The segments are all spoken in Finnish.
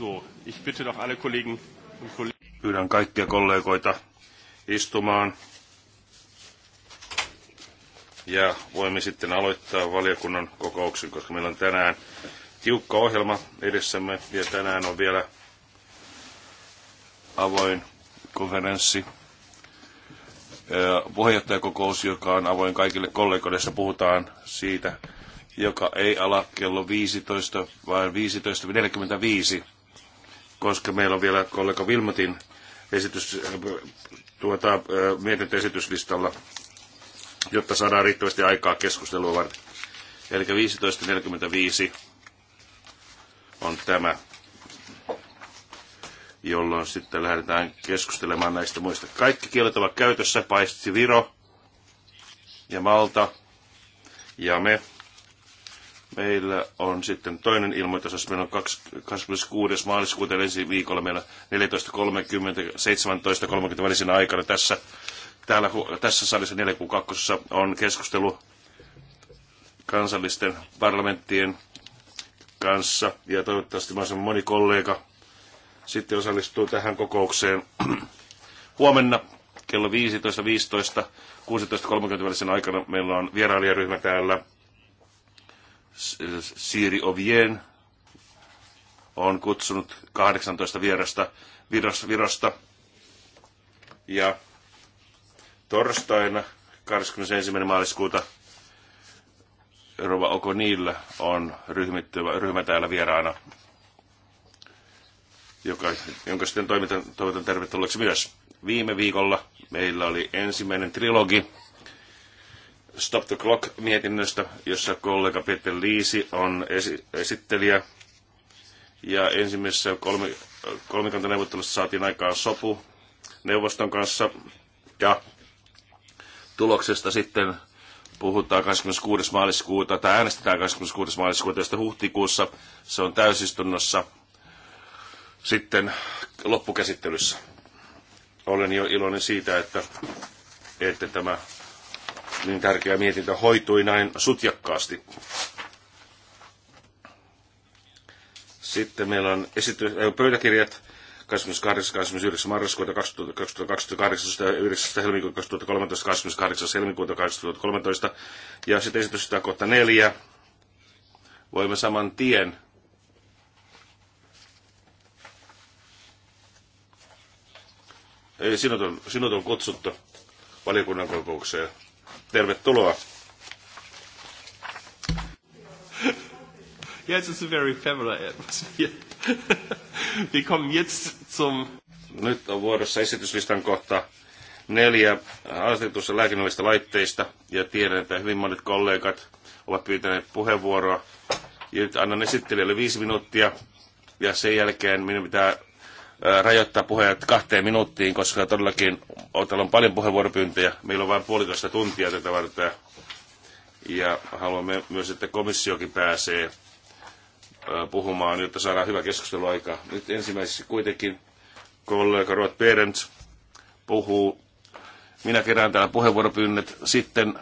So, ich bitte doch alle Kollegen und Kollegen. Pyydän kaikkia kollegoita istumaan. Ja voimme sitten aloittaa valiokunnan kokouksen, koska meillä on tänään tiukka ohjelma edessämme ja tänään on vielä avoin konferenssi puheenjohtajakokous, joka on avoin kaikille kollegoille, jossa puhutaan siitä, joka ei ala kello 15, vaan 15.45 koska meillä on vielä kollega Vilmotin esitys, tuota, esityslistalla, jotta saadaan riittävästi aikaa keskustelua varten. Eli 15.45 on tämä, jolloin sitten lähdetään keskustelemaan näistä muista. Kaikki kielet ovat käytössä, paitsi Viro ja Malta ja me. Meillä on sitten toinen ilmoitus, jos meillä on 26. maaliskuuta ensi viikolla meillä 14.30, 17.30 välisenä aikana tässä, täällä, tässä salissa 4 on keskustelu kansallisten parlamenttien kanssa ja toivottavasti mahdollisimman moni kollega sitten osallistuu tähän kokoukseen huomenna kello 15.15, 16.30 välisenä aikana meillä on vierailijaryhmä täällä Siiri Ovien on kutsunut 18 vierasta virosta, Ja torstaina 21. maaliskuuta Rova Okoniillä on ryhmä täällä vieraana, joka, jonka sitten toivotan tervetulleeksi myös. Viime viikolla meillä oli ensimmäinen trilogi Stop the Clock-mietinnöstä, jossa kollega Peter Liisi on esi- esittelijä. Ja ensimmäisessä kolmi- kolmikantaneuvottelussa saatiin aikaan sopu neuvoston kanssa. Ja tuloksesta sitten puhutaan 26. maaliskuuta, tai äänestetään 26. maaliskuuta, josta huhtikuussa se on täysistunnossa sitten loppukäsittelyssä. Olen jo iloinen siitä, että, että tämä niin tärkeä mietintö hoitui näin sutjakkaasti. Sitten meillä on esity- äh, pöytäkirjat 28. 29. marraskuuta 2018, 9. helmikuuta 2013, 28. helmikuuta 2013 ja sitten esitys sitä kohta neljä. Voimme saman tien Ei, sinut on, sinut on kutsuttu valiokunnan kokoukseen. Tervetuloa. Yes, it's a very familiar atmosphere. Wir kommen jetzt zum... Nyt on vuorossa esityslistan kohta neljä asetusta lääkinnällistä laitteista, ja tiedän, että hyvin monet kollegat ovat pyytäneet puheenvuoroa. Ja nyt annan esittelijälle viisi minuuttia, ja sen jälkeen minun pitää rajoittaa puheet kahteen minuuttiin, koska todellakin täällä on paljon puheenvuoropyyntöjä. Meillä on vain puolitoista tuntia tätä varten. Ja haluamme myös, että komissiokin pääsee puhumaan, jotta saadaan hyvä keskustelu aika. Nyt ensimmäisessä kuitenkin kollega Ruot Perent puhuu. Minä kerään täällä puheenvuoropyynnöt. Sitten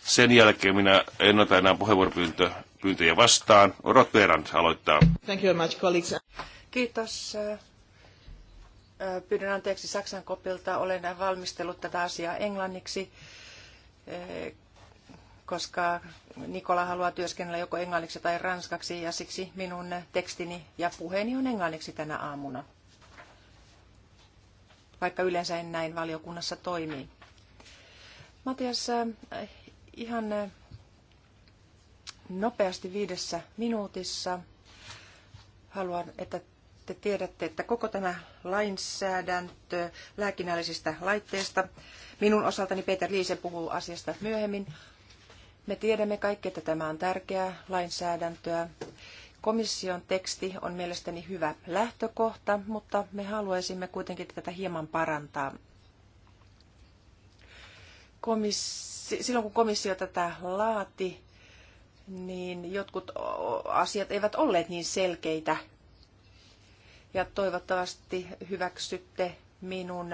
sen jälkeen minä en ota enää puheenvuoropyyntöjä vastaan. Rot aloittaa. Thank you very much, colleagues. Kiitos Pyydän anteeksi Saksan kopilta, olen valmistellut tätä asiaa englanniksi, koska Nikola haluaa työskennellä joko englanniksi tai ranskaksi ja siksi minun tekstini ja puheeni on englanniksi tänä aamuna, vaikka yleensä en näin valiokunnassa toimi. Matias, ihan nopeasti viidessä minuutissa haluan, että te tiedätte, että koko tämä lainsäädäntö lääkinnällisistä laitteista, minun osaltani Peter Liise puhuu asiasta myöhemmin, me tiedämme kaikki, että tämä on tärkeää lainsäädäntöä. Komission teksti on mielestäni hyvä lähtökohta, mutta me haluaisimme kuitenkin tätä hieman parantaa. Komissi, silloin kun komissio tätä laati, niin jotkut asiat eivät olleet niin selkeitä ja toivottavasti hyväksytte minun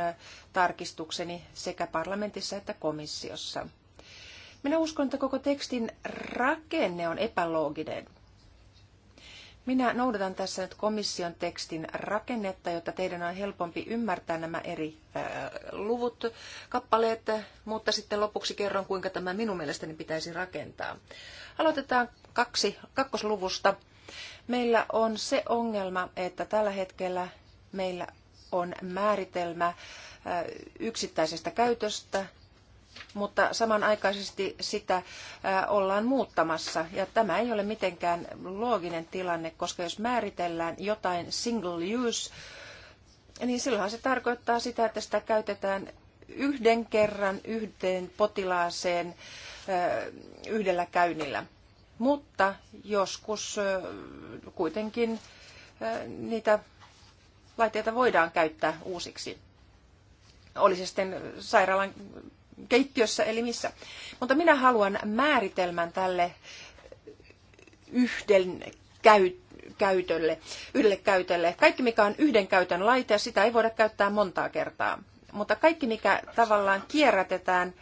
tarkistukseni sekä parlamentissa että komissiossa. Minä uskon, että koko tekstin rakenne on epälooginen. Minä noudatan tässä nyt komission tekstin rakennetta, jotta teidän on helpompi ymmärtää nämä eri luvut, kappaleet, mutta sitten lopuksi kerron, kuinka tämä minun mielestäni pitäisi rakentaa. Aloitetaan kaksi, kakkosluvusta Meillä on se ongelma, että tällä hetkellä meillä on määritelmä äh, yksittäisestä käytöstä, mutta samanaikaisesti sitä äh, ollaan muuttamassa. Ja tämä ei ole mitenkään looginen tilanne, koska jos määritellään jotain single use, niin silloinhan se tarkoittaa sitä, että sitä käytetään yhden kerran yhteen potilaaseen äh, yhdellä käynnillä. Mutta joskus kuitenkin niitä laitteita voidaan käyttää uusiksi. Olisi sitten sairaalan keittiössä eli missä. Mutta minä haluan määritelmän tälle yhden käytölle, yhdelle käytölle. Kaikki, mikä on yhden käytön laite, sitä ei voida käyttää montaa kertaa. Mutta kaikki, mikä tavallaan kierrätetään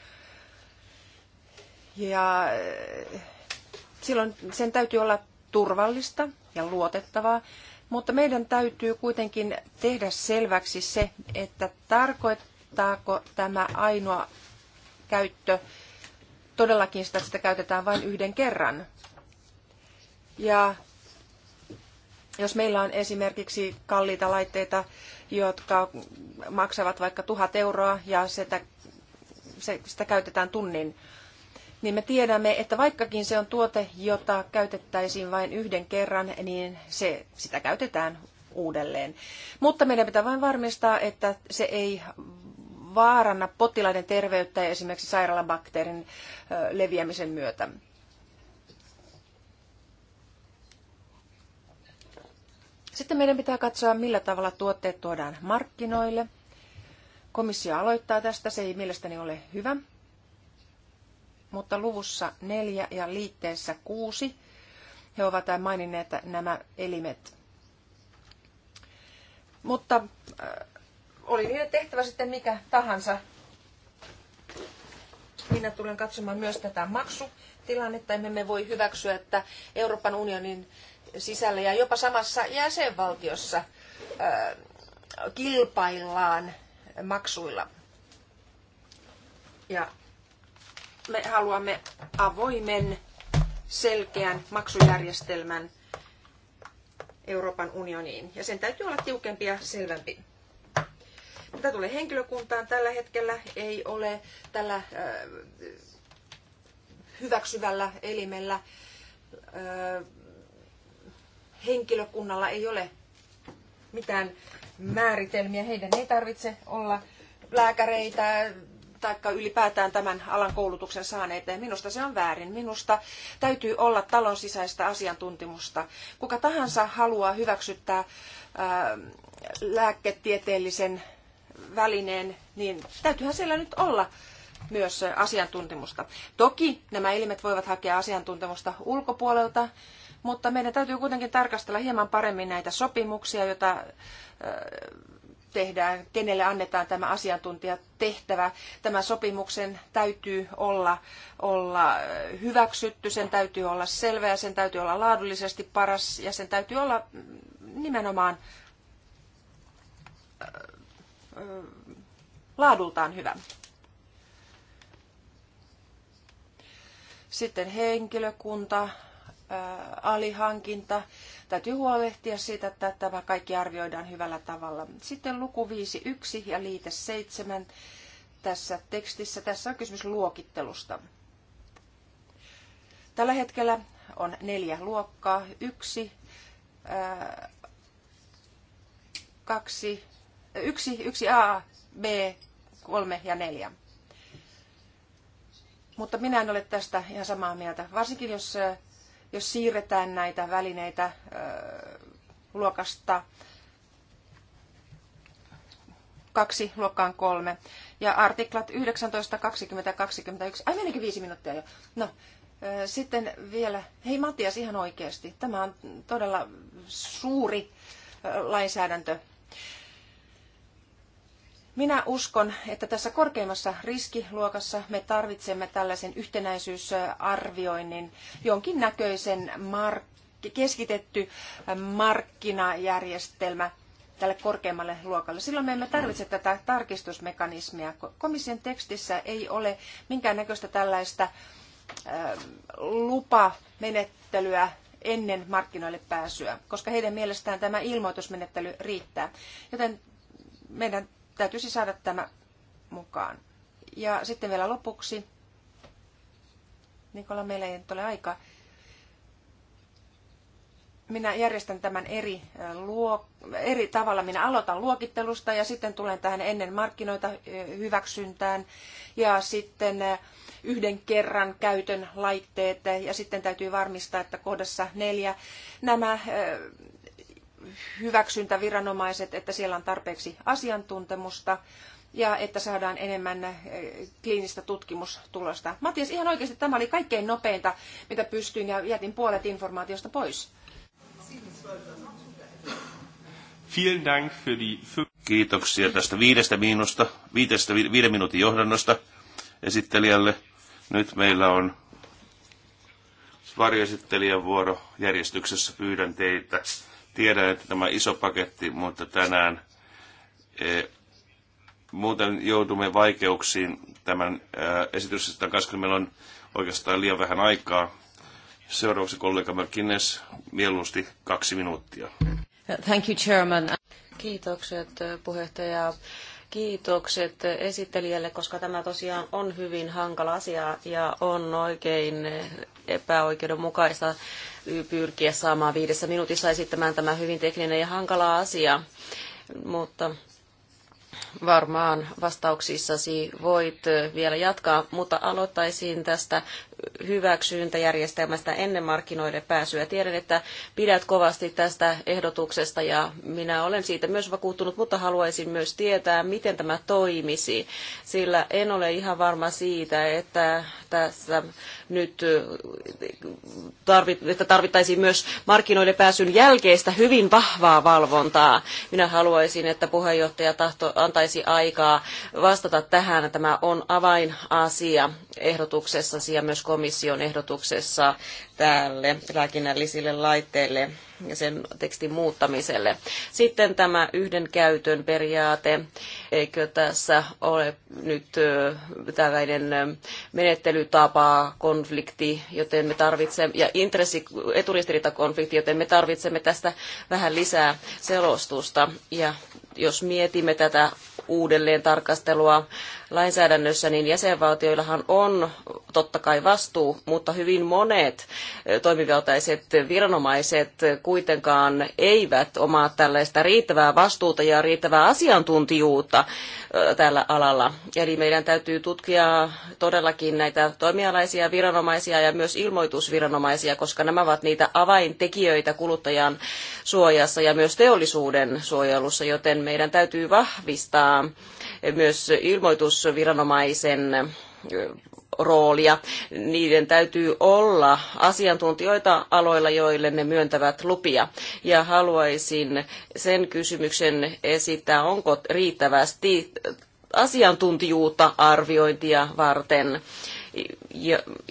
ja silloin sen täytyy olla turvallista ja luotettavaa, mutta meidän täytyy kuitenkin tehdä selväksi se, että tarkoittaako tämä ainoa käyttö todellakin sitä, että sitä käytetään vain yhden kerran. Ja jos meillä on esimerkiksi kalliita laitteita, jotka maksavat vaikka tuhat euroa ja sitä, sitä käytetään tunnin, niin me tiedämme, että vaikkakin se on tuote, jota käytettäisiin vain yhden kerran, niin se, sitä käytetään uudelleen. Mutta meidän pitää vain varmistaa, että se ei vaaranna potilaiden terveyttä esimerkiksi sairaalabakteerin leviämisen myötä. Sitten meidän pitää katsoa, millä tavalla tuotteet tuodaan markkinoille. Komissio aloittaa tästä, se ei mielestäni ole hyvä mutta luvussa neljä ja liitteessä kuusi he ovat maininneet nämä elimet. Mutta äh, oli niiden tehtävä sitten mikä tahansa. Minä tulen katsomaan myös tätä maksutilannetta. Emme me voi hyväksyä, että Euroopan unionin sisällä ja jopa samassa jäsenvaltiossa äh, kilpaillaan maksuilla. Ja me haluamme avoimen, selkeän maksujärjestelmän Euroopan unioniin. Ja sen täytyy olla tiukempi ja selvempi. Mitä tulee henkilökuntaan, tällä hetkellä ei ole tällä hyväksyvällä elimellä henkilökunnalla ei ole mitään määritelmiä. Heidän ei tarvitse olla lääkäreitä, tai ylipäätään tämän alan koulutuksen saaneita. Ja minusta se on väärin. Minusta täytyy olla talon sisäistä asiantuntemusta. Kuka tahansa haluaa hyväksyttää ää, äh, lääketieteellisen välineen, niin täytyyhän siellä nyt olla myös asiantuntemusta. Toki nämä elimet voivat hakea asiantuntemusta ulkopuolelta, mutta meidän täytyy kuitenkin tarkastella hieman paremmin näitä sopimuksia, joita äh, tehdään, kenelle annetaan tämä asiantuntijatehtävä. tämän sopimuksen täytyy olla, olla hyväksytty, sen täytyy olla selvä ja sen täytyy olla laadullisesti paras ja sen täytyy olla nimenomaan äh, laadultaan hyvä. Sitten henkilökunta, Äh, alihankinta. Täytyy huolehtia siitä, että tämä kaikki arvioidaan hyvällä tavalla. Sitten luku 5.1 ja liite 7 tässä tekstissä. Tässä on kysymys luokittelusta. Tällä hetkellä on neljä luokkaa. Yksi, ää, äh, kaksi, yksi, yksi A, B, kolme ja neljä. Mutta minä en ole tästä ihan samaa mieltä, varsinkin jos äh, jos siirretään näitä välineitä luokasta kaksi luokkaan kolme. Ja artiklat 19, 20 21. Ai menikin viisi minuuttia jo. No, sitten vielä. Hei Matias, ihan oikeasti. Tämä on todella suuri lainsäädäntö. Minä uskon, että tässä korkeimmassa riskiluokassa me tarvitsemme tällaisen yhtenäisyysarvioinnin, jonkin näköisen mark- keskitetty markkinajärjestelmä tälle korkeammalle luokalle. Silloin me emme tarvitse tätä tarkistusmekanismia. Komission tekstissä ei ole minkäännäköistä tällaista ähm, lupamenettelyä ennen markkinoille pääsyä, koska heidän mielestään tämä ilmoitusmenettely riittää. Joten meidän täytyisi saada tämä mukaan. Ja sitten vielä lopuksi, Nikola, meillä ei nyt ole aika. Minä järjestän tämän eri, luo, eri tavalla. Minä aloitan luokittelusta ja sitten tulen tähän ennen markkinoita hyväksyntään ja sitten yhden kerran käytön laitteet ja sitten täytyy varmistaa, että kohdassa neljä nämä hyväksyntäviranomaiset, että siellä on tarpeeksi asiantuntemusta ja että saadaan enemmän eh, kliinistä tutkimustulosta. Matias, ihan oikeasti tämä oli kaikkein nopeinta, mitä pystyin ja jätin puolet informaatiosta pois. Kiitoksia tästä viidestä, miinusta, viidestä viiden minuutin johdannosta esittelijälle. Nyt meillä on varjoesittelijän vuoro järjestyksessä. Pyydän teitä Tiedän, että tämä iso paketti, mutta tänään e, muuten joudumme vaikeuksiin tämän e, esityksestä, kun meillä on oikeastaan liian vähän aikaa. Seuraavaksi kollega Merkines, mieluusti kaksi minuuttia. Thank you, Chairman. Kiitokset puheenjohtaja. Kiitokset esittelijälle, koska tämä tosiaan on hyvin hankala asia ja on oikein epäoikeudenmukaista pyrkiä saamaan viidessä minuutissa esittämään tämä hyvin tekninen ja hankala asia. Mutta varmaan vastauksissasi voit vielä jatkaa, mutta aloittaisin tästä hyväksyntäjärjestelmästä ennen markkinoille pääsyä. Tiedän, että pidät kovasti tästä ehdotuksesta ja minä olen siitä myös vakuuttunut, mutta haluaisin myös tietää, miten tämä toimisi, sillä en ole ihan varma siitä, että tässä nyt tarvit, että tarvittaisiin myös markkinoiden pääsyn jälkeistä hyvin vahvaa valvontaa. Minä haluaisin, että puheenjohtaja tahto antaisi aikaa vastata tähän. Tämä on avainasia ehdotuksessasi ja myös komission ehdotuksessa tälle lääkinnällisille laitteille ja sen tekstin muuttamiselle. Sitten tämä yhden käytön periaate, eikö tässä ole nyt tällainen menettelytapa, konflikti, joten me tarvitsemme, ja intressi, eturistiriitakonflikti, joten me tarvitsemme tästä vähän lisää selostusta. Ja jos mietimme tätä uudelleen tarkastelua lainsäädännössä, niin jäsenvaltioillahan on totta kai vastuu, mutta hyvin monet e, toimivaltaiset viranomaiset kuitenkaan eivät omaa tällaista riittävää vastuuta ja riittävää asiantuntijuutta e, tällä alalla. Eli meidän täytyy tutkia todellakin näitä toimialaisia viranomaisia ja myös ilmoitusviranomaisia, koska nämä ovat niitä avaintekijöitä kuluttajan suojassa ja myös teollisuuden suojelussa, joten meidän täytyy vahvistaa myös ilmoitusviranomaisen roolia. Niiden täytyy olla asiantuntijoita aloilla, joille ne myöntävät lupia. Ja haluaisin sen kysymyksen esittää, onko riittävästi asiantuntijuutta arviointia varten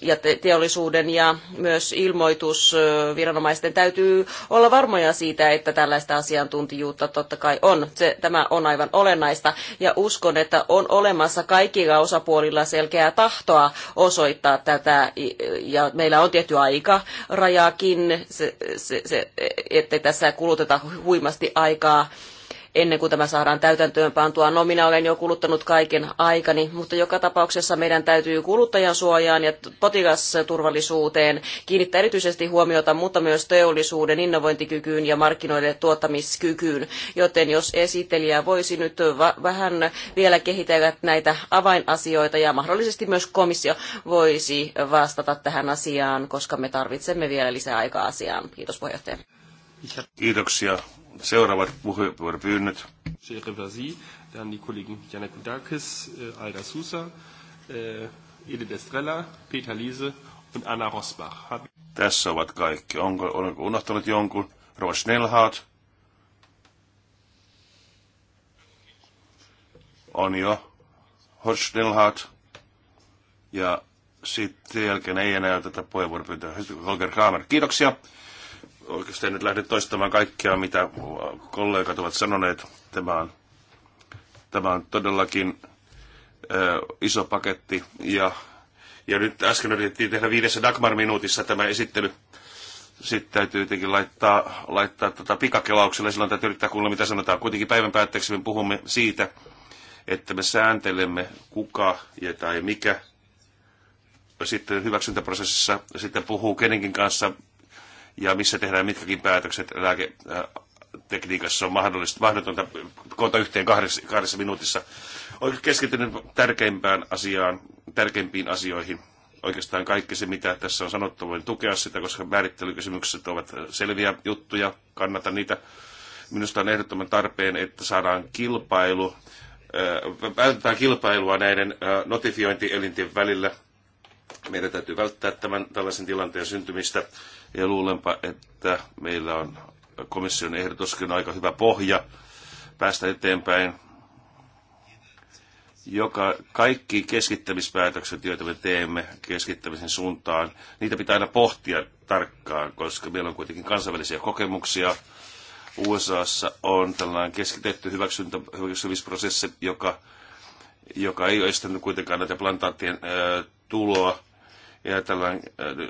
ja teollisuuden ja myös ilmoitusviranomaisten täytyy olla varmoja siitä, että tällaista asiantuntijuutta totta kai on. Se, tämä on aivan olennaista ja uskon, että on olemassa kaikilla osapuolilla selkeää tahtoa osoittaa tätä ja meillä on tietty aikarajaakin, se, se, se, ettei tässä kuluteta huimasti aikaa ennen kuin tämä saadaan täytäntöön pantua. No minä olen jo kuluttanut kaiken aikani, mutta joka tapauksessa meidän täytyy kuluttajan suojaan ja potilasturvallisuuteen kiinnittää erityisesti huomiota, mutta myös teollisuuden innovointikykyyn ja markkinoiden tuottamiskykyyn. Joten jos esittelijä voisi nyt vähän vielä kehitellä näitä avainasioita ja mahdollisesti myös komissio voisi vastata tähän asiaan, koska me tarvitsemme vielä lisää aikaa asiaan. Kiitos puheenjohtaja. Kiitoksia. Seuraavat puheenvuoropyynnöt. Rivasi, dann die Kollegen Kudakis, äh, Alda Sousa, äh, Edith Estrella, Peter Liese ja Anna Rosbach. Tässä ovat kaikki. Onko, olenko unohtanut jonkun? Rova Schnellhardt. On jo. Hot Schnellhardt. Ja sitten jälkeen ei enää tätä puheenvuoropyyntöä. Holger Kramer, kiitoksia. Oikeastaan nyt lähde toistamaan kaikkea, mitä kollegat ovat sanoneet. Tämä on, tämä on todellakin ö, iso paketti ja, ja nyt äsken yritettiin tehdä viidessä Dagmar-minuutissa tämä esittely sitten täytyy jotenkin laittaa, laittaa tota pikakelauksella. Silloin täytyy yrittää kuulla, mitä sanotaan. Kuitenkin päivän päätteeksi me puhumme siitä, että me sääntelemme kuka ja tai mikä sitten hyväksyntäprosessissa sitten puhuu kenenkin kanssa ja missä tehdään mitkäkin päätökset lääketekniikassa äh, on mahdollista, mahdotonta koota yhteen kahdessa, kahdessa minuutissa. Olen keskittynyt tärkeimpään asiaan, tärkeimpiin asioihin. Oikeastaan kaikki se, mitä tässä on sanottu, voin tukea sitä, koska määrittelykysymykset ovat selviä juttuja, kannatan niitä. Minusta on ehdottoman tarpeen, että saadaan kilpailu, äh, vältetään kilpailua näiden äh, notifiointielintien välillä. Meidän täytyy välttää tämän tällaisen tilanteen syntymistä ja luulenpa, että meillä on komission ehdotuskin aika hyvä pohja päästä eteenpäin. Joka, kaikki keskittämispäätökset, joita me teemme keskittämisen suuntaan, niitä pitää aina pohtia tarkkaan, koska meillä on kuitenkin kansainvälisiä kokemuksia. USAssa on tällainen keskitetty hyväksyntä, hyväksymisprosessi, joka, joka ei ole estänyt kuitenkaan näitä plantaattien ää, tuloa ja tällainen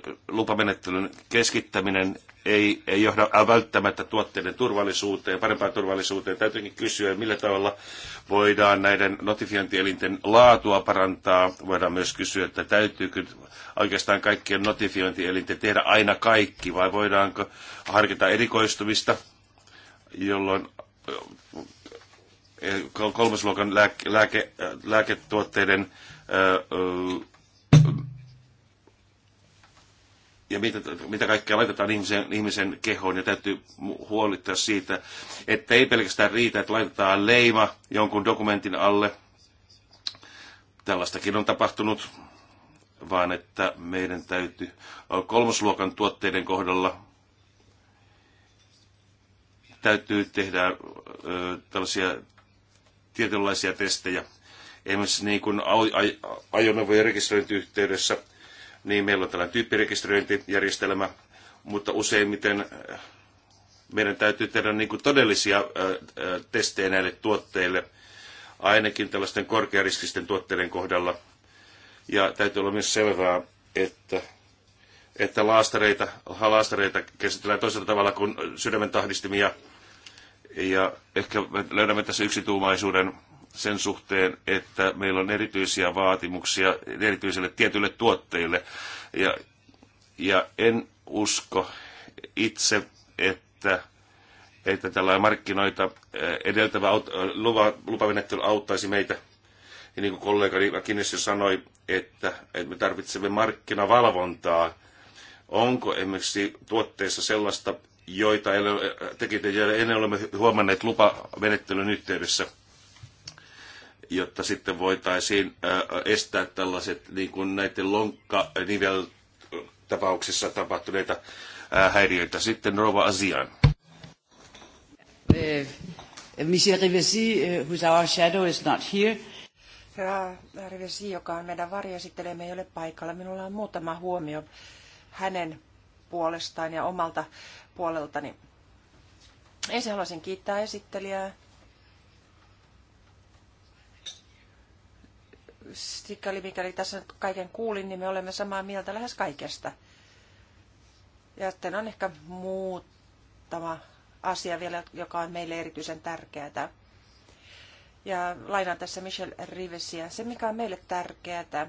äh, lupamenettelyn keskittäminen ei, ei johda äh, välttämättä tuotteiden turvallisuuteen, parempaan turvallisuuteen. Täytyykin kysyä, millä tavalla voidaan näiden notifiointielinten laatua parantaa. Voidaan myös kysyä, että täytyykö oikeastaan kaikkien notifiointielinten tehdä aina kaikki, vai voidaanko harkita erikoistumista, jolloin äh, kolmasluokan lääke, lääke, lääketuotteiden ja mitä, mitä kaikkea laitetaan ihmisen, ihmisen kehoon, ja täytyy huolittaa siitä, että ei pelkästään riitä, että laitetaan leima jonkun dokumentin alle, tällaistakin on tapahtunut, vaan että meidän täytyy kolmosluokan tuotteiden kohdalla täytyy tehdä ö, tällaisia tietynlaisia testejä. Esimerkiksi niin kuin ajoneuvojen rekisteröintiyhteydessä – niin meillä on tällainen tyyppirekisteröintijärjestelmä, mutta useimmiten eh, meidän täytyy tehdä niin kuin todellisia eh, eh, testejä näille tuotteille, ainakin tällaisten korkeariskisten tuotteiden kohdalla. Ja täytyy olla myös selvää, että, että laastareita, laastareita käsitellään toisella tavalla kuin sydämen tahdistimia. Ja ehkä me löydämme tässä yksituumaisuuden sen suhteen, että meillä on erityisiä vaatimuksia erityisille tietyille tuotteille. Ja, ja en usko itse, että, että tällainen markkinoita eh, edeltävä eh, lupa, lupamenettely auttaisi meitä. Ja niin kuin kollegani Kinnis sanoi, että, että me tarvitsemme markkinavalvontaa. Onko esimerkiksi tuotteissa sellaista, joita eh, tekijöitä, joita ennen olemme huomanneet lupamenettelyn yhteydessä – jotta sitten voitaisiin estää tällaiset niin kuin näiden lonkkanivel tapauksissa tapahtuneita häiriöitä. Sitten rova asiaan. Eh, Monsieur Rivesi, eh, who's our shadow, is not here. Herra Rivesi, joka on meidän varjoesittelemme, ei ole paikalla. Minulla on muutama huomio hänen puolestaan ja omalta puoleltani. Ensin haluaisin kiittää esittelijää sikäli mikäli tässä nyt kaiken kuulin, niin me olemme samaa mieltä lähes kaikesta. Ja sitten on ehkä muutama asia vielä, joka on meille erityisen tärkeää. Ja lainaan tässä Michel Rivesiä. Se, mikä on meille tärkeää,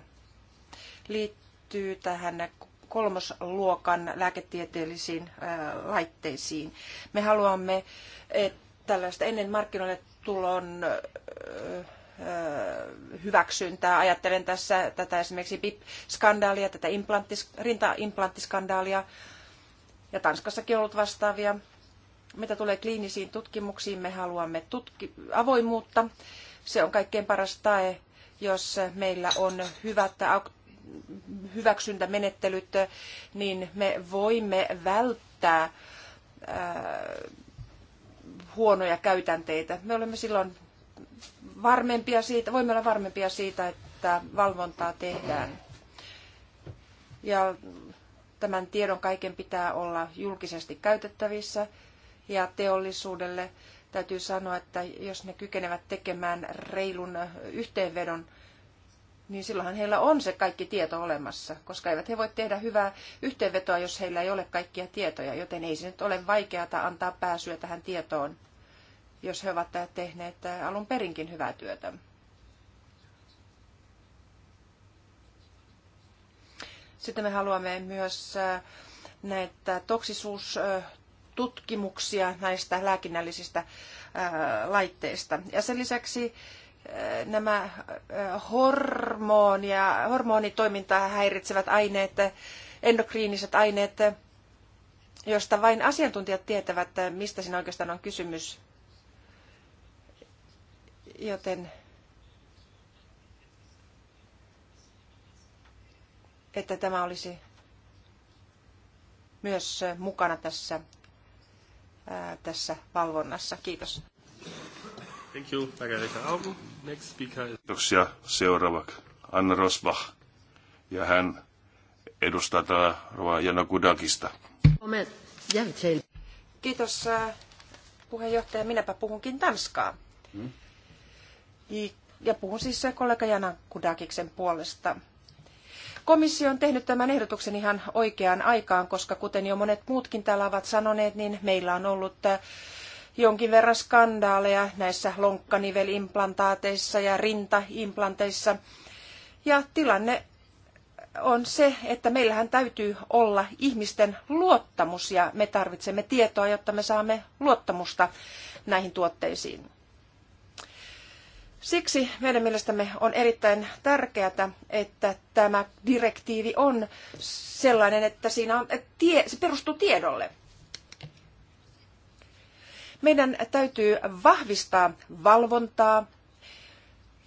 liittyy tähän kolmosluokan lääketieteellisiin laitteisiin. Me haluamme tällaista ennen markkinoille tulon hyväksyntää. Ajattelen tässä tätä esimerkiksi PIP-skandaalia, tätä implanttis, rintaimplanttискandaalia, ja Tanskassakin on ollut vastaavia. Mitä tulee kliinisiin tutkimuksiin, me haluamme tutki- avoimuutta. Se on kaikkein paras tae, jos meillä on hyvät hyväksyntämenettelyt, niin me voimme välttää huonoja käytänteitä. Me olemme silloin varmempia siitä, voimme olla varmempia siitä, että valvontaa tehdään. Ja tämän tiedon kaiken pitää olla julkisesti käytettävissä ja teollisuudelle täytyy sanoa, että jos ne kykenevät tekemään reilun yhteenvedon, niin silloinhan heillä on se kaikki tieto olemassa, koska eivät he voi tehdä hyvää yhteenvetoa, jos heillä ei ole kaikkia tietoja, joten ei se nyt ole vaikeata antaa pääsyä tähän tietoon jos he ovat tehneet alun perinkin hyvää työtä. Sitten me haluamme myös näitä toksisuustutkimuksia näistä lääkinnällisistä laitteista. Ja sen lisäksi nämä hormonia, hormonitoimintaa häiritsevät aineet, endokriiniset aineet, joista vain asiantuntijat tietävät, mistä siinä oikeastaan on kysymys joten että tämä olisi myös mukana tässä, ää, tässä valvonnassa. Kiitos. Thank you, Margareta Next speaker is... Kiitoksia. Seuraavaksi Anna Rosbach. Ja hän edustaa täällä Rova Jana Kudakista. Kiitos puheenjohtaja. Minäpä puhunkin tanskaa. Hmm? ja puhun siis kollega Jana Kudakiksen puolesta. Komissio on tehnyt tämän ehdotuksen ihan oikeaan aikaan, koska kuten jo monet muutkin täällä ovat sanoneet, niin meillä on ollut äh, jonkin verran skandaaleja näissä lonkkanivelimplantaateissa ja rintaimplanteissa. Ja tilanne on se, että meillähän täytyy olla ihmisten luottamus ja me tarvitsemme tietoa, jotta me saamme luottamusta näihin tuotteisiin. Siksi meidän mielestämme on erittäin tärkeää, että tämä direktiivi on sellainen, että siinä on, että tie, se perustuu tiedolle. Meidän täytyy vahvistaa valvontaa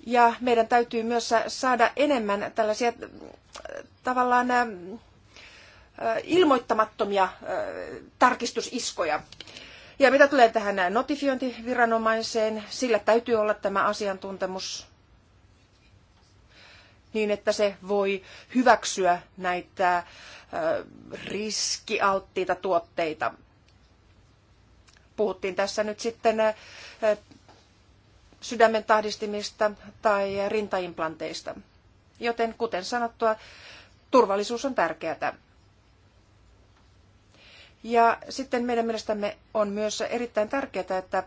ja meidän täytyy myös saada enemmän tällaisia äh, tavallaan äh, äh, ilmoittamattomia tarkistusiskuja. Ja mitä tulee tähän notifiointiviranomaiseen, sillä täytyy olla tämä asiantuntemus niin, että se voi hyväksyä näitä riskialttiita tuotteita. Puhuttiin tässä nyt sitten sydämen tahdistimista tai rintaimplanteista. Joten kuten sanottua, turvallisuus on tärkeää. Ja sitten meidän mielestämme on myös erittäin tärkeää, että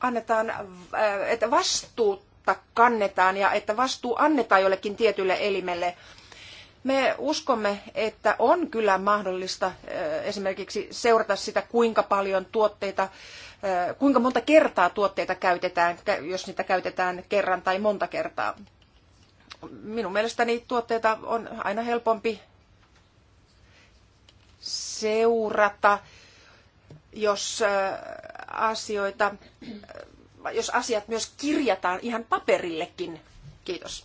annetaan, äh, että vastuutta kannetaan ja että vastuu annetaan jollekin tietylle elimelle. Me uskomme, että on kyllä mahdollista äh, esimerkiksi seurata sitä, kuinka paljon tuotteita, äh, kuinka monta kertaa tuotteita käytetään, jos niitä käytetään kerran tai monta kertaa. Minun mielestäni tuotteita on aina helpompi seurata, jos asioita, jos asiat myös kirjataan ihan paperillekin. Kiitos.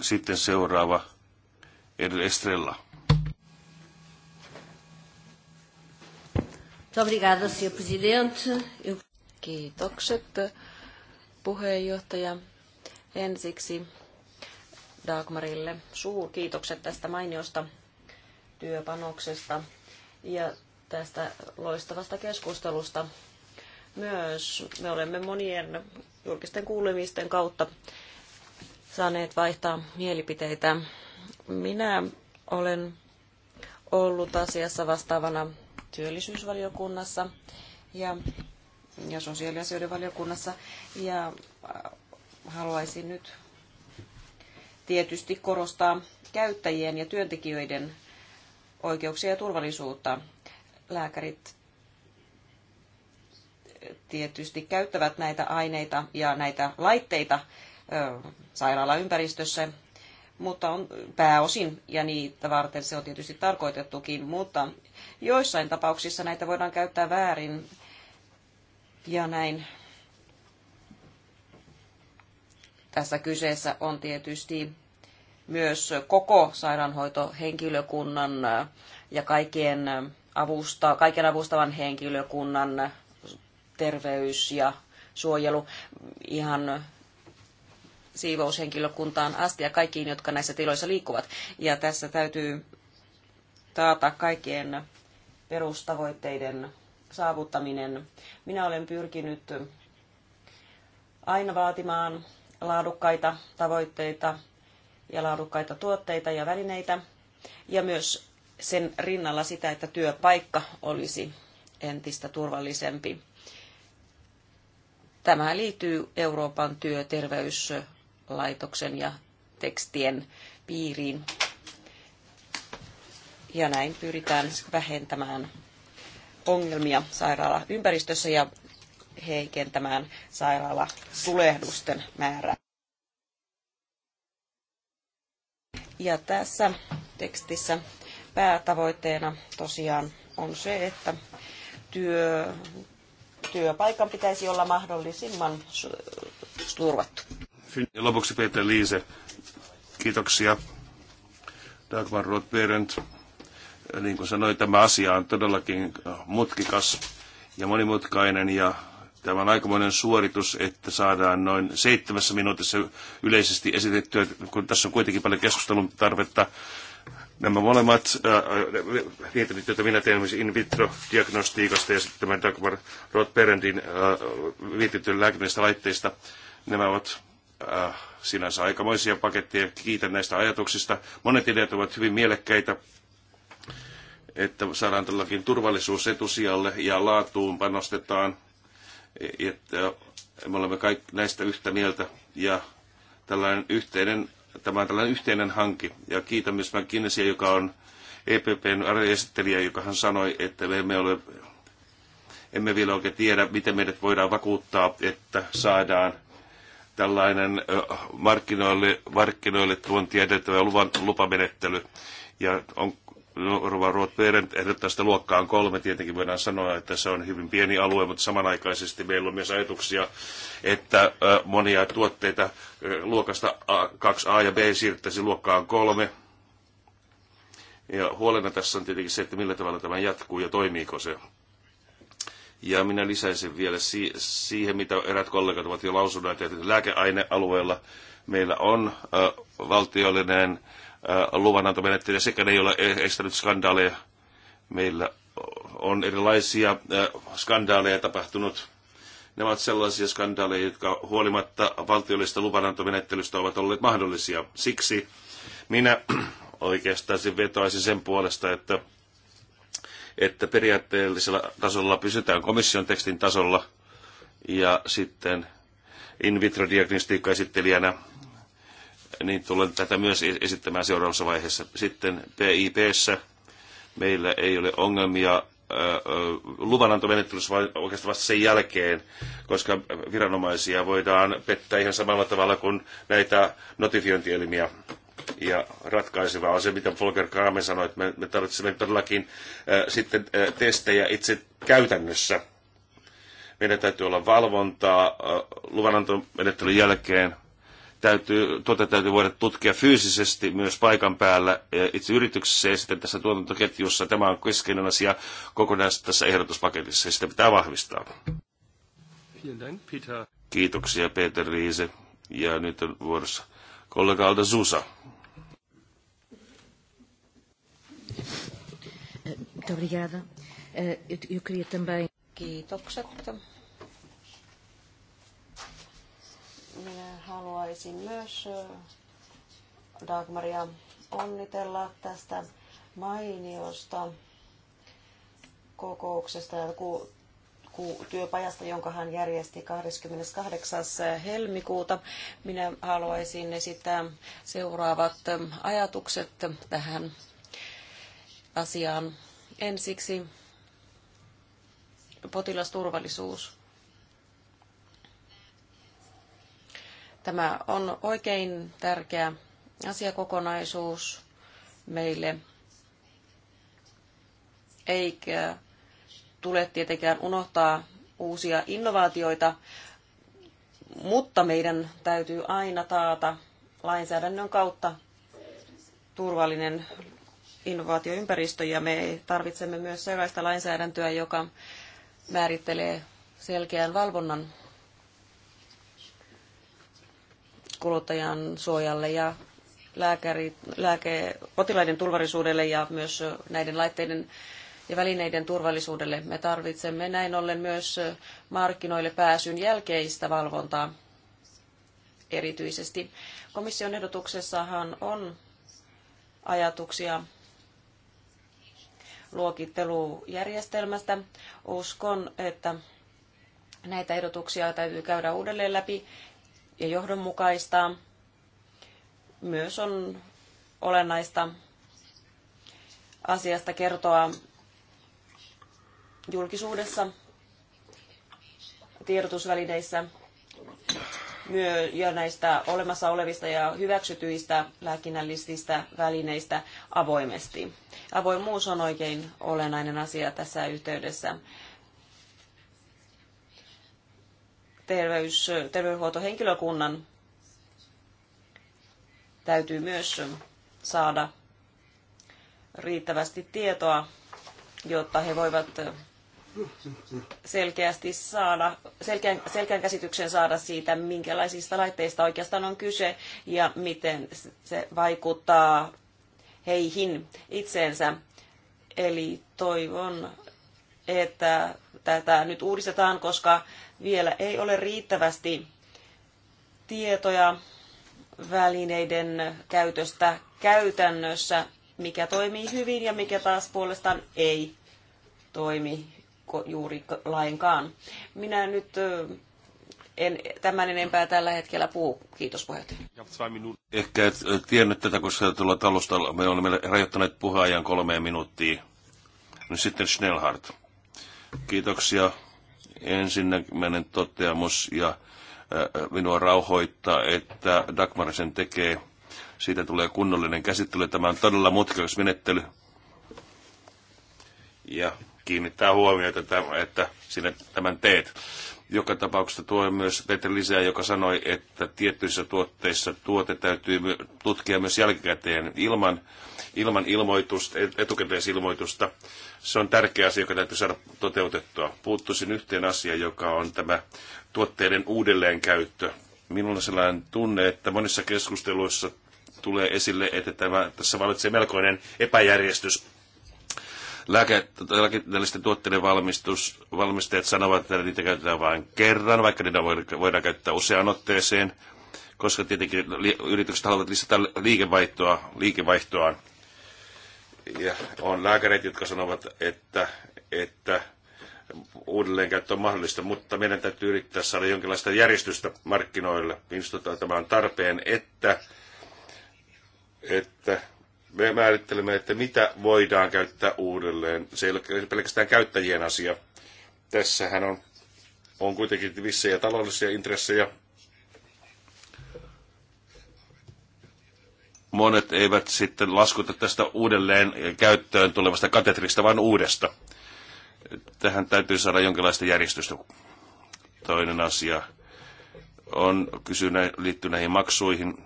Sitten seuraava Edel Estrella. Kiitokset puheenjohtaja. Ensiksi Dagmarille suurkiitokset tästä mainiosta työpanoksesta ja tästä loistavasta keskustelusta. Myös me olemme monien julkisten kuulemisten kautta saaneet vaihtaa mielipiteitä. Minä olen ollut asiassa vastaavana työllisyysvaliokunnassa ja, ja sosiaaliasioiden valiokunnassa ja äh, haluaisin nyt tietysti korostaa käyttäjien ja työntekijöiden oikeuksia ja turvallisuutta. Lääkärit tietysti käyttävät näitä aineita ja näitä laitteita sairaalaympäristössä, mutta on pääosin, ja niitä varten se on tietysti tarkoitettukin, mutta joissain tapauksissa näitä voidaan käyttää väärin ja näin. Tässä kyseessä on tietysti myös koko sairaanhoitohenkilökunnan ja kaikkien avusta, kaiken avustavan henkilökunnan terveys ja suojelu ihan siivoushenkilökuntaan asti ja kaikkiin, jotka näissä tiloissa liikkuvat. Ja tässä täytyy taata kaikkien perustavoitteiden saavuttaminen. Minä olen pyrkinyt aina vaatimaan laadukkaita tavoitteita ja laadukkaita tuotteita ja välineitä ja myös sen rinnalla sitä, että työpaikka olisi entistä turvallisempi. Tämä liittyy Euroopan työterveyslaitoksen ja tekstien piiriin. Ja näin pyritään vähentämään ongelmia sairaalaympäristössä ja heikentämään sairaalatulehdusten määrää. Ja tässä tekstissä päätavoitteena tosiaan on se, että työ, työpaikan pitäisi olla mahdollisimman turvattu. Ja lopuksi Peter Liise. Kiitoksia. Dagmar Rothberent. Niin kuin sanoin, tämä asia on todellakin mutkikas ja monimutkainen ja Tämä on aikamoinen suoritus, että saadaan noin seitsemässä minuutissa yleisesti esitettyä, kun tässä on kuitenkin paljon keskustelun tarvetta. Nämä molemmat mietinnöt, äh, joita minä teen in vitro-diagnostiikasta ja sitten tämän Dagmar Rothberendin berendin äh, mietintö laitteista, nämä ovat äh, sinänsä aikamoisia paketteja. Kiitän näistä ajatuksista. Monet ideat ovat hyvin mielekkäitä, että saadaan todellakin turvallisuus etusijalle ja laatuun panostetaan että me olemme kaikki näistä yhtä mieltä ja tällainen yhteinen, tämä on tällainen yhteinen hanki. Ja kiitän myös McKinseyä, joka on EPPn esittelijä, joka hän sanoi, että me emme ole emme vielä oikein tiedä, miten meidät voidaan vakuuttaa, että saadaan tällainen markkinoille, markkinoille tuon tiedettävä luvan, lupamenettely. Ja on, No, Ruot Perent ehdottaa sitä luokkaan kolme. Tietenkin voidaan sanoa, että se on hyvin pieni alue, mutta samanaikaisesti meillä on myös ajatuksia, että monia tuotteita luokasta 2A ja B siirrettäisiin luokkaan kolme. Ja huolena tässä on tietenkin se, että millä tavalla tämä jatkuu ja toimiiko se. Ja minä lisäisin vielä siihen, mitä erät kollegat ovat jo lausuneet, että lääkeainealueella meillä on valtiollinen Äh, luvanantomenettelyä, sekään ei ole e- estänyt skandaaleja. Meillä on erilaisia äh, skandaaleja tapahtunut. Ne ovat sellaisia skandaaleja, jotka huolimatta valtiollista luvanantomenettelystä ovat olleet mahdollisia. Siksi minä oikeastaan vetoaisin sen puolesta, että, että periaatteellisella tasolla pysytään komission tekstin tasolla ja sitten in vitro-diagnostiikka-esittelijänä niin tulen tätä myös esittämään seuraavassa vaiheessa. Sitten PIPssä meillä ei ole ongelmia luvanantomenettelyssä, oikeastaan vasta sen jälkeen, koska viranomaisia voidaan pettää ihan samalla tavalla kuin näitä notifiointielimiä. Ja ratkaisevaa on se, mitä Volker Kramen sanoi, että me, me tarvitsemme todellakin äh, sitten äh, testejä itse käytännössä. Meidän täytyy olla valvontaa äh, luvanantomenettelyn jälkeen, täytyy, tuota täytyy voida tutkia fyysisesti myös paikan päällä itse yrityksessä ja sitten tässä tuotantoketjussa. Tämä on keskeinen asia kokonaisessa tässä ehdotuspaketissa ja sitä pitää vahvistaa. Kiitoksia Peter Riise. Ja nyt on vuorossa kollega Alda Susa. Eh, Kiitokset. haluaisin myös Dagmaria onnitella tästä mainiosta kokouksesta ja työpajasta, jonka hän järjesti 28. helmikuuta. Minä haluaisin esittää seuraavat ajatukset tähän asiaan. Ensiksi potilasturvallisuus Tämä on oikein tärkeä asiakokonaisuus meille, eikä tule tietenkään unohtaa uusia innovaatioita, mutta meidän täytyy aina taata lainsäädännön kautta turvallinen innovaatioympäristö ja me tarvitsemme myös sellaista lainsäädäntöä, joka määrittelee selkeän valvonnan kuluttajan suojalle ja lääkäri, lääke, potilaiden turvallisuudelle ja myös näiden laitteiden ja välineiden turvallisuudelle. Me tarvitsemme näin ollen myös markkinoille pääsyn jälkeistä valvontaa erityisesti. Komission ehdotuksessahan on ajatuksia luokittelujärjestelmästä. Uskon, että näitä ehdotuksia täytyy käydä uudelleen läpi ja johdonmukaista. Myös on olennaista asiasta kertoa julkisuudessa, tiedotusvälineissä ja näistä olemassa olevista ja hyväksytyistä lääkinnällisistä välineistä avoimesti. Avoimuus on oikein olennainen asia tässä yhteydessä. terveys, terveydenhuoltohenkilökunnan täytyy myös saada riittävästi tietoa, jotta he voivat selkeästi saada, selkeän, selkeän käsityksen saada siitä, minkälaisista laitteista oikeastaan on kyse ja miten se vaikuttaa heihin itseensä. Eli toivon, että tätä nyt uudistetaan, koska vielä ei ole riittävästi tietoja välineiden käytöstä käytännössä, mikä toimii hyvin ja mikä taas puolestaan ei toimi juuri lainkaan. Minä nyt en tämän enempää tällä hetkellä puhu. Kiitos puheenjohtaja. Ehkä et tiennyt tätä, koska tuolla talosta, me olemme rajoittaneet puheajan kolmeen minuuttiin. Nyt sitten Schnellhardt. Kiitoksia ensinnäkin toteamus ja minua rauhoittaa, että Dagmar sen tekee. Siitä tulee kunnollinen käsittely. Tämä on todella mutkikas menettely. Ja kiinnittää huomiota, että sinä tämän teet. Joka tapauksessa tuo myös Petri Lisää, joka sanoi, että tiettyissä tuotteissa tuote täytyy tutkia myös jälkikäteen ilman, ilman ilmoitusta, etukäteisilmoitusta. Se on tärkeä asia, joka täytyy saada toteutettua. Puuttuisin yhteen asiaan, joka on tämä tuotteiden uudelleenkäyttö. Minulla on sellainen tunne, että monissa keskusteluissa tulee esille, että tämä, tässä valitsee melkoinen epäjärjestys lääketieteellisten tuotteiden valmistus, valmistajat sanovat, että niitä käytetään vain kerran, vaikka niitä voidaan käyttää useaan otteeseen, koska tietenkin yritykset haluavat lisätä liikevaihtoa, liikevaihtoaan. Ja on lääkäreitä, jotka sanovat, että, että uudelleenkäyttö on mahdollista, mutta meidän täytyy yrittää saada jonkinlaista järjestystä markkinoille. Minusta tämä on tarpeen, että, että me määrittelemme, että mitä voidaan käyttää uudelleen. Se ei ole pelkästään käyttäjien asia. Tässähän on, on kuitenkin vissejä taloudellisia intressejä, monet eivät sitten laskuta tästä uudelleen käyttöön tulevasta katetrista, vaan uudesta. Tähän täytyy saada jonkinlaista järjestystä. Toinen asia on kysynä, liittyy näihin maksuihin.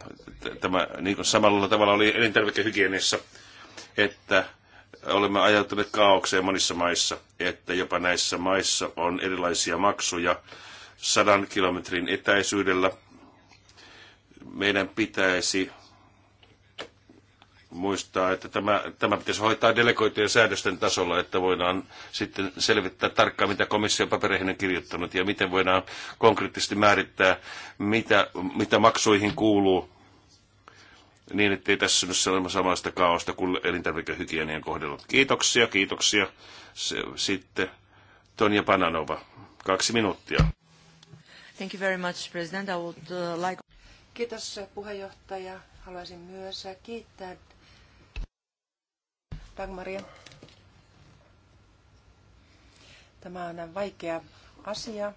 Tämä niin kuin samalla tavalla oli elintarvikehygieniassa, että olemme ajautuneet kaaukseen monissa maissa, että jopa näissä maissa on erilaisia maksuja sadan kilometrin etäisyydellä. Meidän pitäisi muistaa, että tämä, tämä pitäisi hoitaa delegoitujen säädösten tasolla, että voidaan sitten selvittää tarkkaan, mitä komission papereihin on kirjoittanut ja miten voidaan konkreettisesti määrittää, mitä, mitä maksuihin kuuluu, niin ettei tässä nyt ole samasta kaosta kuin elintarvikehygienian kohdalla. Kiitoksia, kiitoksia. Sitten Tonja Pananova, kaksi minuuttia. Thank you very much, President. I would uh, like... Kiitos puheenjohtaja. Haluaisin myös kiittää Dagmaria. Tämä on vaikea asia.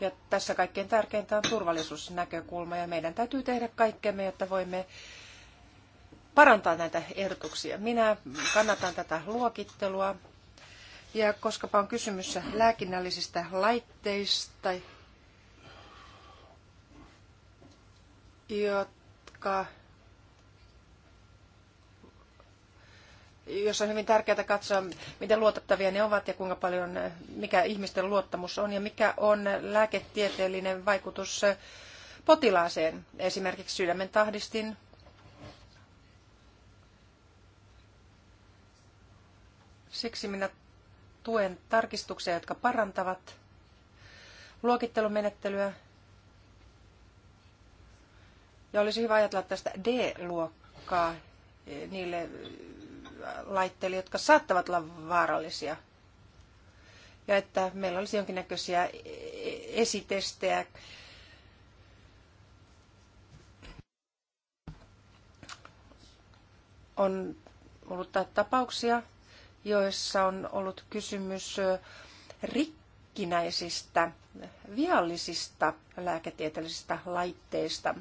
Ja tässä kaikkein tärkeintä on turvallisuusnäkökulma ja meidän täytyy tehdä kaikkemme, jotta voimme parantaa näitä ehdotuksia. Minä kannatan tätä luokittelua. Ja koska on kysymys lääkinnällisistä laitteista, jotka jos on hyvin tärkeää katsoa, miten luotettavia ne ovat ja kuinka paljon, mikä ihmisten luottamus on ja mikä on lääketieteellinen vaikutus potilaaseen, esimerkiksi sydämen tahdistin. Siksi minä tuen tarkistuksia, jotka parantavat luokittelumenettelyä. Ja olisi hyvä ajatella tästä D-luokkaa niille laitteille, jotka saattavat olla vaarallisia. Ja että meillä olisi jonkinnäköisiä esitestejä, on ollut tapauksia, joissa on ollut kysymys rikkinäisistä, viallisista lääketieteellisistä laitteista,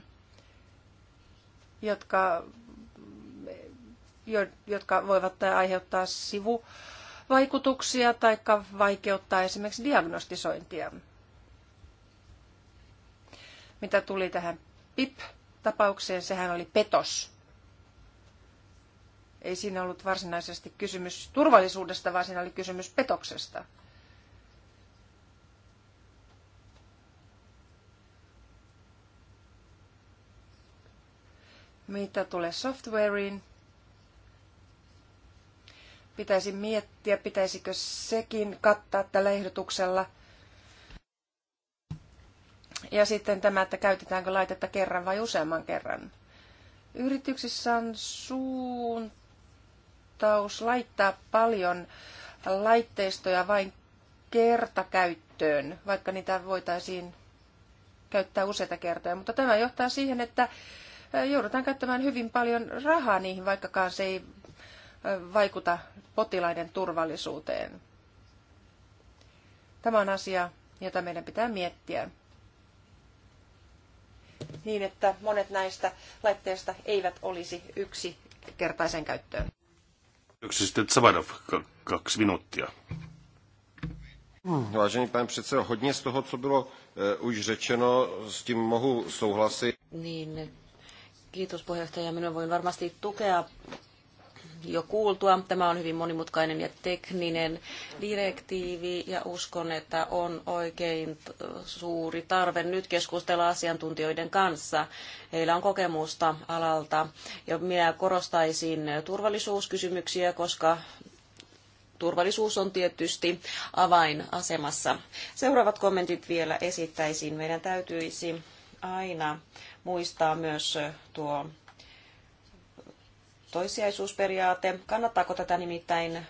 jotka jotka voivat aiheuttaa sivuvaikutuksia tai vaikeuttaa esimerkiksi diagnostisointia. Mitä tuli tähän PIP-tapaukseen, sehän oli petos. Ei siinä ollut varsinaisesti kysymys turvallisuudesta, vaan siinä oli kysymys petoksesta. mitä tulee softwareen, pitäisi miettiä, pitäisikö sekin kattaa tällä ehdotuksella. Ja sitten tämä, että käytetäänkö laitetta kerran vai useamman kerran. Yrityksissä on suuntaus laittaa paljon laitteistoja vain kertakäyttöön, vaikka niitä voitaisiin käyttää useita kertoja. Mutta tämä johtaa siihen, että joudutaan käyttämään hyvin paljon rahaa niihin, vaikkakaan se ei vaikuta potilaiden turvallisuuteen. Tämä on asia, jota meidän pitää miettiä niin, että monet näistä laitteista eivät olisi yksi kertaisen käyttöön. Yksi sitten Tsavadov, kaksi minuuttia. Hmm, vážený pane předsedo, hodně z toho, co bylo eh, už řečeno, s tím mohu souhlasit. Niin, kiitos puheenjohtaja. Minä voin varmasti tukea jo kuultua. Tämä on hyvin monimutkainen ja tekninen direktiivi ja uskon, että on oikein suuri tarve nyt keskustella asiantuntijoiden kanssa. Heillä on kokemusta alalta ja minä korostaisin turvallisuuskysymyksiä, koska turvallisuus on tietysti avainasemassa. Seuraavat kommentit vielä esittäisin. Meidän täytyisi aina muistaa myös tuo toissijaisuusperiaate. Kannattaako tätä nimittäin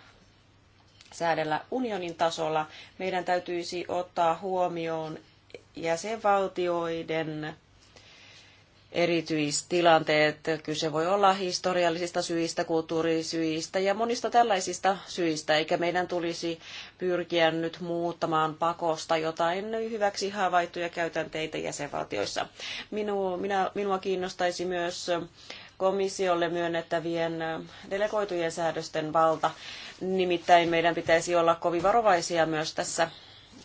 säädellä unionin tasolla? Meidän täytyisi ottaa huomioon jäsenvaltioiden erityistilanteet. Kyse voi olla historiallisista syistä, kulttuurisyistä ja monista tällaisista syistä, eikä meidän tulisi pyrkiä nyt muuttamaan pakosta jotain hyväksi havaittuja käytänteitä jäsenvaltioissa. Minua, minä, minua kiinnostaisi myös komissiolle myönnettävien delegoitujen säädösten valta. Nimittäin meidän pitäisi olla kovin varovaisia myös tässä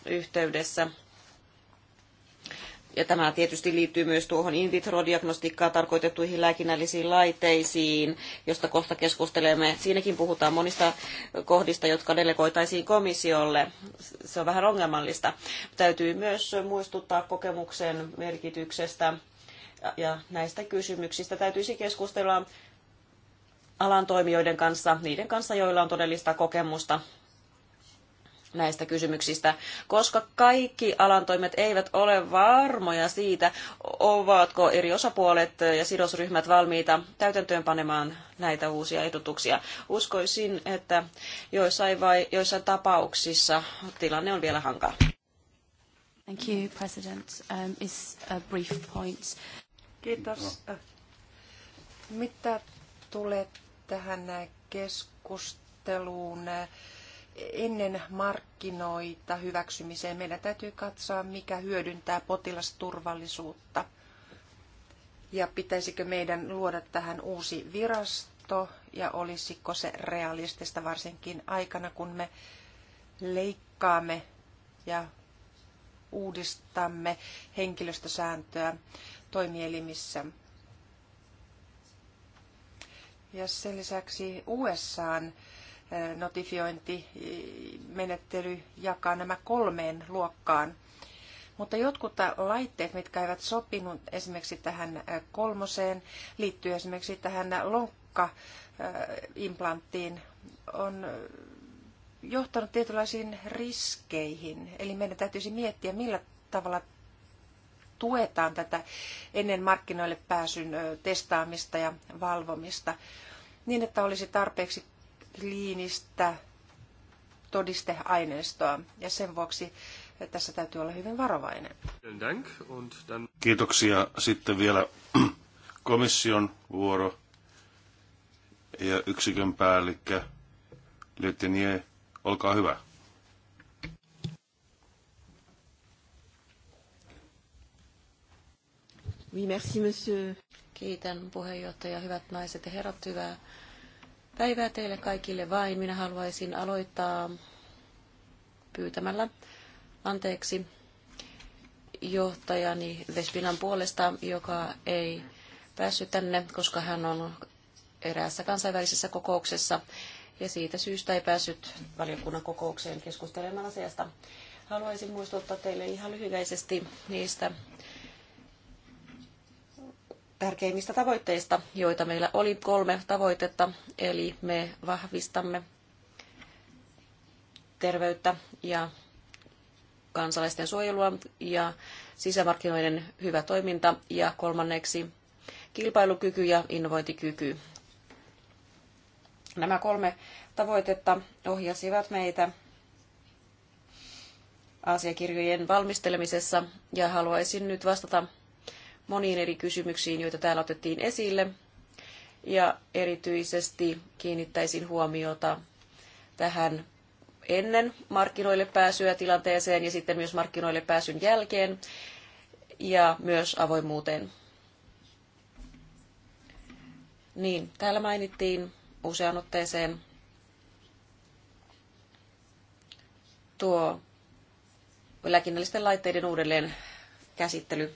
yhteydessä. Ja tämä tietysti liittyy myös tuohon in vitro-diagnostiikkaan tarkoitettuihin lääkinnällisiin laitteisiin, josta kohta keskustelemme. Siinäkin puhutaan monista kohdista, jotka delegoitaisiin komissiolle. Se on vähän ongelmallista. Täytyy myös muistuttaa kokemuksen merkityksestä ja näistä kysymyksistä täytyisi keskustella alan toimijoiden kanssa, niiden kanssa, joilla on todellista kokemusta näistä kysymyksistä, koska kaikki alan toimet eivät ole varmoja siitä, ovatko eri osapuolet ja sidosryhmät valmiita täytäntöönpanemaan näitä uusia ehdotuksia. Uskoisin, että joissain, vai, joissain tapauksissa tilanne on vielä hankala. Thank you, President. Um, is a brief point. Kiitos. No. Äh, mitä tulee tähän keskusteluun äh, ennen markkinoita hyväksymiseen? Meidän täytyy katsoa, mikä hyödyntää potilasturvallisuutta. Ja pitäisikö meidän luoda tähän uusi virasto ja olisiko se realistista varsinkin aikana, kun me leikkaamme ja uudistamme henkilöstösääntöä toimielimissä. Ja sen lisäksi USAn notifiointimenettely jakaa nämä kolmeen luokkaan. Mutta jotkut laitteet, mitkä eivät sopinut esimerkiksi tähän kolmoseen, liittyy esimerkiksi tähän lonkkaimplanttiin, on johtanut tietynlaisiin riskeihin. Eli meidän täytyisi miettiä, millä tavalla tuetaan tätä ennen markkinoille pääsyn testaamista ja valvomista niin, että olisi tarpeeksi kliinistä todisteaineistoa ja sen vuoksi tässä täytyy olla hyvin varovainen. Kiitoksia. Sitten vielä komission vuoro ja yksikön päällikkö Letenier, olkaa hyvä. Oui, merci, monsieur. Kiitän puheenjohtaja, hyvät naiset ja herrat, hyvää päivää teille kaikille vain. Minä haluaisin aloittaa pyytämällä anteeksi johtajani Vespinan puolesta, joka ei päässyt tänne, koska hän on eräässä kansainvälisessä kokouksessa ja siitä syystä ei päässyt valiokunnan kokoukseen keskustelemaan asiasta. Haluaisin muistuttaa teille ihan lyhyesti niistä tärkeimmistä tavoitteista, joita meillä oli kolme tavoitetta, eli me vahvistamme terveyttä ja kansalaisten suojelua ja sisämarkkinoiden hyvä toiminta ja kolmanneksi kilpailukyky ja innovointikyky. Nämä kolme tavoitetta ohjasivat meitä asiakirjojen valmistelemisessa ja haluaisin nyt vastata moniin eri kysymyksiin, joita täällä otettiin esille. Ja erityisesti kiinnittäisin huomiota tähän ennen markkinoille pääsyä tilanteeseen ja sitten myös markkinoille pääsyn jälkeen ja myös avoimuuteen. Niin, täällä mainittiin usean otteeseen tuo lääkinnällisten laitteiden uudelleen käsittely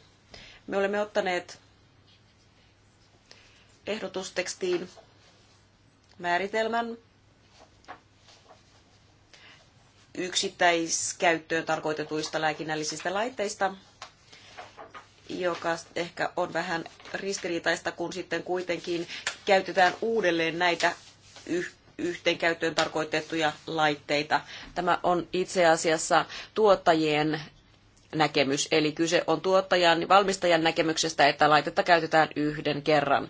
me olemme ottaneet ehdotustekstiin määritelmän yksittäiskäyttöön tarkoitetuista lääkinnällisistä laitteista, joka ehkä on vähän ristiriitaista, kun sitten kuitenkin käytetään uudelleen näitä yhteen käyttöön tarkoitettuja laitteita. Tämä on itse asiassa tuottajien näkemys. Eli kyse on tuottajan, valmistajan näkemyksestä, että laitetta käytetään yhden kerran.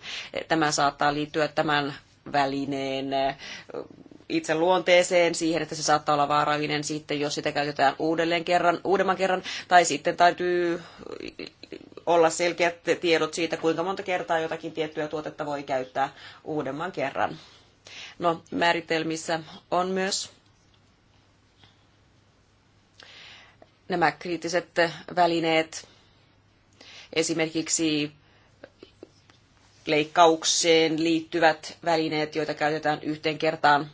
Tämä saattaa liittyä tämän välineen itse luonteeseen, siihen, että se saattaa olla vaarallinen sitten, jos sitä käytetään uudelleen kerran, uudemman kerran, tai sitten täytyy olla selkeät tiedot siitä, kuinka monta kertaa jotakin tiettyä tuotetta voi käyttää uudemman kerran. No, määritelmissä on myös nämä kriittiset välineet esimerkiksi leikkaukseen liittyvät välineet, joita käytetään yhteen kertaan.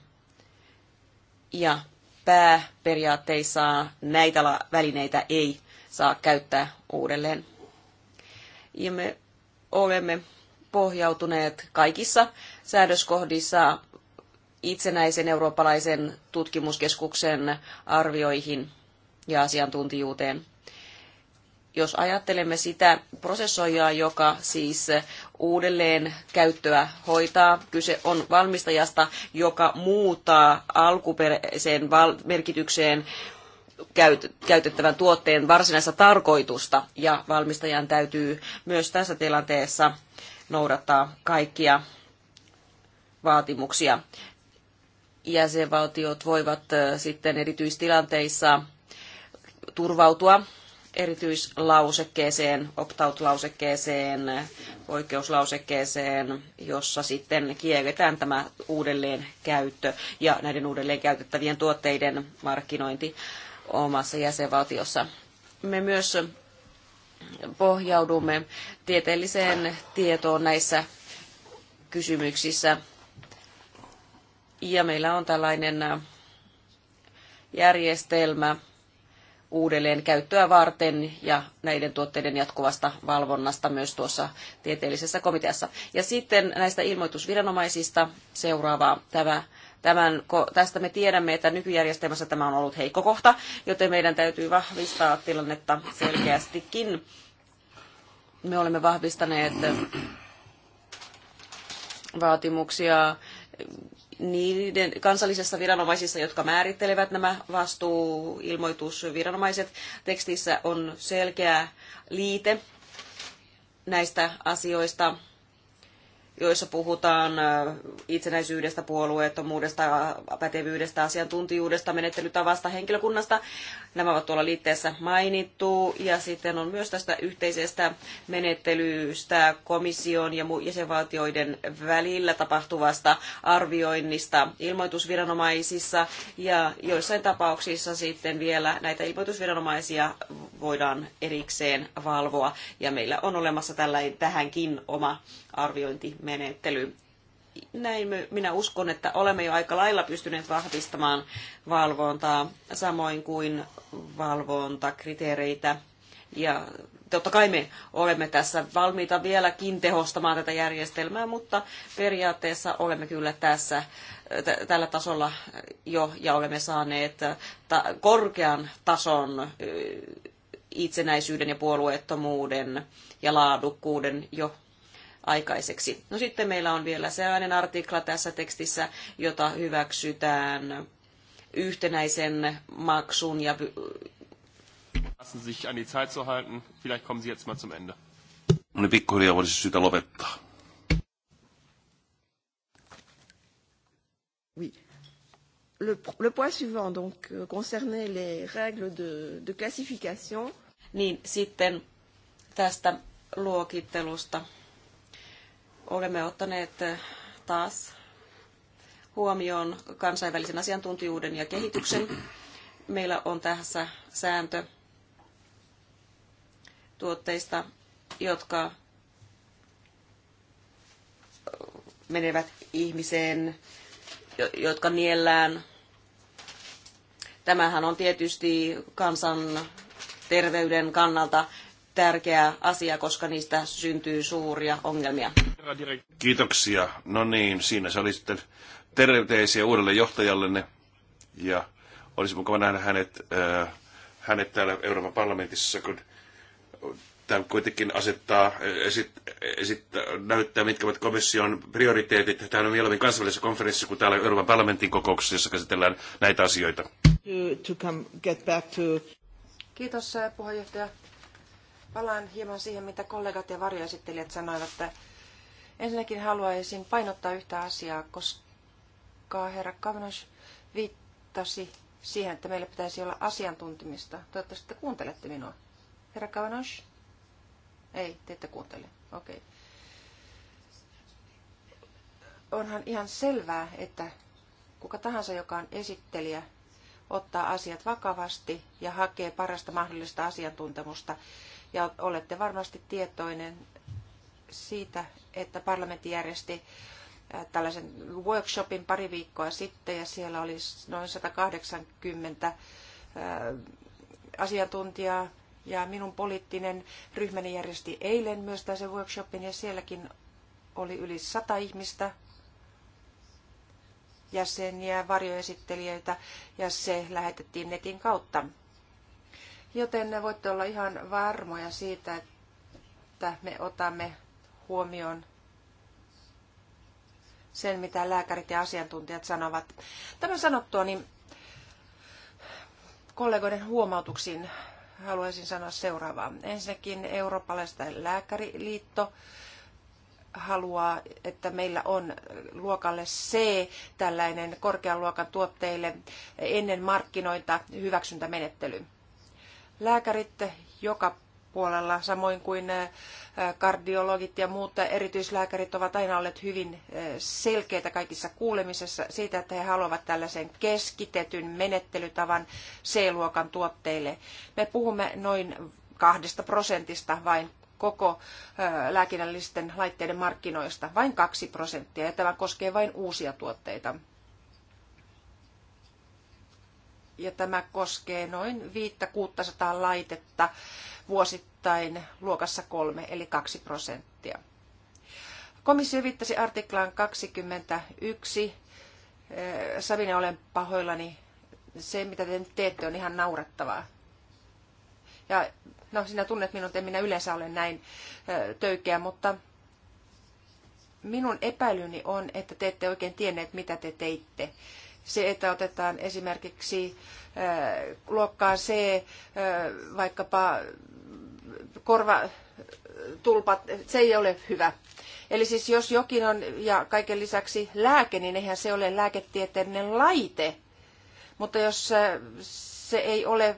Ja pääperiaatteissa näitä välineitä ei saa käyttää uudelleen. Ja me olemme pohjautuneet kaikissa säädöskohdissa itsenäisen eurooppalaisen tutkimuskeskuksen arvioihin ja asiantuntijuuteen. Jos ajattelemme sitä prosessoijaa, joka siis uudelleen käyttöä hoitaa, kyse on valmistajasta, joka muuttaa alkuperäiseen merkitykseen käytettävän tuotteen varsinaista tarkoitusta ja valmistajan täytyy myös tässä tilanteessa noudattaa kaikkia vaatimuksia. Jäsenvaltiot voivat sitten erityistilanteissa turvautua erityislausekkeeseen, opt-out-lausekkeeseen, oikeuslausekkeeseen, jossa sitten kielletään tämä uudelleen käyttö ja näiden uudelleen käytettävien tuotteiden markkinointi omassa jäsenvaltiossa. Me myös pohjaudumme tieteelliseen tietoon näissä kysymyksissä. Ja meillä on tällainen järjestelmä, uudelleen käyttöä varten ja näiden tuotteiden jatkuvasta valvonnasta myös tuossa tieteellisessä komiteassa. Ja sitten näistä ilmoitusviranomaisista seuraavaa tämä Tämän, tästä me tiedämme, että nykyjärjestelmässä tämä on ollut heikko kohta, joten meidän täytyy vahvistaa tilannetta selkeästikin. Me olemme vahvistaneet vaatimuksia niiden kansallisissa viranomaisissa, jotka määrittelevät nämä vastuuilmoitusviranomaiset. Tekstissä on selkeä liite näistä asioista joissa puhutaan itsenäisyydestä, puolueettomuudesta, pätevyydestä, asiantuntijuudesta, menettelytavasta, henkilökunnasta. Nämä ovat tuolla liitteessä mainittu. Ja sitten on myös tästä yhteisestä menettelystä komission ja jäsenvaltioiden välillä tapahtuvasta arvioinnista ilmoitusviranomaisissa. Ja joissain tapauksissa sitten vielä näitä ilmoitusviranomaisia voidaan erikseen valvoa. Ja meillä on olemassa tällainen tähänkin oma arviointimenettely. Näin minä uskon, että olemme jo aika lailla pystyneet vahvistamaan valvontaa, samoin kuin valvontakriteereitä ja totta kai me olemme tässä valmiita vieläkin tehostamaan tätä järjestelmää, mutta periaatteessa olemme kyllä tässä tällä tasolla jo ja olemme saaneet ta- korkean tason itsenäisyyden ja puolueettomuuden ja laadukkuuden jo aikaiseksi. No sitten meillä on vielä sellainen artikla tässä tekstissä, jota hyväksytään yhtenäisen maksun ja... Lassen sich an die Zeit zu halten. Vielleicht kommen Sie jetzt mal zum Ende. No niin, pikkuhiljaa olisi syytä lopettaa. Oui. Le, le point suivant donc euh, concernait les règles de, de classification. Niin sitten tästä luokittelusta olemme ottaneet eh, taas huomioon kansainvälisen asiantuntijuuden ja kehityksen. Meillä on tässä sääntö tuotteista, jotka menevät ihmiseen, jotka niellään. Tämähän on tietysti kansan terveyden kannalta tärkeä asia, koska niistä syntyy suuria ongelmia. Kiitoksia. No niin, siinä se oli sitten terveisiä uudelle johtajallenne. Ja olisi mukava nähdä hänet, äh, hänet täällä Euroopan parlamentissa, kun tämä kuitenkin asettaa, äh, esit, esit, näyttää, mitkä ovat komission prioriteetit. Tämä on mieluummin kansainvälisessä konferenssissa kuin täällä Euroopan parlamentin kokouksessa, jossa käsitellään näitä asioita. To, to come, to... Kiitos äh, puheenjohtaja. Palaan hieman siihen, mitä kollegat ja varjoesittelijät sanoivat, että Ensinnäkin haluaisin painottaa yhtä asiaa, koska herra Kavanos viittasi siihen, että meillä pitäisi olla asiantuntemista. Toivottavasti te kuuntelette minua. Herra Kavanos? Ei, te ette kuuntele. Okei. Okay. Onhan ihan selvää, että kuka tahansa, joka on esittelijä, ottaa asiat vakavasti ja hakee parasta mahdollista asiantuntemusta. Ja olette varmasti tietoinen siitä, että parlamentti järjesti tällaisen workshopin pari viikkoa sitten ja siellä oli noin 180 asiantuntijaa ja minun poliittinen ryhmäni järjesti eilen myös tällaisen workshopin ja sielläkin oli yli sata ihmistä jäseniä, varjoesittelijöitä ja se lähetettiin netin kautta. Joten voitte olla ihan varmoja siitä, että me otamme huomioon sen, mitä lääkärit ja asiantuntijat sanovat. Tämän sanottua, niin kollegoiden huomautuksiin haluaisin sanoa seuraavaa. Ensinnäkin Eurooppalaisten lääkäriliitto haluaa, että meillä on luokalle C tällainen korkean luokan tuotteille ennen markkinoita hyväksyntämenettely. Lääkärit joka puolella, samoin kuin eh, kardiologit ja muut erityislääkärit ovat aina olleet hyvin eh, selkeitä kaikissa kuulemisissa siitä, että he haluavat tällaisen keskitetyn menettelytavan C-luokan tuotteille. Me puhumme noin kahdesta prosentista vain koko eh, lääkinnällisten laitteiden markkinoista, vain kaksi prosenttia, ja tämä koskee vain uusia tuotteita ja tämä koskee noin 5600 laitetta vuosittain luokassa kolme, eli 2 prosenttia. Komissio viittasi artiklaan 21. Äh, Savine, olen pahoillani. Se, mitä te nyt teette, on ihan naurettavaa. Ja no, sinä tunnet minut, en minä yleensä ole näin äh, töykeä, mutta minun epäilyni on, että te ette oikein tienneet, mitä te teitte. Se, että otetaan esimerkiksi eh, luokkaan C eh, vaikkapa korvatulpat, se ei ole hyvä. Eli siis jos jokin on ja kaiken lisäksi lääke, niin eihän se ole lääketieteellinen laite. Mutta jos eh, se ei ole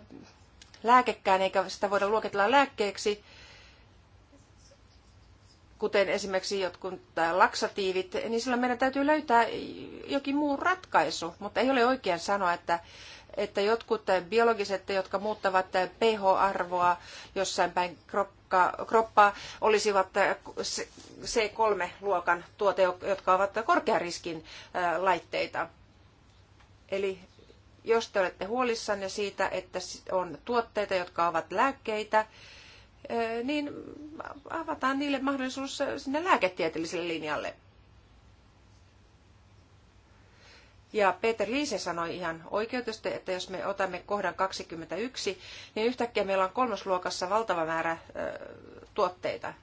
lääkekään eikä sitä voida luokitella lääkkeeksi, kuten esimerkiksi jotkut äh, laksatiivit, niin silloin meidän täytyy löytää jokin muu ratkaisu, mutta ei ole oikein sanoa, että, että jotkut äh, biologiset, jotka muuttavat äh, pH-arvoa jossain päin kroppaa, kroppaa olisivat C3-luokan tuote, jotka ovat korkean riskin laitteita. Eli jos te olette huolissanne siitä, että on tuotteita, jotka ovat lääkkeitä, niin avataan niille mahdollisuus sinne lääketieteelliselle linjalle. Ja Peter Liise sanoi ihan oikeutusti, että jos me otamme kohdan 21, niin yhtäkkiä meillä on kolmosluokassa valtava määrä tuotteita.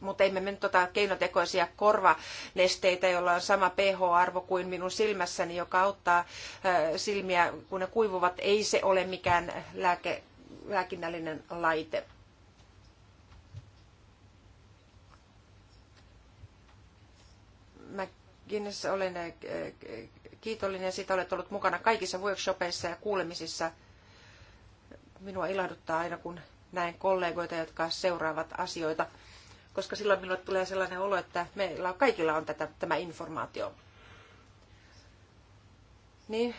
Mutta emme me nyt tota keinotekoisia korvanesteitä, joilla on sama pH-arvo kuin minun silmässäni, joka auttaa silmiä, kun ne kuivuvat. Ei se ole mikään lääke, lääkinnällinen laite. McGinnis, olen eh, kiitollinen siitä, olet ollut mukana kaikissa workshopeissa ja kuulemisissa. Minua ilahduttaa aina, kun näen kollegoita, jotka seuraavat asioita, koska silloin minulle tulee sellainen olo, että meillä kaikilla on tätä, tämä informaatio. Niin,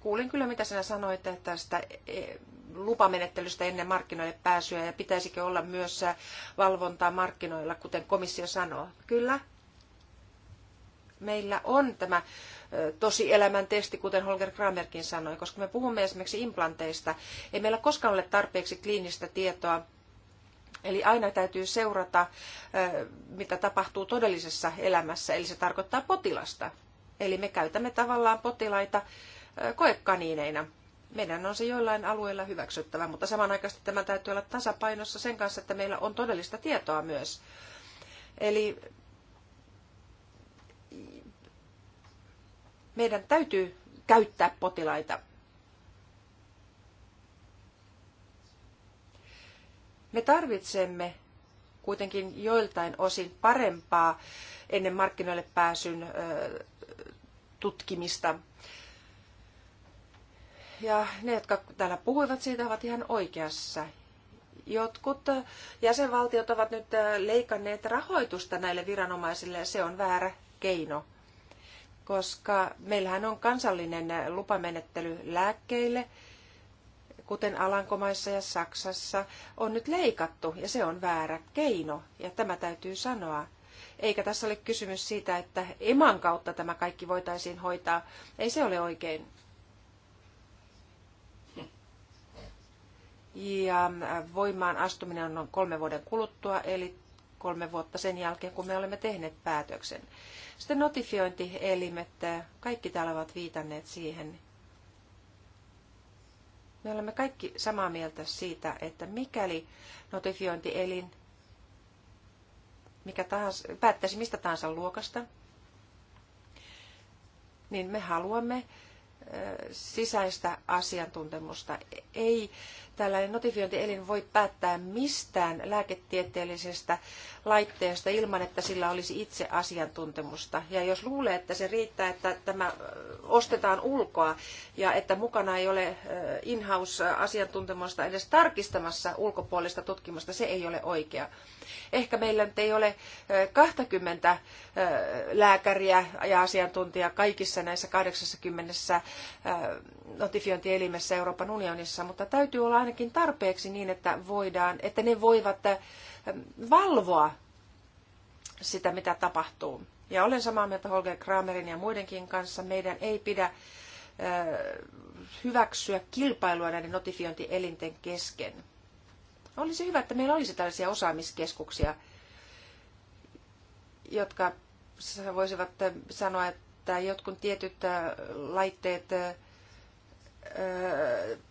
kuulin kyllä mitä sinä sanoit tästä eh, lupamenettelystä ennen markkinoille pääsyä ja pitäisikö olla myös valvontaa markkinoilla, kuten komissio sanoo. Kyllä, meillä on tämä elämän testi, kuten Holger Kramerkin sanoi, koska me puhumme esimerkiksi implanteista. Ei meillä koskaan ole tarpeeksi kliinistä tietoa Eli aina täytyy seurata, mitä tapahtuu todellisessa elämässä, eli se tarkoittaa potilasta. Eli me käytämme tavallaan potilaita koekaniineina. Meidän on se joillain alueilla hyväksyttävä, mutta samanaikaisesti tämä täytyy olla tasapainossa sen kanssa, että meillä on todellista tietoa myös. Eli Meidän täytyy käyttää potilaita. Me tarvitsemme kuitenkin joiltain osin parempaa ennen markkinoille pääsyn tutkimista. Ja ne, jotka täällä puhuivat siitä, ovat ihan oikeassa. Jotkut jäsenvaltiot ovat nyt leikanneet rahoitusta näille viranomaisille ja se on väärä keino – koska meillähän on kansallinen lupamenettely lääkkeille, kuten Alankomaissa ja Saksassa, on nyt leikattu ja se on väärä keino ja tämä täytyy sanoa. Eikä tässä ole kysymys siitä, että eman kautta tämä kaikki voitaisiin hoitaa. Ei se ole oikein. Ja voimaan astuminen on noin kolme vuoden kuluttua, eli kolme vuotta sen jälkeen, kun me olemme tehneet päätöksen. Sitten notifiointielimet, kaikki täällä ovat viitanneet siihen. Me olemme kaikki samaa mieltä siitä, että mikäli notifiointielin mikä tahansa, päättäisi mistä tahansa luokasta, niin me haluamme sisäistä asiantuntemusta. Ei tällainen notifiointielin voi päättää mistään lääketieteellisestä laitteesta ilman, että sillä olisi itse asiantuntemusta. Ja jos luulee, että se riittää, että tämä ostetaan ulkoa ja että mukana ei ole in-house asiantuntemusta edes tarkistamassa ulkopuolista tutkimusta, se ei ole oikea. Ehkä meillä nyt ei ole 20 lääkäriä ja asiantuntijaa kaikissa näissä 80 notifiointielimessä Euroopan unionissa, mutta täytyy olla ainakin tarpeeksi niin, että, voidaan, että ne voivat valvoa sitä, mitä tapahtuu. Ja olen samaa mieltä Holger Kramerin ja muidenkin kanssa. Meidän ei pidä hyväksyä kilpailua näiden notifiointielinten kesken. Olisi hyvä, että meillä olisi tällaisia osaamiskeskuksia, jotka voisivat äh, sanoa, että jotkut tietyt äh, laitteet äh,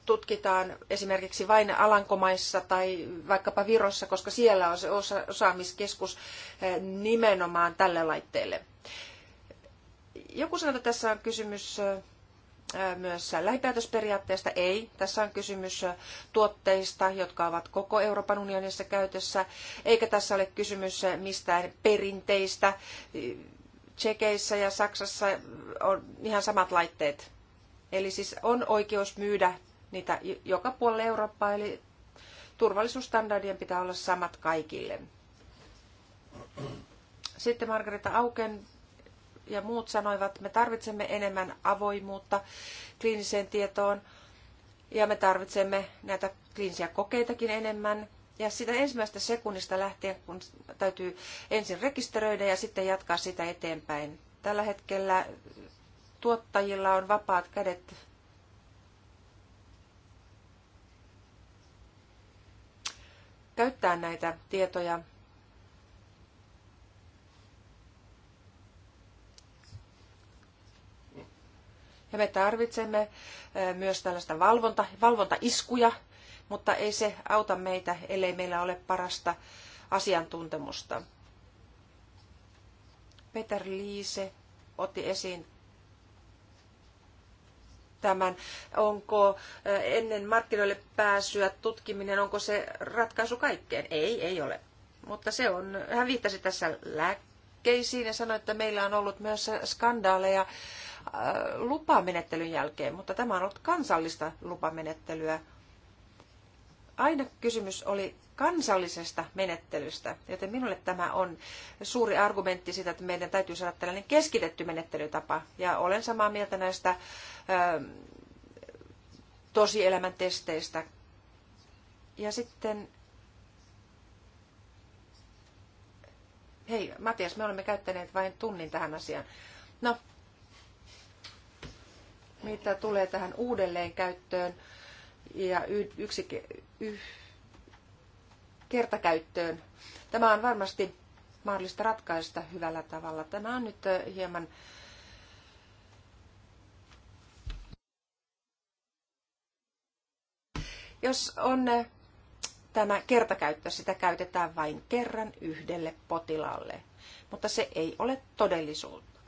tutkitaan esimerkiksi vain Alankomaissa tai vaikkapa Virossa, koska siellä on se osaamiskeskus nimenomaan tälle laitteelle. Joku sanoi, että tässä on kysymys myös lähipäätösperiaatteesta? Ei. Tässä on kysymys tuotteista, jotka ovat koko Euroopan unionissa käytössä, eikä tässä ole kysymys mistään perinteistä. Tsekeissä ja Saksassa on ihan samat laitteet. Eli siis on oikeus myydä niitä joka puolella Eurooppaa, eli turvallisuusstandardien pitää olla samat kaikille. Sitten Margareta Auken ja muut sanoivat, me tarvitsemme enemmän avoimuutta kliiniseen tietoon ja me tarvitsemme näitä kliinisiä kokeitakin enemmän. Ja sitä ensimmäistä sekunnista lähtien, kun täytyy ensin rekisteröidä ja sitten jatkaa sitä eteenpäin. Tällä hetkellä tuottajilla on vapaat kädet käyttää näitä tietoja Ja me tarvitsemme myös tällaista valvonta, valvontaiskuja, mutta ei se auta meitä, ellei meillä ole parasta asiantuntemusta. Peter Liise otti esiin tämän, onko ennen markkinoille pääsyä tutkiminen, onko se ratkaisu kaikkeen? Ei, ei ole. Mutta se on, hän viittasi tässä lääkkeisiin ja sanoi, että meillä on ollut myös skandaaleja Äh, lupamenettelyn jälkeen, mutta tämä on ollut kansallista lupamenettelyä. Aina kysymys oli kansallisesta menettelystä, joten minulle tämä on suuri argumentti siitä, että meidän täytyy saada tällainen keskitetty menettelytapa. Ja olen samaa mieltä näistä ähm, tosielämän testeistä. Ja sitten, hei Matias, me olemme käyttäneet vain tunnin tähän asiaan. No, mitä tulee tähän uudelleenkäyttöön ja yksi kertakäyttöön. Tämä on varmasti mahdollista ratkaista hyvällä tavalla. Tämä on nyt hieman Jos on tämä kertakäyttö, sitä käytetään vain kerran yhdelle potilaalle, mutta se ei ole todellisuutta.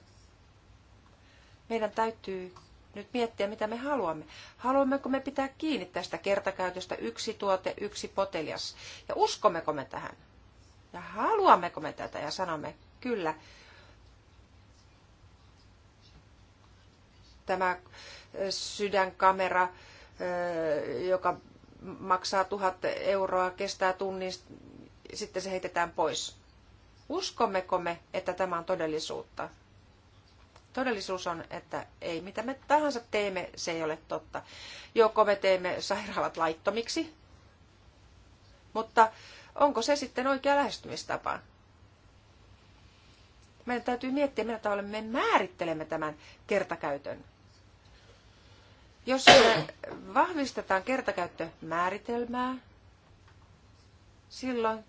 Meidän täytyy nyt miettiä, mitä me haluamme. Haluammeko me pitää kiinni tästä kertakäytöstä yksi tuote, yksi potelias? Ja uskommeko me tähän? Ja haluammeko me tätä ja sanomme, kyllä, tämä sydänkamera, joka maksaa tuhat euroa, kestää tunnin, sitten se heitetään pois. Uskommeko me, että tämä on todellisuutta? Todellisuus on, että ei mitä me tahansa teemme, se ei ole totta. Joko me teemme sairaalat laittomiksi, mutta onko se sitten oikea lähestymistapa? Meidän täytyy miettiä, millä tavalla me määrittelemme tämän kertakäytön. Jos me vahvistetaan kertakäyttömääritelmää, silloin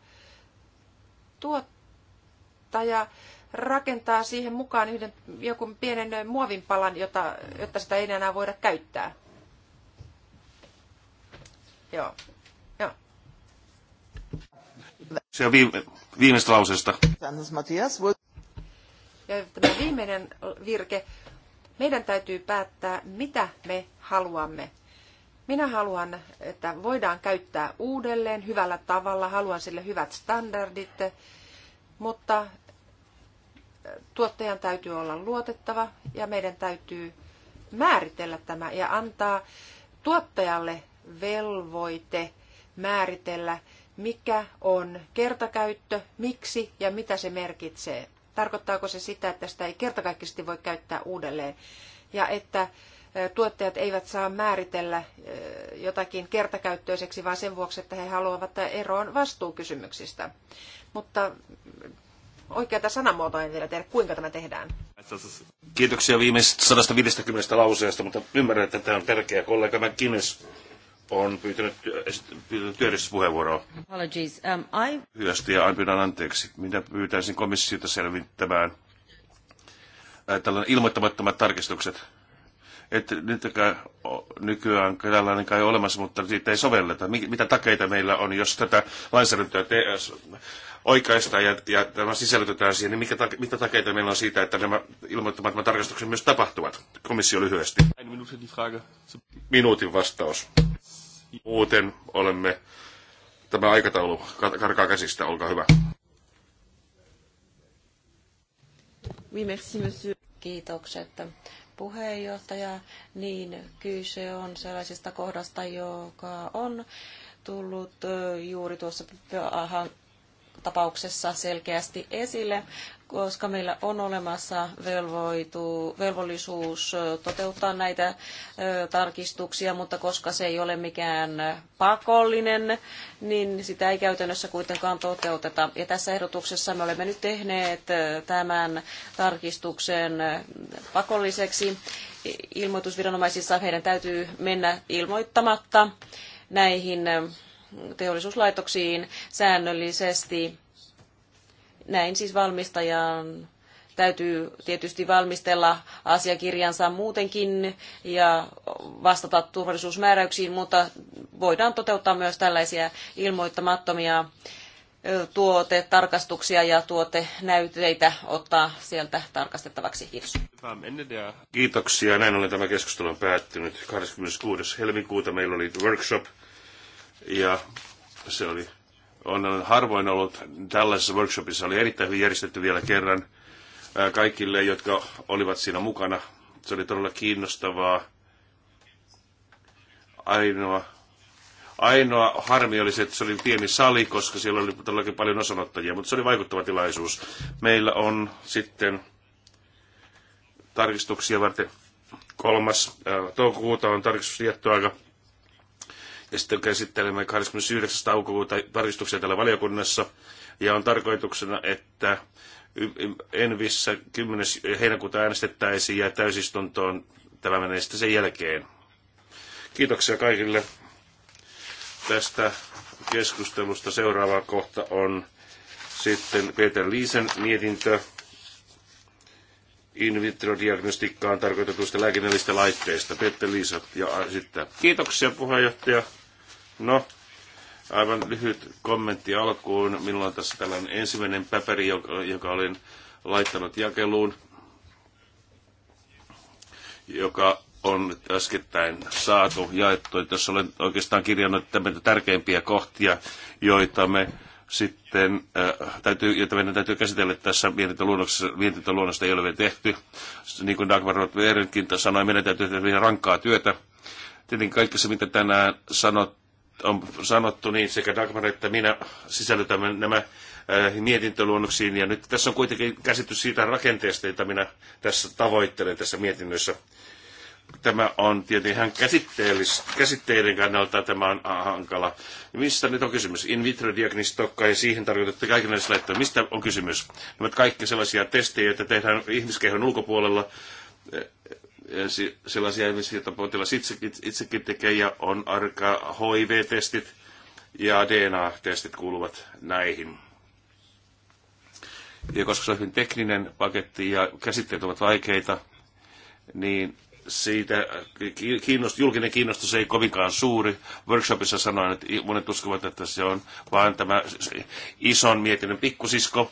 tuottaja rakentaa siihen mukaan yhden, joku pienen muovin palan, jota, jotta sitä ei enää voida käyttää. Joo. Joo. Se on viime, viimeistä lauseesta. Ja tämä viimeinen virke. Meidän täytyy päättää, mitä me haluamme. Minä haluan, että voidaan käyttää uudelleen hyvällä tavalla, haluan sille hyvät standardit, mutta tuottajan täytyy olla luotettava ja meidän täytyy määritellä tämä ja antaa tuottajalle velvoite määritellä, mikä on kertakäyttö, miksi ja mitä se merkitsee. Tarkoittaako se sitä, että sitä ei kertakaikkisesti voi käyttää uudelleen ja että tuottajat eivät saa määritellä jotakin kertakäyttöiseksi, vaan sen vuoksi, että he haluavat eroon vastuukysymyksistä. Mutta oikeata sanamuotoa en vielä tiedä, kuinka tämä tehdään. Kiitoksia viimeisestä 150 lauseesta, mutta ymmärrän, että tämä on tärkeä. Kollega McGuinness on pyytänyt työllisyyspuheenvuoroa. Apologies. Um, I... Hyvästi ja pyydän anteeksi. Minä pyytäisin komissiota selvittämään äh, tällainen ilmoittamattomat tarkistukset että nyt nykyään tällainen kai olemassa, mutta siitä ei sovelleta. Mitä takeita meillä on, jos tätä lainsäädäntöä te, oikaistaan ja, ja tämä sisällytetään siihen, niin mikä, mitä takeita meillä on siitä, että nämä ilmoittamat tarkastukset myös tapahtuvat? Komissio lyhyesti. Minuutin vastaus. Muuten olemme, tämä aikataulu karkaa käsistä, olkaa hyvä. Kiitokset puheenjohtaja, niin kyse on sellaisesta kohdasta, joka on tullut juuri tuossa tapauksessa selkeästi esille, koska meillä on olemassa velvoitu, velvollisuus toteuttaa näitä tarkistuksia, mutta koska se ei ole mikään pakollinen, niin sitä ei käytännössä kuitenkaan toteuteta. Ja tässä ehdotuksessa me olemme nyt tehneet tämän tarkistuksen pakolliseksi. Ilmoitusviranomaisissa heidän täytyy mennä ilmoittamatta näihin teollisuuslaitoksiin säännöllisesti. Näin siis valmistajan täytyy tietysti valmistella asiakirjansa muutenkin ja vastata turvallisuusmääräyksiin, mutta voidaan toteuttaa myös tällaisia ilmoittamattomia tuotetarkastuksia ja tuotenäyteitä ottaa sieltä tarkastettavaksi. Kiitos. Kiitoksia. Näin ollen tämä keskustelu on päättynyt. 26. helmikuuta meillä oli workshop ja se oli, on harvoin ollut tällaisessa workshopissa, oli erittäin hyvin järjestetty vielä kerran kaikille, jotka olivat siinä mukana. Se oli todella kiinnostavaa. Ainoa, ainoa harmi oli se, että se oli pieni sali, koska siellä oli todellakin paljon osanottajia, mutta se oli vaikuttava tilaisuus. Meillä on sitten tarkistuksia varten kolmas toukokuuta on tarkistusjättöaika. Sitten käsittelemme 29. taukokuuta tarkistuksia täällä valiokunnassa ja on tarkoituksena, että Envissä 10. heinäkuuta äänestettäisiin ja täysistuntoon tämä menee sitten sen jälkeen. Kiitoksia kaikille tästä keskustelusta. Seuraava kohta on sitten Peter Liisen mietintö in vitro-diagnostiikkaan tarkoitetuista lääkinnällisistä laitteista. Peter Liisa ja sitten. Kiitoksia puheenjohtaja. No, aivan lyhyt kommentti alkuun. Minulla on tässä tällainen ensimmäinen paperi, joka, joka olin laittanut jakeluun, joka on äskettäin saatu jaettu. Tässä olen oikeastaan kirjannut tämmöitä tärkeimpiä kohtia, joita me sitten äh, täytyy, joita meidän täytyy käsitellä tässä mietintöluonnosta ei ole vielä tehty. Niin kuin Dagmar Rothbergkin sanoi, meidän täytyy tehdä vielä rankkaa työtä. Tietenkin kaikki se, mitä tänään sanot, on sanottu, niin sekä Dagmar että minä sisällytämme nämä äh, mietintöluonnoksiin. Ja nyt tässä on kuitenkin käsitys siitä rakenteesta, jota minä tässä tavoittelen tässä mietinnössä. Tämä on tietenkin ihan käsitteiden kannalta tämä on hankala. Mistä nyt on kysymys? In vitro diagnostokka ja siihen tarkoitettu kaikenlaista laittoa. Mistä on kysymys? Nämä kaikki sellaisia testejä, joita tehdään ihmiskehon ulkopuolella, äh, sellaisia ihmisiä, joita potilas itsekin, itsekin tekee, ja on arka HIV-testit ja DNA-testit kuuluvat näihin. Ja koska se on hyvin tekninen paketti ja käsitteet ovat vaikeita, niin siitä kiinnost, julkinen kiinnostus ei kovinkaan suuri. Workshopissa sanoin, että monet uskovat, että se on vaan tämä ison mietinnön pikkusisko,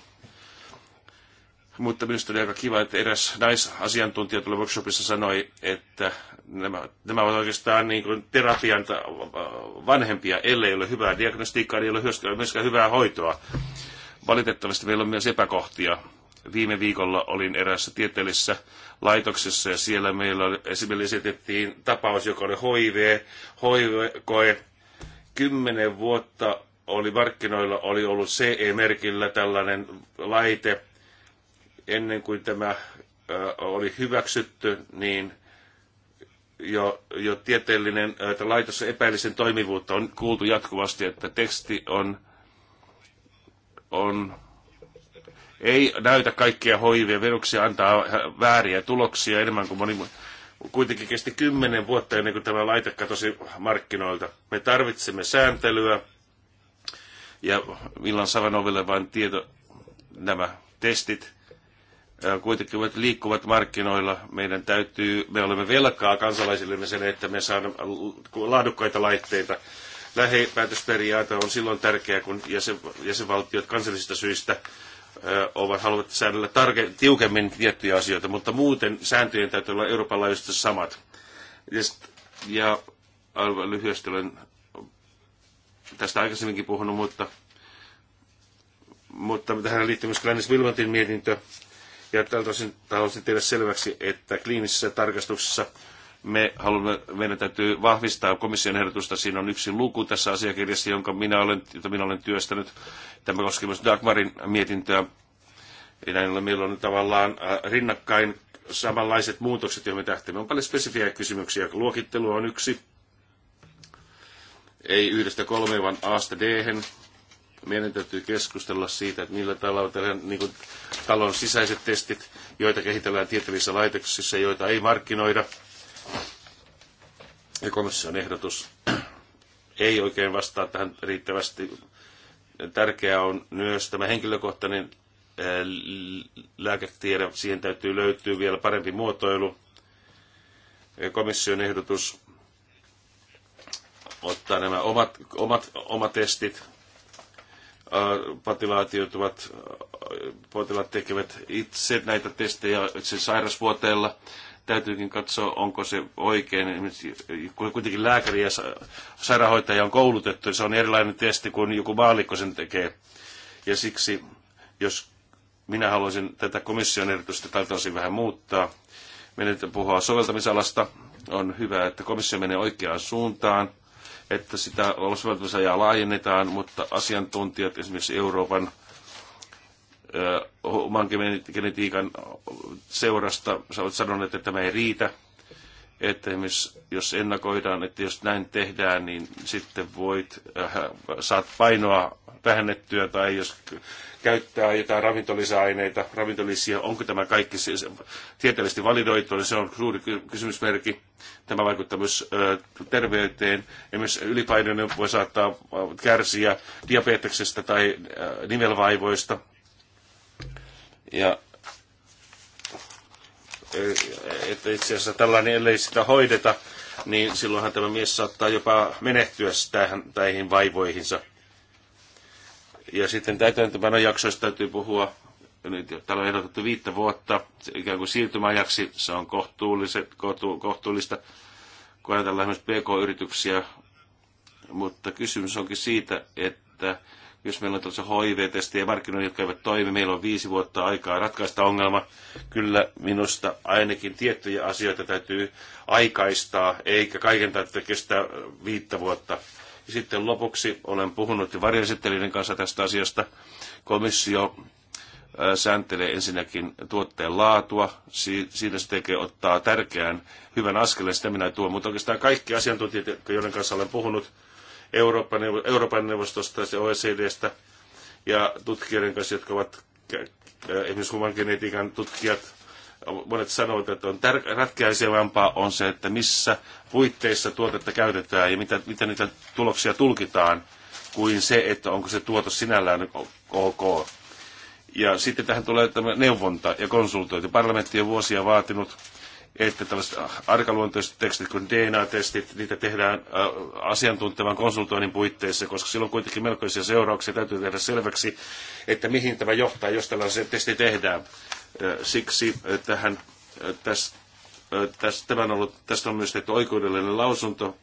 mutta minusta oli aika kiva, että eräs naisasiantuntija tuolla workshopissa sanoi, että nämä, nämä ovat oikeastaan niin kuin terapian vanhempia, ellei ole hyvää diagnostiikkaa, niin ei ole myöskään hyvää hoitoa. Valitettavasti meillä on myös epäkohtia. Viime viikolla olin eräässä tieteellisessä laitoksessa ja siellä meillä esimerkiksi esitettiin tapaus, joka oli HIV, HIV-koe. Kymmenen vuotta oli markkinoilla, oli ollut CE-merkillä tällainen laite, ennen kuin tämä oli hyväksytty, niin jo, jo tieteellinen että laitos epäillisen toimivuutta. On kuultu jatkuvasti, että teksti on, on ei näytä kaikkia hoivia viruksia, antaa vääriä tuloksia enemmän kuin moni. Kuitenkin kesti kymmenen vuotta ennen kuin tämä laite katosi markkinoilta. Me tarvitsemme sääntelyä ja Villan Savanoville vain tieto nämä testit kuitenkin liikkuvat markkinoilla. Meidän täytyy, me olemme velkaa kansalaisillemme sen, että me saamme laadukkaita laitteita. Lähepäätösperiaate on silloin tärkeä, kun jäsen, jäsenvaltiot kansallisista syistä ovat haluavat säädellä tarke, tiukemmin tiettyjä asioita, mutta muuten sääntöjen täytyy olla Euroopan laajuisesti samat. Ja, ja lyhyesti olen tästä aikaisemminkin puhunut, mutta, mutta tähän liittyy myös Glennis Wilmotin mietintö, ja tältä osin haluaisin tehdä selväksi, että kliinisessä tarkastuksessa me haluamme, meidän täytyy vahvistaa komission ehdotusta. Siinä on yksi luku tässä asiakirjassa, jonka minä olen, jota minä olen työstänyt. Tämä koskee myös Dagmarin mietintöä. Ja näin ollen meillä on tavallaan äh, rinnakkain samanlaiset muutokset, joihin me tähtäämme. On paljon spesifiä kysymyksiä. Luokittelu on yksi. Ei yhdestä kolmeen, vaan a d -hän meidän täytyy keskustella siitä, että millä tavalla niin kuin, talon sisäiset testit, joita kehitellään tietyissä laitoksissa, joita ei markkinoida. Ja komission ehdotus ei oikein vastaa tähän riittävästi. Tärkeää on myös tämä henkilökohtainen eh, lääketiede. Siihen täytyy löytyä vielä parempi muotoilu. Komission ehdotus ottaa nämä omat, omat, omat testit Äh, potilaat joutuvat, äh, potilaat tekevät itse näitä testejä itse sairasvuoteella. Täytyykin katsoa, onko se oikein. Äh, kun kuitenkin lääkäri ja sairaanhoitaja on koulutettu, se on erilainen testi kuin joku maalikko sen tekee. Ja siksi, jos minä haluaisin tätä komission erityisesti tältä osin vähän muuttaa, meidän puhua soveltamisalasta. On hyvä, että komissio menee oikeaan suuntaan että sitä soveltusajaa laajennetaan, mutta asiantuntijat esimerkiksi Euroopan oman genetiikan seurasta ovat sanoneet, että tämä ei riitä. Että esimerkiksi jos ennakoidaan, että jos näin tehdään, niin sitten voit, äh, saat painoa vähennettyä tai jos käyttää jotain ravintolisäaineita, ravintolisia, onko tämä kaikki siis tieteellisesti validoitu, niin se on suuri kysymysmerkki. Tämä vaikuttaa myös terveyteen. Esimerkiksi ylipainoinen voi saattaa kärsiä diabeteksestä tai nivelvaivoista. Ja että itse asiassa tällainen, ellei sitä hoideta, niin silloinhan tämä mies saattaa jopa menehtyä tähän, näihin vaivoihinsa. Ja sitten täytäntöpanon jaksoista täytyy puhua. Nyt täällä on ehdotettu viittä vuotta ikään kuin siirtymäajaksi. Se on kohtu, kohtuullista, kun ajatellaan esimerkiksi PK-yrityksiä. Mutta kysymys onkin siitä, että jos meillä on tällaisia HIV-testejä markkinoilla, jotka eivät toimi, meillä on viisi vuotta aikaa ratkaista ongelma. Kyllä minusta ainakin tiettyjä asioita täytyy aikaistaa, eikä kaiken täytyy kestää viittä vuotta. Sitten lopuksi olen puhunut jo varjoesittelijöiden kanssa tästä asiasta. Komissio sääntelee ensinnäkin tuotteen laatua. Siinä se tekee ottaa tärkeän hyvän askeleen, sitä minä tuon. Mutta oikeastaan kaikki asiantuntijat, joiden kanssa olen puhunut Euroopan, Euroopan neuvostosta ja OECDstä ja tutkijoiden kanssa, jotka ovat esimerkiksi humangenetiikan tutkijat, monet sanovat, että on tär- ratkaisevampaa on se, että missä puitteissa tuotetta käytetään ja mitä, miten niitä tuloksia tulkitaan, kuin se, että onko se tuotos sinällään ok. Ja sitten tähän tulee tämä neuvonta ja konsultointi. Parlamentti on vuosia vaatinut, että tällaiset äh, arkaluontoiset tekstit kuin DNA-testit, niitä tehdään äh, asiantuntevan konsultoinnin puitteissa, koska silloin kuitenkin melkoisia seurauksia. Täytyy tehdä selväksi, että mihin tämä johtaa, jos tällaisia testi tehdään. Siksi tähän, tästä, tästä, on ollut, tästä on myös tehty oikeudellinen lausunto.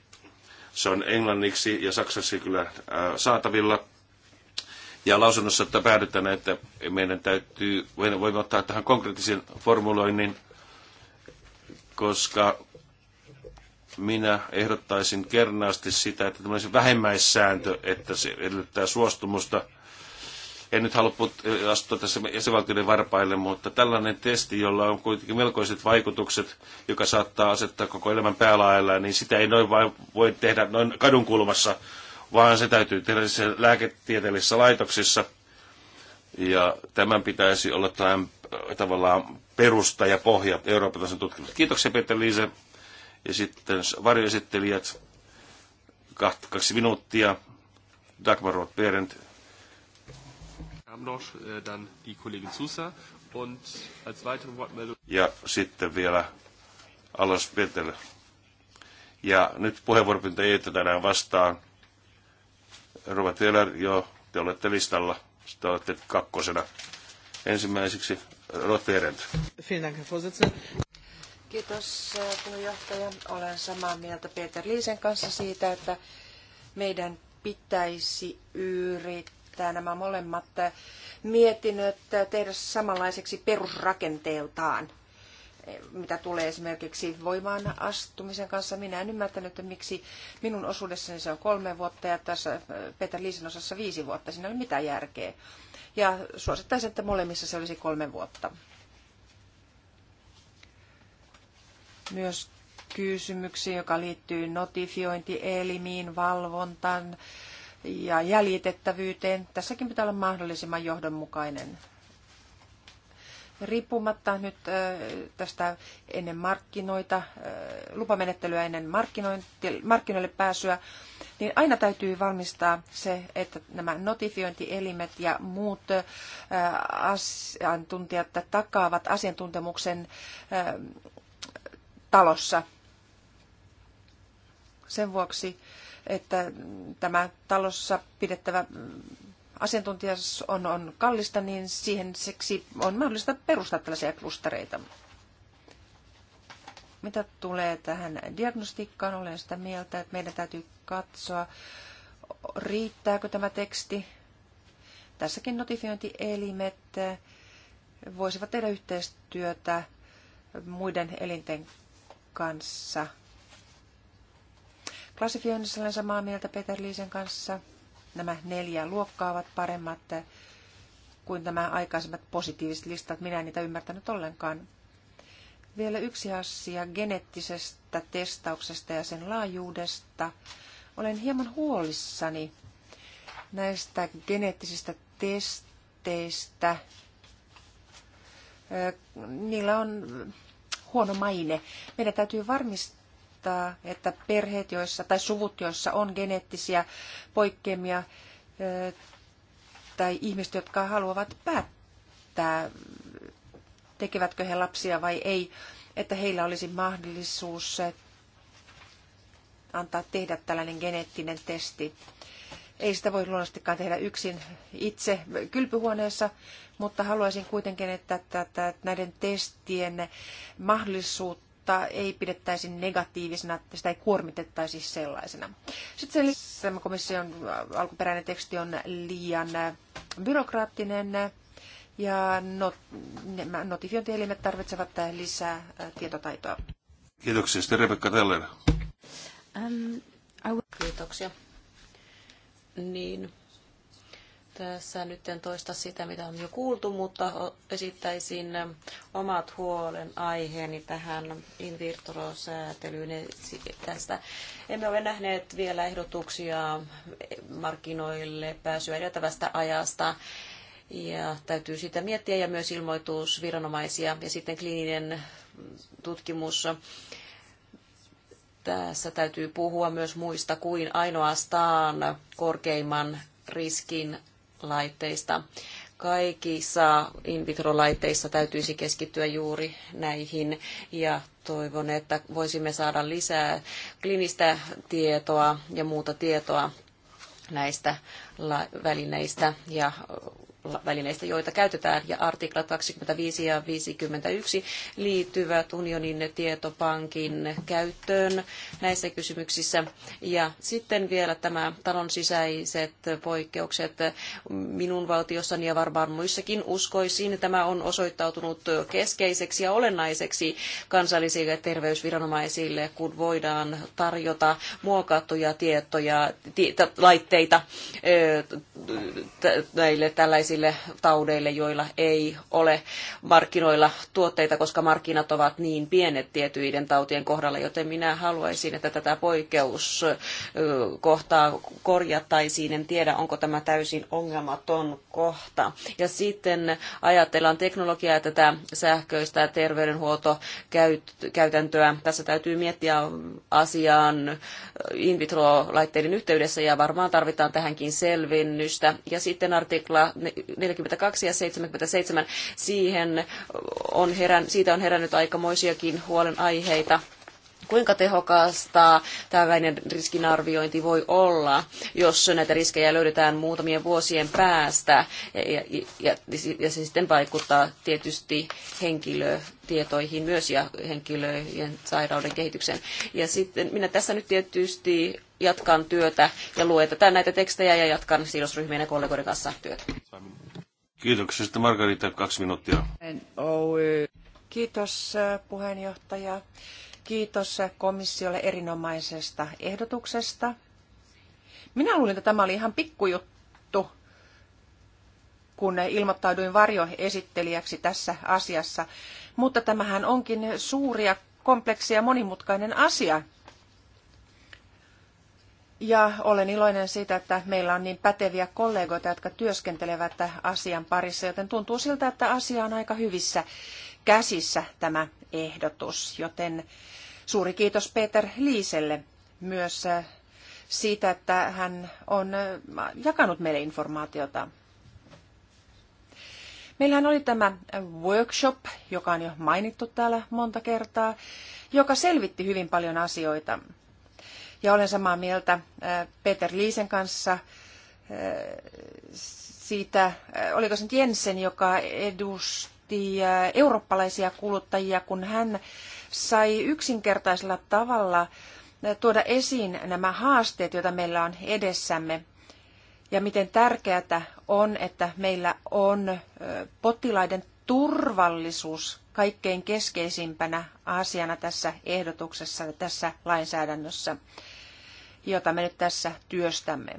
Se on englanniksi ja saksaksi kyllä saatavilla. Ja lausunnossa että päädytään, että meidän täytyy, voimme ottaa tähän konkreettisen formuloinnin, koska minä ehdottaisin kernaasti sitä, että tämmöinen vähemmäissääntö, että se edellyttää suostumusta – en nyt halua astua tässä jäsenvaltioiden varpaille, mutta tällainen testi, jolla on kuitenkin melkoiset vaikutukset, joka saattaa asettaa koko elämän päälailla, niin sitä ei noin vain voi tehdä noin kadunkulmassa, vaan se täytyy tehdä siis lääketieteellisissä laitoksissa. Ja tämän pitäisi olla tämän, äh, tavallaan perusta ja pohja Euroopan tason tutkimukselle. Kiitoksia Peter Liise ja sitten varjoesittelijät, kaksi minuuttia. Dagmar Roth-Berendt Amdosch, äh, dann die Kollegin und als weitere Wortmeldung... Ja sitten vielä Alas Petel. Ja nyt puheenvuoropinta ei tänään vastaan. Rova Teller, jo te olette listalla. Te olette kakkosena. Ensimmäiseksi Rotterend. Kiitos äh, puheenjohtaja. Olen samaa mieltä Peter Liisen kanssa siitä, että meidän pitäisi yrittää yrittää nämä molemmat mietinnöt tehdä samanlaiseksi perusrakenteeltaan mitä tulee esimerkiksi voimaan astumisen kanssa. Minä en ymmärtänyt, että miksi minun osuudessani se on kolme vuotta ja tässä Peter Liisin osassa viisi vuotta. Siinä ei ole mitään järkeä. Ja suosittaisin, että molemmissa se olisi kolme vuotta. Myös kysymyksiä, joka liittyy notifiointielimiin, valvontaan, ja jäljitettävyyteen. Tässäkin pitää olla mahdollisimman johdonmukainen. Riippumatta nyt tästä ennen markkinoita, lupamenettelyä ennen markkinoille pääsyä, niin aina täytyy valmistaa se, että nämä notifiointielimet ja muut asiantuntijat takaavat asiantuntemuksen talossa. Sen vuoksi että tämä talossa pidettävä asiantuntijas on, on kallista, niin siihen seksi on mahdollista perustaa tällaisia klustereita. Mitä tulee tähän diagnostiikkaan, olen sitä mieltä, että meidän täytyy katsoa, riittääkö tämä teksti. Tässäkin notifiointielimet voisivat tehdä yhteistyötä muiden elinten kanssa – Klassifioinnissa olen samaa mieltä Peter Liisen kanssa. Nämä neljä luokkaa ovat paremmat kuin nämä aikaisemmat positiiviset listat. Minä en niitä ymmärtänyt ollenkaan. Vielä yksi asia geneettisestä testauksesta ja sen laajuudesta. Olen hieman huolissani näistä geneettisistä testeistä. Niillä on huono maine. Meidän täytyy varmistaa, osoittaa, että perheet joissa, tai suvut, joissa on geneettisiä poikkeamia tai ihmiset, jotka haluavat päättää, tekevätkö he lapsia vai ei, että heillä olisi mahdollisuus antaa tehdä tällainen geneettinen testi. Ei sitä voi luonnollisestikaan tehdä yksin itse kylpyhuoneessa, mutta haluaisin kuitenkin, että, näiden testien mahdollisuutta mutta ei pidettäisi negatiivisena, sitä ei kuormitettaisi sellaisena. Sitten se komission alkuperäinen teksti on liian äh, byrokraattinen äh, ja not, nämä notifiointielimet tarvitsevat äh, lisää tietotaitoa. Kiitoksia. Sitten Rebekka Teller. Um, Kiitoksia. Niin, tässä nyt en toista sitä, mitä on jo kuultu, mutta esittäisin omat huolen aiheeni tähän in säätelyyn tästä. Emme ole nähneet vielä ehdotuksia markkinoille pääsyä edeltävästä ajasta. Ja täytyy sitä miettiä ja myös ilmoitus viranomaisia ja sitten kliininen tutkimus tässä täytyy puhua myös muista kuin ainoastaan korkeimman riskin laitteista. Kaikissa in vitro-laitteissa täytyisi keskittyä juuri näihin ja toivon, että voisimme saada lisää klinistä tietoa ja muuta tietoa näistä välineistä ja välineistä, joita käytetään, ja artikla 25 ja 51 liittyvät unionin tietopankin käyttöön näissä kysymyksissä. Ja sitten vielä tämä talon sisäiset poikkeukset minun valtiossani ja varmaan muissakin uskoisin. Tämä on osoittautunut keskeiseksi ja olennaiseksi kansallisille terveysviranomaisille, kun voidaan tarjota muokattuja tietoja, laitteita näille tällaisille sellaisille taudeille, joilla ei ole markkinoilla tuotteita, koska markkinat ovat niin pienet tietyiden tautien kohdalla, joten minä haluaisin, että tätä poikkeuskohtaa korjattaisiin. En tiedä, onko tämä täysin ongelmaton kohta. Ja sitten ajatellaan teknologiaa tätä sähköistä terveydenhuoltokäytäntöä. Tässä täytyy miettiä asiaan in vitro-laitteiden yhteydessä ja varmaan tarvitaan tähänkin selvennystä. Ja sitten artikla 42 ja 77. Siihen on herän, siitä on herännyt aikamoisiakin huolenaiheita kuinka tehokasta tällainen riskinarviointi voi olla, jos näitä riskejä löydetään muutamien vuosien päästä ja, ja, ja, ja se sitten vaikuttaa tietysti henkilötietoihin myös ja henkilöjen sairauden kehitykseen. Ja sitten minä tässä nyt tietysti jatkan työtä ja luetetaan näitä tekstejä ja jatkan sidosryhmien ja kollegoiden kanssa työtä. Kiitoksia. Sitten Margarita, kaksi minuuttia. Kiitos eh, puheenjohtaja. Kiitos eh, komissiolle erinomaisesta ehdotuksesta. Minä luulin, että tämä oli ihan pikkujuttu, kun eh, ilmoittauduin varjoesittelijäksi tässä asiassa. Mutta tämähän onkin suuri ja kompleksi ja monimutkainen asia, ja olen iloinen siitä, että meillä on niin päteviä kollegoita, jotka työskentelevät asian parissa, joten tuntuu siltä, että asia on aika hyvissä käsissä tämä ehdotus. Joten suuri kiitos Peter Liiselle myös äh, siitä, että hän on äh, jakanut meille informaatiota. Meillähän oli tämä workshop, joka on jo mainittu täällä monta kertaa, joka selvitti hyvin paljon asioita. Ja olen samaa mieltä Peter Liisen kanssa siitä, oliko se nyt Jensen, joka edusti eurooppalaisia kuluttajia, kun hän sai yksinkertaisella tavalla tuoda esiin nämä haasteet, joita meillä on edessämme ja miten tärkeää on, että meillä on potilaiden turvallisuus kaikkein keskeisimpänä asiana tässä ehdotuksessa ja tässä lainsäädännössä, jota me nyt tässä työstämme.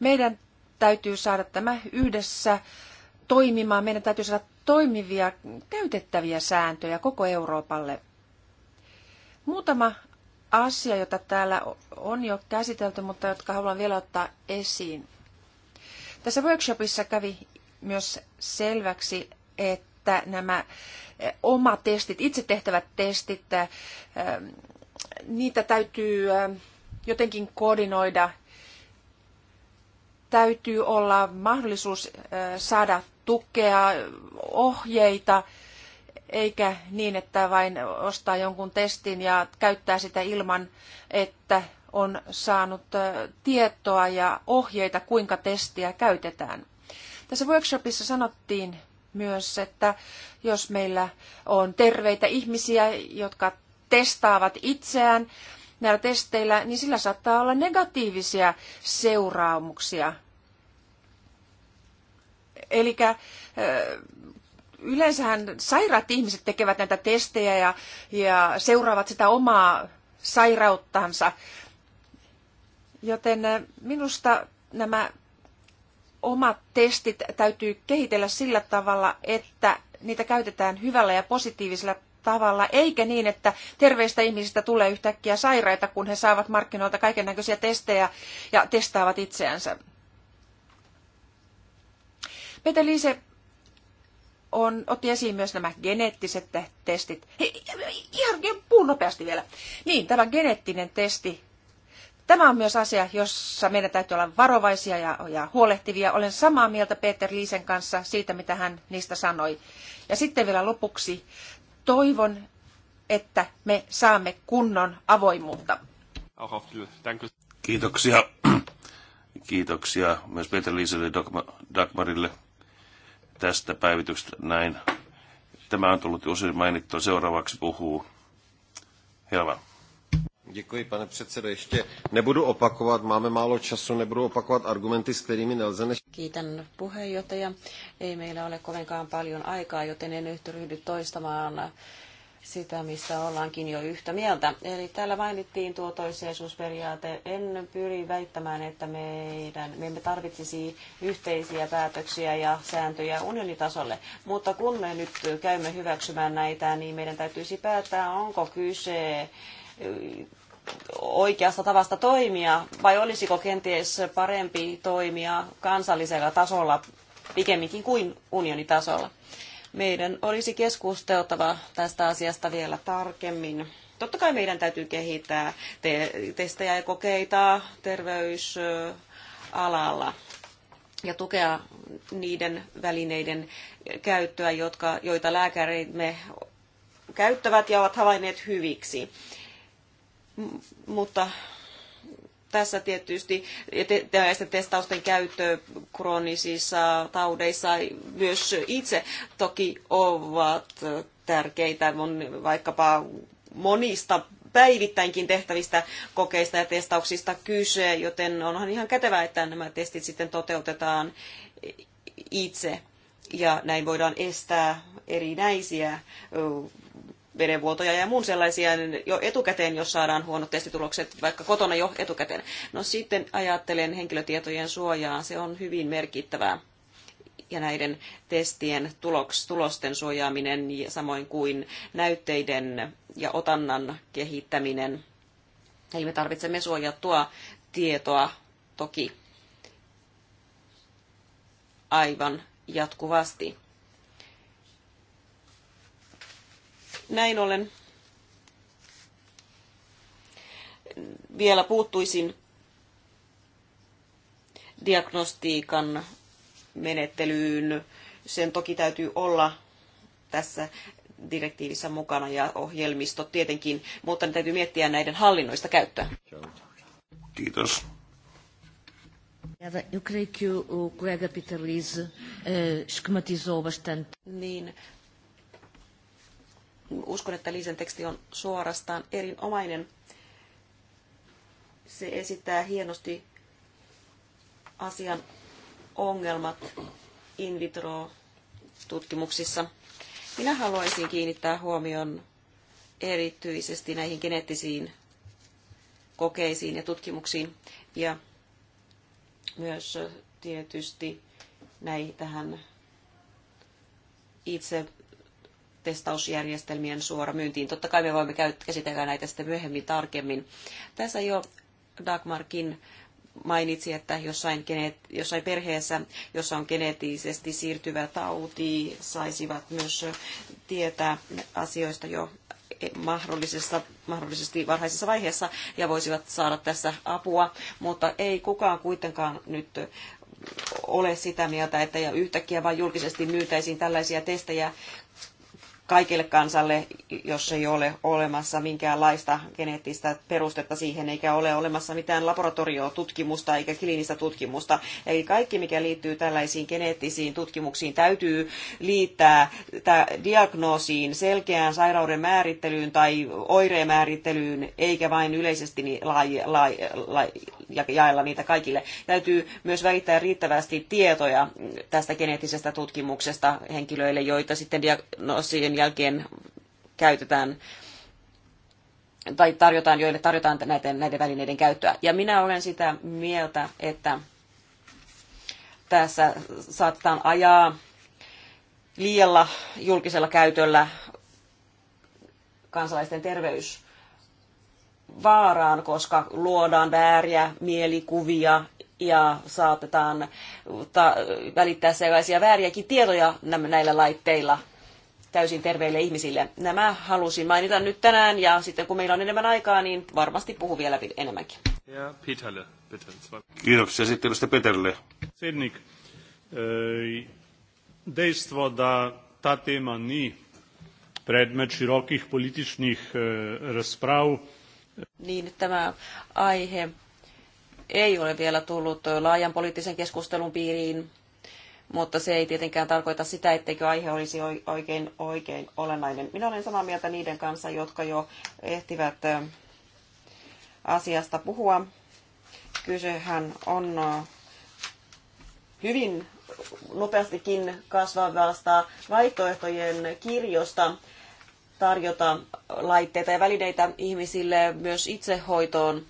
Meidän täytyy saada tämä yhdessä toimimaan. Meidän täytyy saada toimivia, käytettäviä sääntöjä koko Euroopalle. Muutama asia, jota täällä on jo käsitelty, mutta jotka haluan vielä ottaa esiin. Tässä workshopissa kävi myös selväksi, että nämä eh, omat testit, itse tehtävät testit, eh, eh, niitä täytyy jotenkin koordinoida. Täytyy olla mahdollisuus saada tukea, ohjeita, eikä niin, että vain ostaa jonkun testin ja käyttää sitä ilman, että on saanut tietoa ja ohjeita, kuinka testiä käytetään. Tässä workshopissa sanottiin myös, että jos meillä on terveitä ihmisiä, jotka testaavat itseään näillä testeillä, niin sillä saattaa olla negatiivisia seuraamuksia. Eli yleensähän sairaat ihmiset tekevät näitä testejä ja, ja seuraavat sitä omaa sairauttansa. Joten minusta nämä omat testit täytyy kehitellä sillä tavalla, että niitä käytetään hyvällä ja positiivisella tavalla, eikä niin, että terveistä ihmisistä tulee yhtäkkiä sairaita, kun he saavat markkinoilta kaiken näköisiä testejä ja testaavat itseänsä. Peter Liise on, otti esiin myös nämä geneettiset testit. Hei, ihan puun nopeasti vielä. Niin, tämä geneettinen testi Tämä on myös asia, jossa meidän täytyy olla varovaisia ja, ja huolehtivia. Olen samaa mieltä Peter Liisen kanssa siitä, mitä hän niistä sanoi. Ja sitten vielä lopuksi toivon, että me saamme kunnon avoimuutta. Kiitoksia. Kiitoksia myös Peter Liiselle ja Dagmarille tästä päivityksestä näin. Tämä on tullut usein mainittua. Seuraavaksi puhuu Helva. Děkuji, pane předsedo. Ještě nebudu opakovat, máme málo času, nebudu opakovat argumenty, s kterými nelze než... Kiitän puheenjohtaja. Ei meillä ole kovinkaan paljon aikaa, joten en nyt ryhdy toistamaan sitä, mistä ollaankin jo yhtä mieltä. Eli täällä mainittiin tuo toissijaisuusperiaate. En pyri väittämään, että meidän, me emme tarvitsisi yhteisiä päätöksiä ja sääntöjä unionitasolle, mutta kun me nyt käymme hyväksymään näitä, niin meidän täytyisi päättää, onko kyse oikeasta tavasta toimia, vai olisiko kenties parempi toimia kansallisella tasolla pikemminkin kuin unionitasolla? Meidän olisi keskusteltava tästä asiasta vielä tarkemmin. Totta kai meidän täytyy kehittää te- testejä ja kokeita terveysalalla ja tukea niiden välineiden käyttöä, jotka, joita lääkärimme käyttävät ja ovat havainneet hyviksi mutta tässä tietysti tällaisten testausten käyttö kroonisissa taudeissa myös itse toki ovat tärkeitä, on vaikkapa monista päivittäinkin tehtävistä kokeista ja testauksista kyse, joten onhan ihan kätevää, että nämä testit sitten toteutetaan itse ja näin voidaan estää erinäisiä verenvuotoja ja muun sellaisia niin jo etukäteen, jos saadaan huonot testitulokset, vaikka kotona jo etukäteen. No sitten ajattelen henkilötietojen suojaa, se on hyvin merkittävää ja näiden testien tuloks, tulosten suojaaminen, samoin kuin näytteiden ja otannan kehittäminen. Eli me tarvitsemme suojattua tietoa toki aivan jatkuvasti. Näin ollen vielä puuttuisin diagnostiikan menettelyyn. Sen toki täytyy olla tässä direktiivissä mukana ja ohjelmistot tietenkin, mutta ne täytyy miettiä näiden hallinnoista käyttöä. Kiitos. Eh, niin, uskon, että Liisen teksti on suorastaan erinomainen. Se esittää hienosti asian ongelmat in vitro-tutkimuksissa. Minä haluaisin kiinnittää huomion erityisesti näihin geneettisiin kokeisiin ja tutkimuksiin ja myös tietysti näihin tähän itse testausjärjestelmien suora myyntiin. Totta kai me voimme käsitellä näitä sitten myöhemmin tarkemmin. Tässä jo Dagmarkin mainitsi, että jossain, geneet, jossain perheessä, jossa on geneettisesti siirtyvä tauti, saisivat myös tietää asioista jo mahdollisessa, mahdollisesti varhaisessa vaiheessa ja voisivat saada tässä apua, mutta ei kukaan kuitenkaan nyt ole sitä mieltä, että ja yhtäkkiä vain julkisesti myytäisiin tällaisia testejä kaikille kansalle, jos ei ole olemassa minkäänlaista geneettistä perustetta siihen, eikä ole olemassa mitään laboratoriotutkimusta eikä kliinistä tutkimusta. Eli kaikki, mikä liittyy tällaisiin geneettisiin tutkimuksiin, täytyy liittää diagnoosiin, selkeään sairauden määrittelyyn tai oireen määrittelyyn, eikä vain yleisesti jaella niitä kaikille. Täytyy myös välittää riittävästi tietoja tästä geneettisestä tutkimuksesta henkilöille, joita sitten diagnoosiin sen jälkeen käytetään tai tarjotaan, joille tarjotaan näiden, näiden välineiden käyttöä. Ja minä olen sitä mieltä, että tässä saatetaan ajaa liialla julkisella käytöllä kansalaisten terveys vaaraan, koska luodaan vääriä mielikuvia ja saatetaan ta- välittää sellaisia vääriäkin tietoja näillä laitteilla täysin terveille ihmisille. Nämä halusin mainita nyt tänään ja sitten kun meillä on enemmän aikaa, niin varmasti puhu vielä enemmänkin. Ja Peterle, Peter. Kiitoksia sitten edustaja Peterle. Sednik, eh, dejstvo da ta tema ni predmet širokih političnih eh, rasprav. Niin, tämä aihe ei ole vielä tullut laajan poliittisen keskustelun piiriin mutta se ei tietenkään tarkoita sitä, etteikö aihe olisi oikein, oikein olennainen. Minä olen samaa mieltä niiden kanssa, jotka jo ehtivät asiasta puhua. Kysehän on hyvin nopeastikin kasvavasta vaihtoehtojen kirjosta tarjota laitteita ja välineitä ihmisille myös itsehoitoon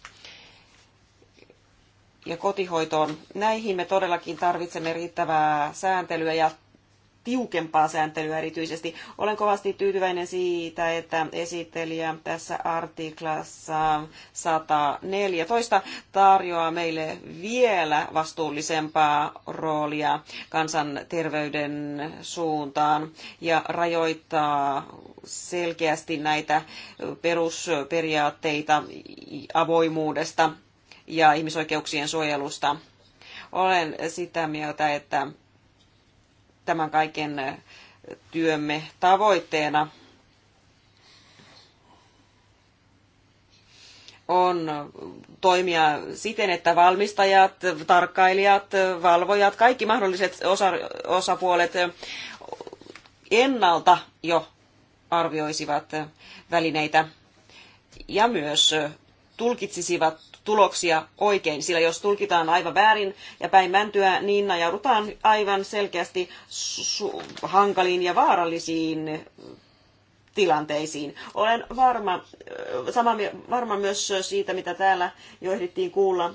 ja kotihoitoon. Näihin me todellakin tarvitsemme riittävää sääntelyä ja tiukempaa sääntelyä erityisesti. Olen kovasti tyytyväinen siitä, että esittelijä tässä artiklassa 114 tarjoaa meille vielä vastuullisempaa roolia kansanterveyden suuntaan ja rajoittaa selkeästi näitä perusperiaatteita avoimuudesta ja ihmisoikeuksien suojelusta. Olen sitä mieltä, että tämän kaiken työmme tavoitteena on toimia siten, että valmistajat, tarkkailijat, valvojat, kaikki mahdolliset osa, osapuolet ennalta jo arvioisivat välineitä ja myös tulkitsisivat tuloksia oikein, sillä jos tulkitaan aivan väärin ja päin mäntyä, niin ajaudutaan aivan selkeästi hankaliin ja vaarallisiin tilanteisiin. Olen varma, sama, varma myös siitä, mitä täällä jo ehdittiin kuulla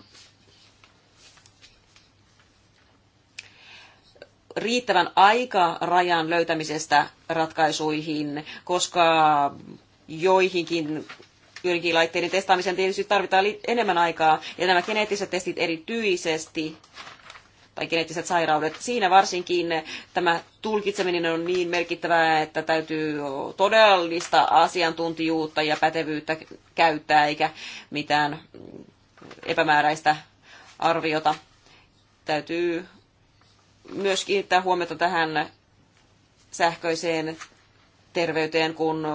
riittävän aikarajan löytämisestä ratkaisuihin, koska joihinkin laitteiden testaamiseen tietysti tarvitaan enemmän aikaa, ja nämä geneettiset testit erityisesti tai geneettiset sairaudet. Siinä varsinkin tämä tulkitseminen on niin merkittävää, että täytyy todellista asiantuntijuutta ja pätevyyttä käyttää, eikä mitään epämääräistä arviota. Täytyy myös kiinnittää huomiota tähän sähköiseen terveyteen, kun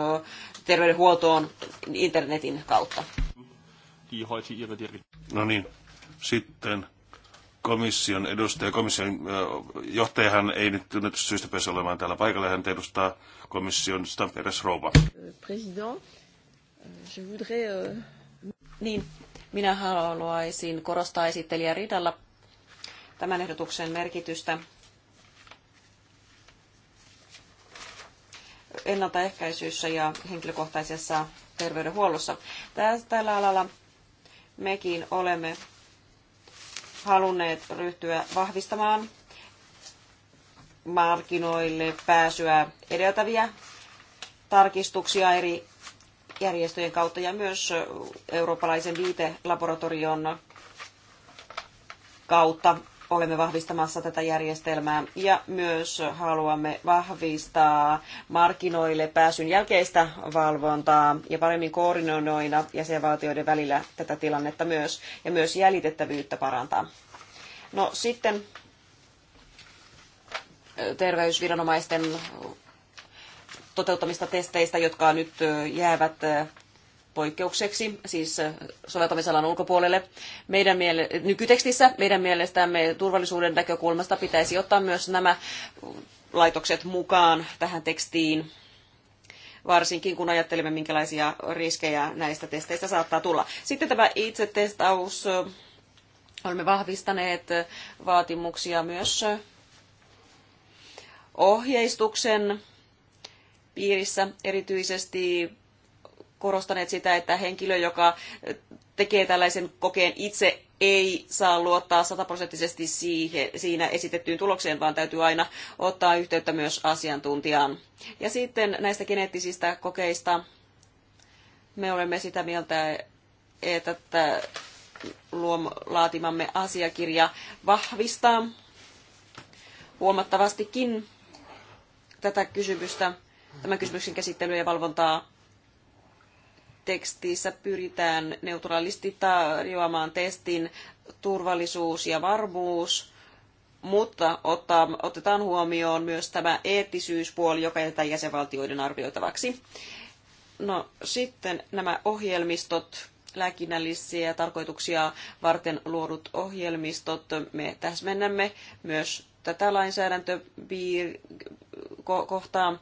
terveydenhuoltoon internetin kautta. No niin, sitten komission edustaja, komission johtajahan ei nyt tunnetusta syystä pääse olemaan täällä paikalla. Hän edustaa komission Stamperes Rouva. President, je voudrais... Niin, minä haluaisin korostaa esittelijä Ridalla tämän ehdotuksen merkitystä ennaltaehkäisyssä ja henkilökohtaisessa terveydenhuollossa. Tällä alalla mekin olemme halunneet ryhtyä vahvistamaan markkinoille pääsyä edeltäviä tarkistuksia eri järjestöjen kautta ja myös eurooppalaisen viitelaboratorion kautta olemme vahvistamassa tätä järjestelmää ja myös haluamme vahvistaa markkinoille pääsyn jälkeistä valvontaa ja paremmin koordinoida jäsenvaltioiden välillä tätä tilannetta myös ja myös jäljitettävyyttä parantaa. No sitten terveysviranomaisten toteuttamista testeistä, jotka nyt jäävät poikkeukseksi, siis soveltamisalan ulkopuolelle. Meidän miele- nykytekstissä meidän mielestämme turvallisuuden näkökulmasta pitäisi ottaa myös nämä laitokset mukaan tähän tekstiin, varsinkin kun ajattelemme, minkälaisia riskejä näistä testeistä saattaa tulla. Sitten tämä itse testaus. Olemme vahvistaneet vaatimuksia myös ohjeistuksen piirissä erityisesti korostaneet sitä, että henkilö, joka eh, tekee tällaisen kokeen itse, ei saa luottaa sataprosenttisesti siinä esitettyyn tulokseen, vaan täytyy aina ottaa yhteyttä myös asiantuntijaan. Ja sitten näistä geneettisistä kokeista me olemme sitä mieltä, että luom, laatimamme asiakirja vahvistaa huomattavastikin tätä kysymystä, tämän kysymyksen käsittelyä ja valvontaa tekstissä pyritään neutraalisti tarjoamaan testin turvallisuus ja varmuus, mutta ottaa, otetaan huomioon myös tämä eettisyyspuoli, joka jätetään jäsenvaltioiden arvioitavaksi. No sitten nämä ohjelmistot, lääkinnällisiä tarkoituksia varten luodut ohjelmistot, me täsmennämme myös tätä lainsäädäntökohtaa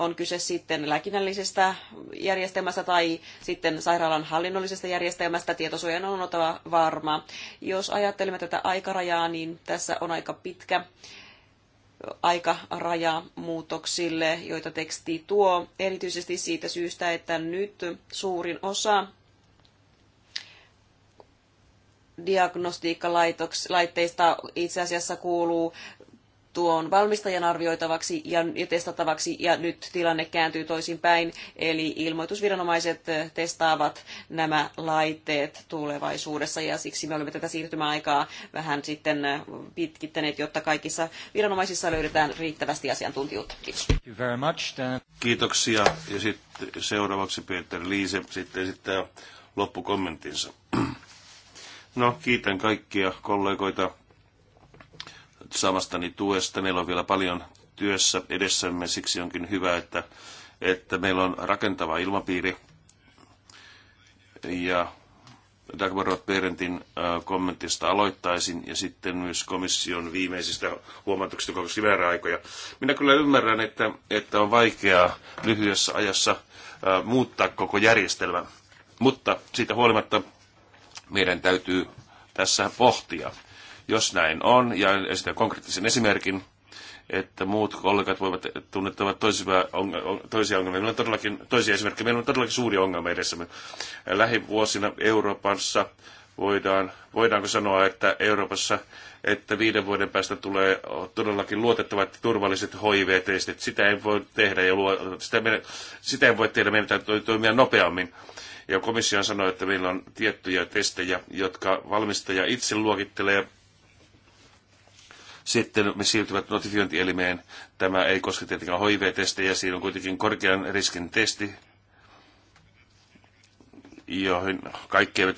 on kyse sitten lääkinnällisestä järjestelmästä tai sitten sairaalan hallinnollisesta järjestelmästä, tietosuojan on oltava varma. Jos ajattelemme tätä aikarajaa, niin tässä on aika pitkä aikaraja muutoksille, joita teksti tuo, erityisesti siitä syystä, että nyt suurin osa diagnostiikkalaitteista itse asiassa kuuluu tuo on valmistajan arvioitavaksi ja testattavaksi, ja nyt tilanne kääntyy toisin päin, eli ilmoitusviranomaiset testaavat nämä laitteet tulevaisuudessa, ja siksi me olemme tätä siirtymäaikaa vähän sitten pitkittäneet, jotta kaikissa viranomaisissa löydetään riittävästi asiantuntijuutta. Kiitos. Kiitoksia, ja sitten seuraavaksi Peter Liise sitten esittää loppukommenttinsa. No, kiitän kaikkia kollegoita saamastani tuesta. Meillä on vielä paljon työssä edessämme, siksi onkin hyvä, että, että meillä on rakentava ilmapiiri. Ja Dagmar Perentin äh, kommentista aloittaisin ja sitten myös komission viimeisistä huomautuksista koskien aikoja. Minä kyllä ymmärrän, että, että on vaikeaa lyhyessä ajassa äh, muuttaa koko järjestelmä, mutta siitä huolimatta meidän täytyy tässä pohtia jos näin on, ja esitän konkreettisen esimerkin, että muut kollegat voivat tunnettavat toisia, ongelmia, toisia ongelmia. Meillä on todellakin, toisia esimerkkejä. Meillä on todellakin suuri ongelma edessämme. Lähivuosina Euroopassa voidaan, voidaanko sanoa, että Euroopassa että viiden vuoden päästä tulee todellakin luotettavat turvalliset HIV-testit. Sitä ei voi tehdä ja luo, sitä, me, sitä ei voi tehdä, meidän täytyy toimia nopeammin. Ja komissio sanoi, että meillä on tiettyjä testejä, jotka valmistaja itse luokittelee sitten me siirtyvät notifiointielimeen. Tämä ei koske tietenkään HIV-testejä, siinä on kuitenkin korkean riskin testi, joihin kaikki eivät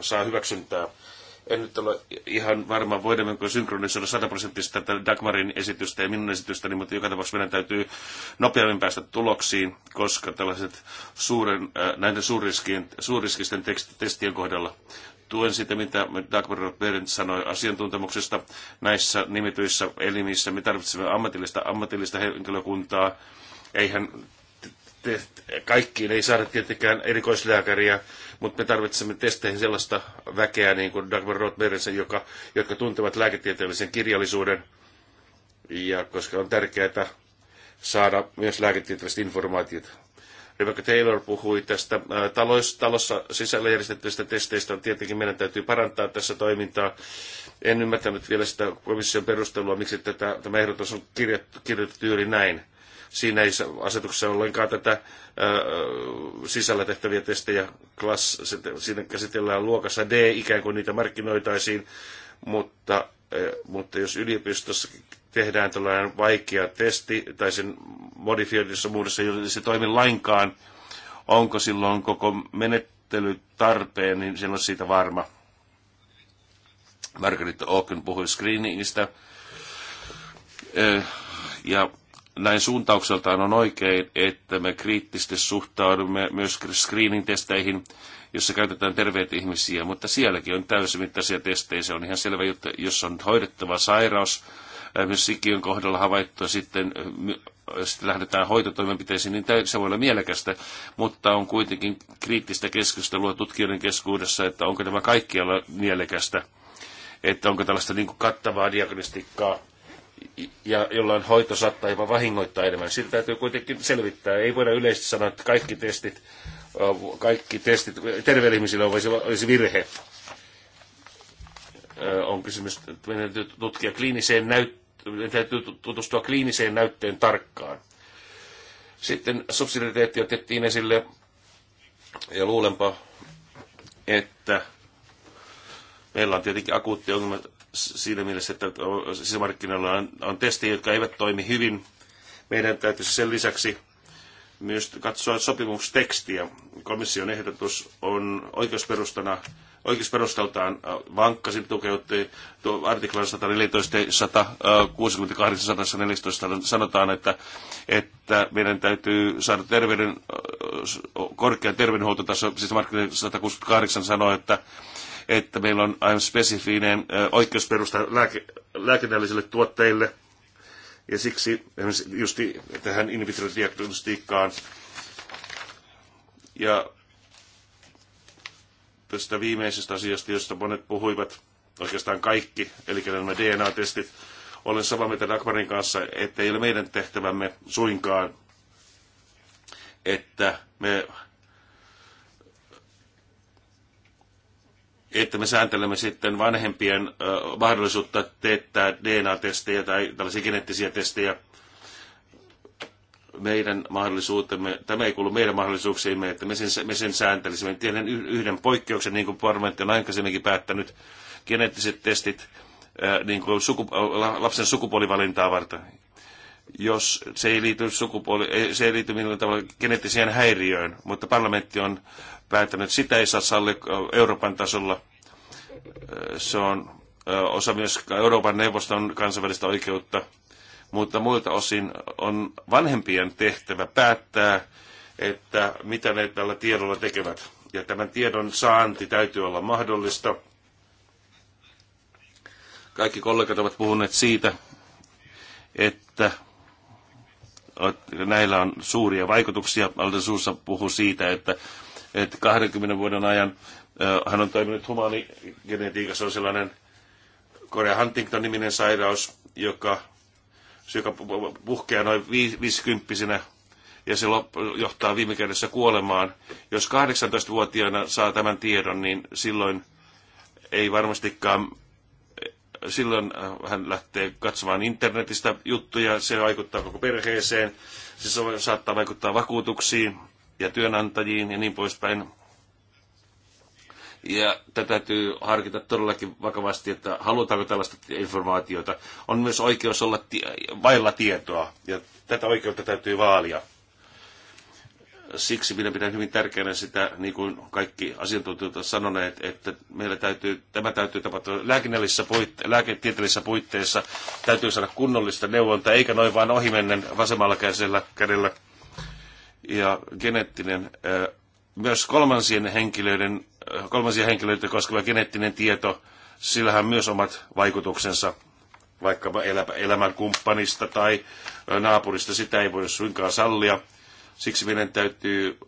saa hyväksyntää. En nyt ole ihan varma, voidaanko synkronisoida sataprosenttisesti tätä Dagmarin esitystä ja minun esitystäni, mutta joka tapauksessa meidän täytyy nopeammin päästä tuloksiin, koska tällaiset suuren, äh, näiden suurriskisten tekst, testien kohdalla tuen sitä, mitä Dagmar Berendt sanoi asiantuntemuksesta näissä nimityissä elimissä. Me tarvitsemme ammatillista, ammatillista henkilökuntaa. Eihän te, kaikkiin ei saada tietenkään erikoislääkäriä, mutta me tarvitsemme testeihin sellaista väkeä, niin kuin Dagmar Rothberensen, joka, jotka tuntevat lääketieteellisen kirjallisuuden, ja koska on tärkeää saada myös lääketieteellistä informaatiota. Rebecca Taylor puhui tästä talossa, talossa sisällä järjestettävistä testeistä. Tietenkin meidän täytyy parantaa tässä toimintaa. En ymmärtänyt vielä sitä komission perustelua, miksi tätä, tämä ehdotus on kirjattu, kirjoitettu juuri näin. Siinä ei asetuksessa ollenkaan tätä ää, sisällä tehtäviä testejä. Klass, siinä käsitellään luokassa D, ikään kuin niitä markkinoitaisiin, mutta, ää, mutta jos yliopistossa tehdään tällainen vaikea testi tai sen modifioidussa muodossa, jolle se toimi lainkaan, onko silloin koko menettely tarpeen, niin on siitä varma. Margaret Oaken puhui screeningistä. Eh, ja näin suuntaukseltaan on oikein, että me kriittisesti suhtaudumme myös screening-testeihin, jossa käytetään terveitä ihmisiä, mutta sielläkin on täysimittaisia testejä. Se on ihan selvä juttu, jos on hoidettava sairaus, Äh, myös sikiön kohdalla havaittu sitten äh, äh, sitten lähdetään hoitotoimenpiteisiin, niin se voi olla mielekästä, mutta on kuitenkin kriittistä keskustelua tutkijoiden keskuudessa, että onko tämä kaikkialla mielekästä, että onko tällaista niin kuin kattavaa diagnostiikkaa, ja jollain hoito saattaa jopa vahingoittaa enemmän. Siitä täytyy kuitenkin selvittää. Ei voida yleisesti sanoa, että kaikki testit, kaikki testit terveellä ihmisillä olisi, olisi virhe. On kysymys, että meidän täytyy tutkia kliiniseen näyttöön täytyy tutustua kliiniseen näytteen tarkkaan. Sitten subsidiariteetti otettiin esille, ja luulenpa, että meillä on tietenkin akuutti ongelma siinä mielessä, että sisämarkkinoilla on, on testejä, jotka eivät toimi hyvin. Meidän täytyisi sen lisäksi myös katsoa sopimustekstiä. Komission ehdotus on oikeusperustana oikeusperustaltaan äh, vankka, se tukeutti artiklan 114, 168, 114 sanotaan, että, että meidän täytyy saada terveyden, äh, korkea terveydenhuoltotaso, siis artikla 168 sanoo, että, että meillä on aivan spesifinen äh, oikeusperusta lääke, lääkinnällisille tuotteille, ja siksi just tähän in vitro-diagnostiikkaan ja tästä viimeisestä asiasta, josta monet puhuivat, oikeastaan kaikki, eli nämä DNA-testit. Olen samaa mieltä Dagmarin kanssa, että ei ole meidän tehtävämme suinkaan, että me että me sääntelemme sitten vanhempien mahdollisuutta teettää DNA-testejä tai tällaisia geneettisiä testejä meidän mahdollisuutemme, tämä ei kuulu meidän mahdollisuuksiimme, että me sen, me sen sääntelisimme. Tiedän yhden poikkeuksen, niin kuin parlamentti on aikaisemminkin päättänyt, geneettiset testit niin kuin suku, lapsen sukupuolivalintaa varten. Jos se ei liity, sukupuoli, se ei liity millään tavalla geneettiseen häiriöön, mutta parlamentti on päättänyt, että sitä ei saa sallia Euroopan tasolla. Se on osa myös Euroopan neuvoston kansainvälistä oikeutta mutta muilta osin on vanhempien tehtävä päättää, että mitä ne tällä tiedolla tekevät. Ja tämän tiedon saanti täytyy olla mahdollista. Kaikki kollegat ovat puhuneet siitä, että näillä on suuria vaikutuksia. Alta Suussa puhuu siitä, että, että 20 vuoden ajan hän on toiminut humaanigenetiikassa, on sellainen Korea Huntington-niminen sairaus, joka joka puhkeaa noin viisikymppisenä ja se johtaa viime kädessä kuolemaan. Jos 18-vuotiaana saa tämän tiedon, niin silloin ei varmastikaan, silloin hän lähtee katsomaan internetistä juttuja, se vaikuttaa koko perheeseen, se saattaa vaikuttaa vakuutuksiin ja työnantajiin ja niin poispäin ja tätä täytyy harkita todellakin vakavasti, että halutaanko tällaista informaatiota. On myös oikeus olla vailla tietoa, ja tätä oikeutta täytyy vaalia. Siksi minä pidän hyvin tärkeänä sitä, niin kuin kaikki asiantuntijat ovat sanoneet, että meillä täytyy, tämä täytyy tapahtua lääkinnällisissä puitte- puitteissa. Täytyy saada kunnollista neuvontaa, eikä noin vain ohimennen vasemmalla käsellä, kädellä. Ja geneettinen, myös kolmansien henkilöiden kolmansia henkilöitä koskeva geneettinen tieto, sillähän myös omat vaikutuksensa elämän elämänkumppanista tai naapurista, sitä ei voida suinkaan sallia. Siksi meidän täytyy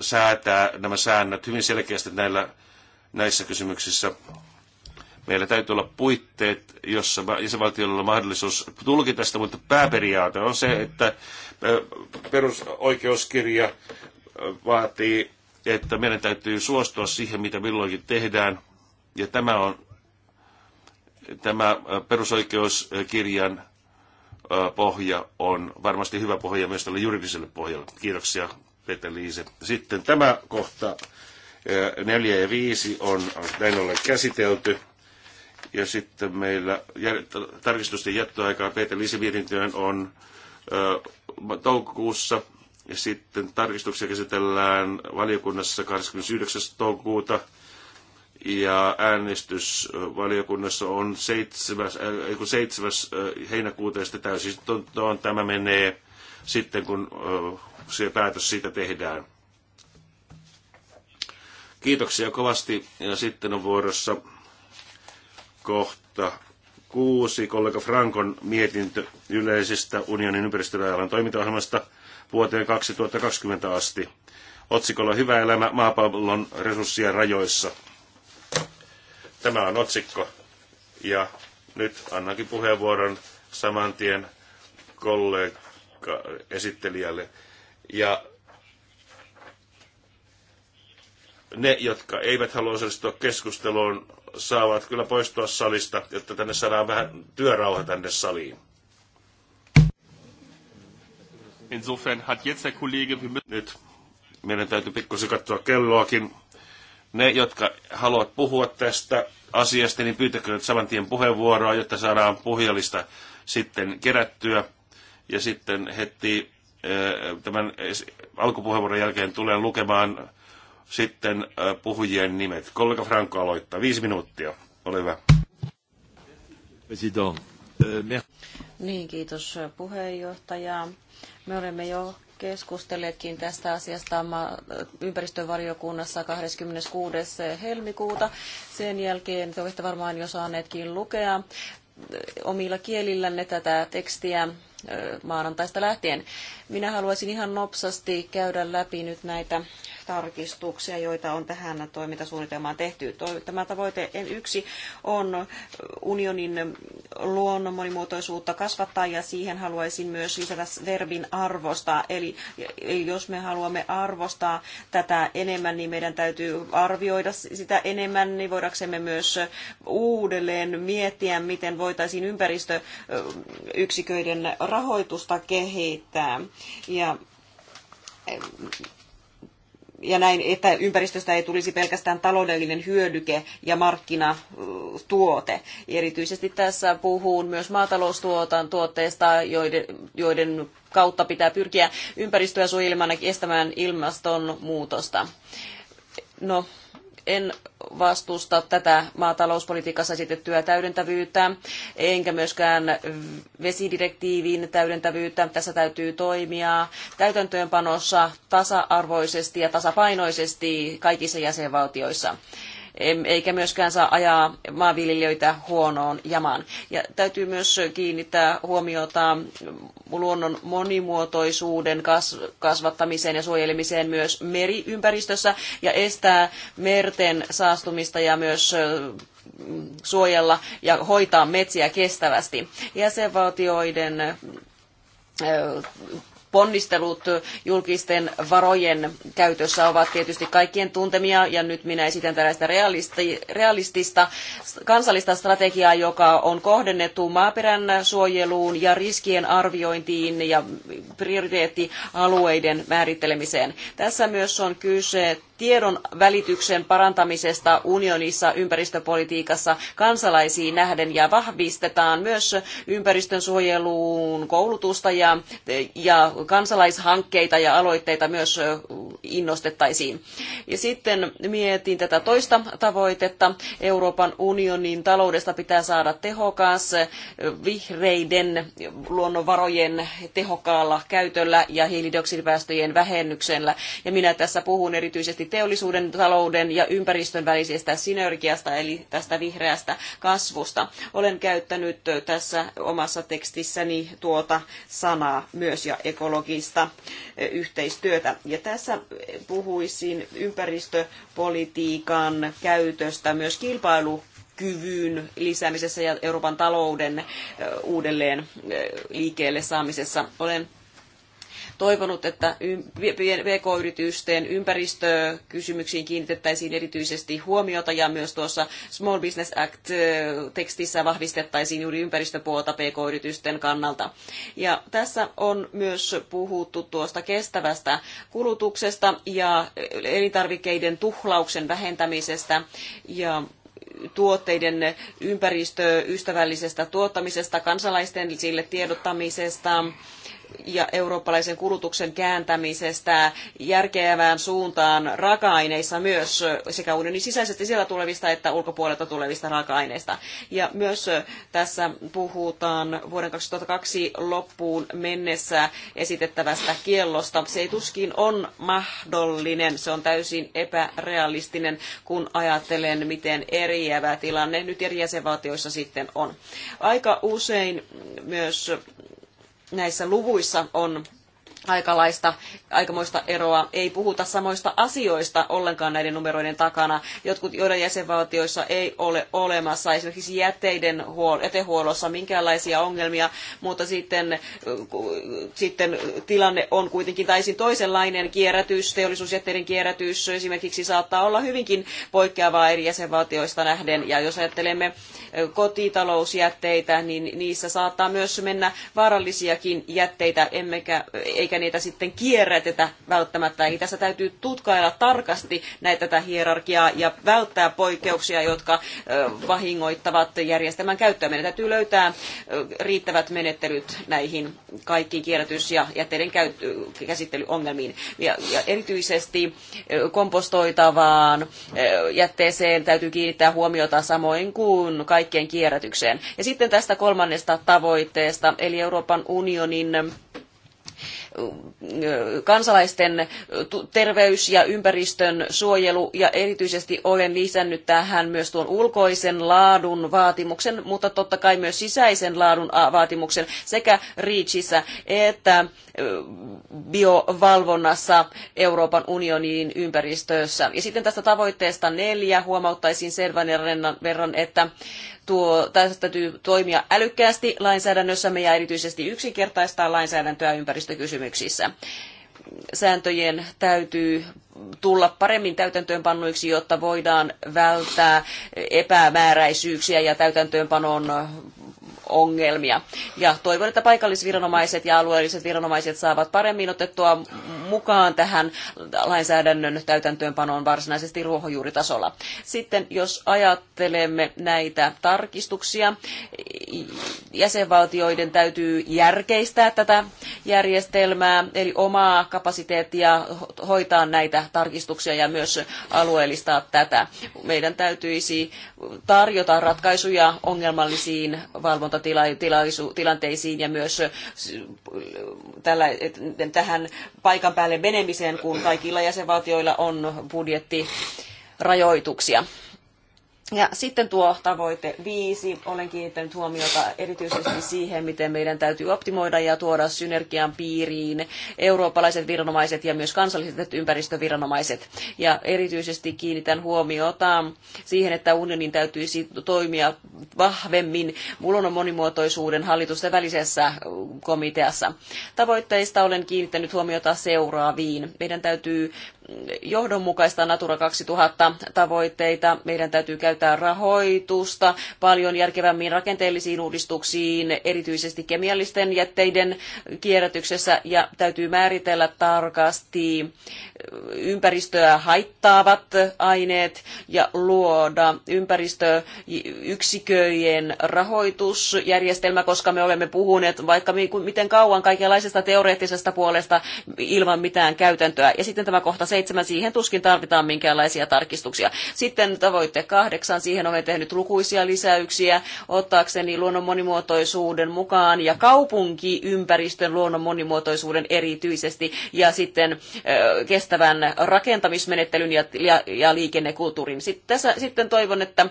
säätää nämä säännöt hyvin selkeästi näillä, näissä kysymyksissä. Meillä täytyy olla puitteet, jossa jäsenvaltiolla on mahdollisuus tulkita sitä, mutta pääperiaate on se, että perusoikeuskirja vaatii että meidän täytyy suostua siihen, mitä milloinkin tehdään. Ja tämä on tämä perusoikeuskirjan pohja on varmasti hyvä pohja myös tälle juridiselle pohjalle. Kiitoksia Peter Liise. Sitten tämä kohta 4 ja 5 on näin ollen käsitelty. Ja sitten meillä tarkistusten jättöaikaa Peter Liise mietintöön on toukokuussa ja sitten tarkistuksia käsitellään valiokunnassa 29. toukokuuta ja äänestys valiokunnassa on 7, 7. heinäkuuta ja sitten täysistuntoon tämä menee sitten, kun se päätös siitä tehdään. Kiitoksia kovasti ja sitten on vuorossa kohta kuusi kollega Frankon mietintö yleisestä unionin ympäristöalan toimintaohjelmasta – vuoteen 2020 asti otsikolla Hyvä elämä maapallon resurssien rajoissa. Tämä on otsikko. Ja nyt annankin puheenvuoron saman tien kollega esittelijälle. Ja ne, jotka eivät halua osallistua keskusteluun, saavat kyllä poistua salista, jotta tänne saadaan vähän työrauha tänne saliin. Insofern hat jetzt der Kollege... Nyt meidän täytyy pikkusen katsoa kelloakin. Ne, jotka haluavat puhua tästä asiasta, niin pyytäkö nyt saman tien puheenvuoroa, jotta saadaan puhujalista sitten kerättyä. Ja sitten heti eh, tämän alkupuheenvuoron jälkeen tulen lukemaan sitten eh, puhujien nimet. Kollega Franco aloittaa. Viisi minuuttia. Ole hyvä. Niin, kiitos puheenjohtaja. Me olemme jo keskustelleetkin tästä asiasta ympäristövaliokunnassa 26. helmikuuta. Sen jälkeen te olette varmaan jo saaneetkin lukea omilla kielillänne tätä tekstiä maanantaista lähtien. Minä haluaisin ihan nopsasti käydä läpi nyt näitä tarkistuksia, joita on tähän toimintasuunnitelmaan tehty. Tämä tavoite en yksi on unionin luonnon monimuotoisuutta kasvattaa ja siihen haluaisin myös lisätä verbin arvostaa. Eli, eli jos me haluamme arvostaa tätä enemmän, niin meidän täytyy arvioida sitä enemmän, niin voidaksemme myös uudelleen miettiä, miten voitaisiin ympäristöyksiköiden rahoitusta kehittää. Ja ja näin, että ympäristöstä ei tulisi pelkästään taloudellinen hyödyke ja markkinatuote. Erityisesti tässä puhun myös maataloustuotan tuotteista, joiden, joiden kautta pitää pyrkiä ympäristöä suojelemaan ja estämään ilmastonmuutosta. No, en vastusta tätä maatalouspolitiikassa esitettyä täydentävyyttä, enkä myöskään vesidirektiivin täydentävyyttä. Tässä täytyy toimia täytäntöönpanossa tasa-arvoisesti ja tasapainoisesti kaikissa jäsenvaltioissa eikä myöskään saa ajaa maanviljelijöitä huonoon jamaan. Ja täytyy myös kiinnittää huomiota luonnon monimuotoisuuden kasvattamiseen ja suojelemiseen myös meriympäristössä ja estää merten saastumista ja myös suojella ja hoitaa metsiä kestävästi. Jäsenvaltioiden ponnistelut julkisten varojen käytössä ovat tietysti kaikkien tuntemia, ja nyt minä esitän tällaista realisti, realistista kansallista strategiaa, joka on kohdennettu maaperän suojeluun ja riskien arviointiin ja prioriteettialueiden määrittelemiseen. Tässä myös on kyse tiedon välityksen parantamisesta unionissa ympäristöpolitiikassa kansalaisiin nähden ja vahvistetaan myös ympäristönsuojeluun koulutusta ja, ja kansalaishankkeita ja aloitteita myös innostettaisiin. Ja sitten mietin tätä toista tavoitetta. Euroopan unionin taloudesta pitää saada tehokas vihreiden luonnonvarojen tehokkaalla käytöllä ja hiilidioksidipäästöjen vähennyksellä. Ja minä tässä puhun erityisesti erityisesti teollisuuden, talouden ja ympäristön välisestä synergiasta, eli tästä vihreästä kasvusta. Olen käyttänyt tässä omassa tekstissäni tuota sanaa myös ja ekologista eh, yhteistyötä. Ja tässä puhuisin ympäristöpolitiikan käytöstä myös kilpailu kyvyn lisäämisessä ja Euroopan talouden eh, uudelleen eh, liikkeelle saamisessa. Olen toivonut, että PK-yritysten ympäristökysymyksiin kiinnitettäisiin erityisesti huomiota ja myös tuossa Small Business Act-tekstissä vahvistettaisiin juuri ympäristöpuolta PK-yritysten kannalta. Ja tässä on myös puhuttu tuosta kestävästä kulutuksesta ja elintarvikkeiden tuhlauksen vähentämisestä ja tuotteiden ympäristöystävällisestä tuottamisesta, kansalaisten sille tiedottamisesta ja eurooppalaisen kulutuksen kääntämisestä järkevään suuntaan raaka-aineissa myös sekä unionin sisäisesti siellä tulevista että ulkopuolelta tulevista raaka-aineista. Ja myös tässä puhutaan vuoden 2002 loppuun mennessä esitettävästä kiellosta. Se ei tuskin on mahdollinen, se on täysin epärealistinen, kun ajattelen, miten eriävä tilanne nyt eri jäsenvaltioissa sitten on. Aika usein myös näissä luvuissa on aikalaista, aikamoista eroa. Ei puhuta samoista asioista ollenkaan näiden numeroiden takana. Jotkut joiden jäsenvaltioissa ei ole olemassa esimerkiksi jäteiden huol- jätehuollossa minkäänlaisia ongelmia, mutta sitten, sitten tilanne on kuitenkin täysin toisenlainen. Kierrätys, teollisuusjätteiden kierrätys esimerkiksi saattaa olla hyvinkin poikkeavaa eri jäsenvaltioista nähden. Ja jos ajattelemme kotitalousjätteitä, niin niissä saattaa myös mennä vaarallisiakin jätteitä, emmekä, eikä eikä niitä sitten kierrätetä välttämättä. Eli tässä täytyy tutkailla tarkasti näitä tätä hierarkiaa ja välttää poikkeuksia, jotka vahingoittavat järjestelmän käyttöä. Meidän täytyy löytää riittävät menettelyt näihin kaikkiin kierrätys- ja jätteiden käyttö- käsittelyongelmiin. Ja, ja erityisesti kompostoitavaan jätteeseen täytyy kiinnittää huomiota samoin kuin kaikkien kierrätykseen. Ja sitten tästä kolmannesta tavoitteesta, eli Euroopan unionin kansalaisten terveys ja ympäristön suojelu ja erityisesti olen lisännyt tähän myös tuon ulkoisen laadun vaatimuksen, mutta totta kai myös sisäisen laadun vaatimuksen sekä REACHissä että biovalvonnassa Euroopan unionin ympäristössä. Ja sitten tästä tavoitteesta neljä huomauttaisin selvän verran, että tuo, tässä täytyy toimia älykkäästi lainsäädännössämme ja erityisesti yksinkertaistaa lainsäädäntöä ympäristökysymyksissä. Sääntöjen täytyy tulla paremmin täytäntöönpannuiksi, jotta voidaan välttää epämääräisyyksiä ja täytäntöönpanon ongelmia. Ja toivon, että paikallisviranomaiset ja alueelliset viranomaiset saavat paremmin otettua mukaan tähän lainsäädännön täytäntöönpanoon varsinaisesti ruohonjuuritasolla. Sitten jos ajattelemme näitä tarkistuksia, jäsenvaltioiden täytyy järkeistää tätä järjestelmää, eli omaa kapasiteettia hoitaa näitä tarkistuksia ja myös alueellistaa tätä. Meidän täytyisi tarjota ratkaisuja ongelmallisiin valvonta valvontatilanteisiin ja myös tällä, tähän paikan päälle menemiseen, kun kaikilla jäsenvaltioilla on budjettirajoituksia. Ja sitten tuo tavoite viisi, olen kiinnittänyt huomiota erityisesti siihen, miten meidän täytyy optimoida ja tuoda synergian piiriin eurooppalaiset viranomaiset ja myös kansalliset ympäristöviranomaiset. Ja erityisesti kiinnitän huomiota siihen, että unionin täytyisi toimia vahvemmin mulon monimuotoisuuden hallitusten välisessä komiteassa. Tavoitteista olen kiinnittänyt huomiota seuraaviin. Meidän täytyy johdonmukaista Natura 2000-tavoitteita. Meidän täytyy käyttää rahoitusta paljon järkevämmin rakenteellisiin uudistuksiin, erityisesti kemiallisten jätteiden kierrätyksessä, ja täytyy määritellä tarkasti ympäristöä haittaavat aineet ja luoda ympäristöyksiköjen rahoitusjärjestelmä, koska me olemme puhuneet vaikka miten kauan kaikenlaisesta teoreettisesta puolesta ilman mitään käytäntöä. Ja sitten tämä kohta 7 seitsemän, siihen tuskin tarvitaan minkäänlaisia tarkistuksia. Sitten tavoitte kahdeksan, siihen olen tehnyt lukuisia lisäyksiä ottaakseni luonnon monimuotoisuuden mukaan ja kaupunkiympäristön luonnon monimuotoisuuden erityisesti ja sitten kestävän rakentamismenettelyn ja, ja, ja liikennekulttuurin. Sitten, tässä, sitten toivon, että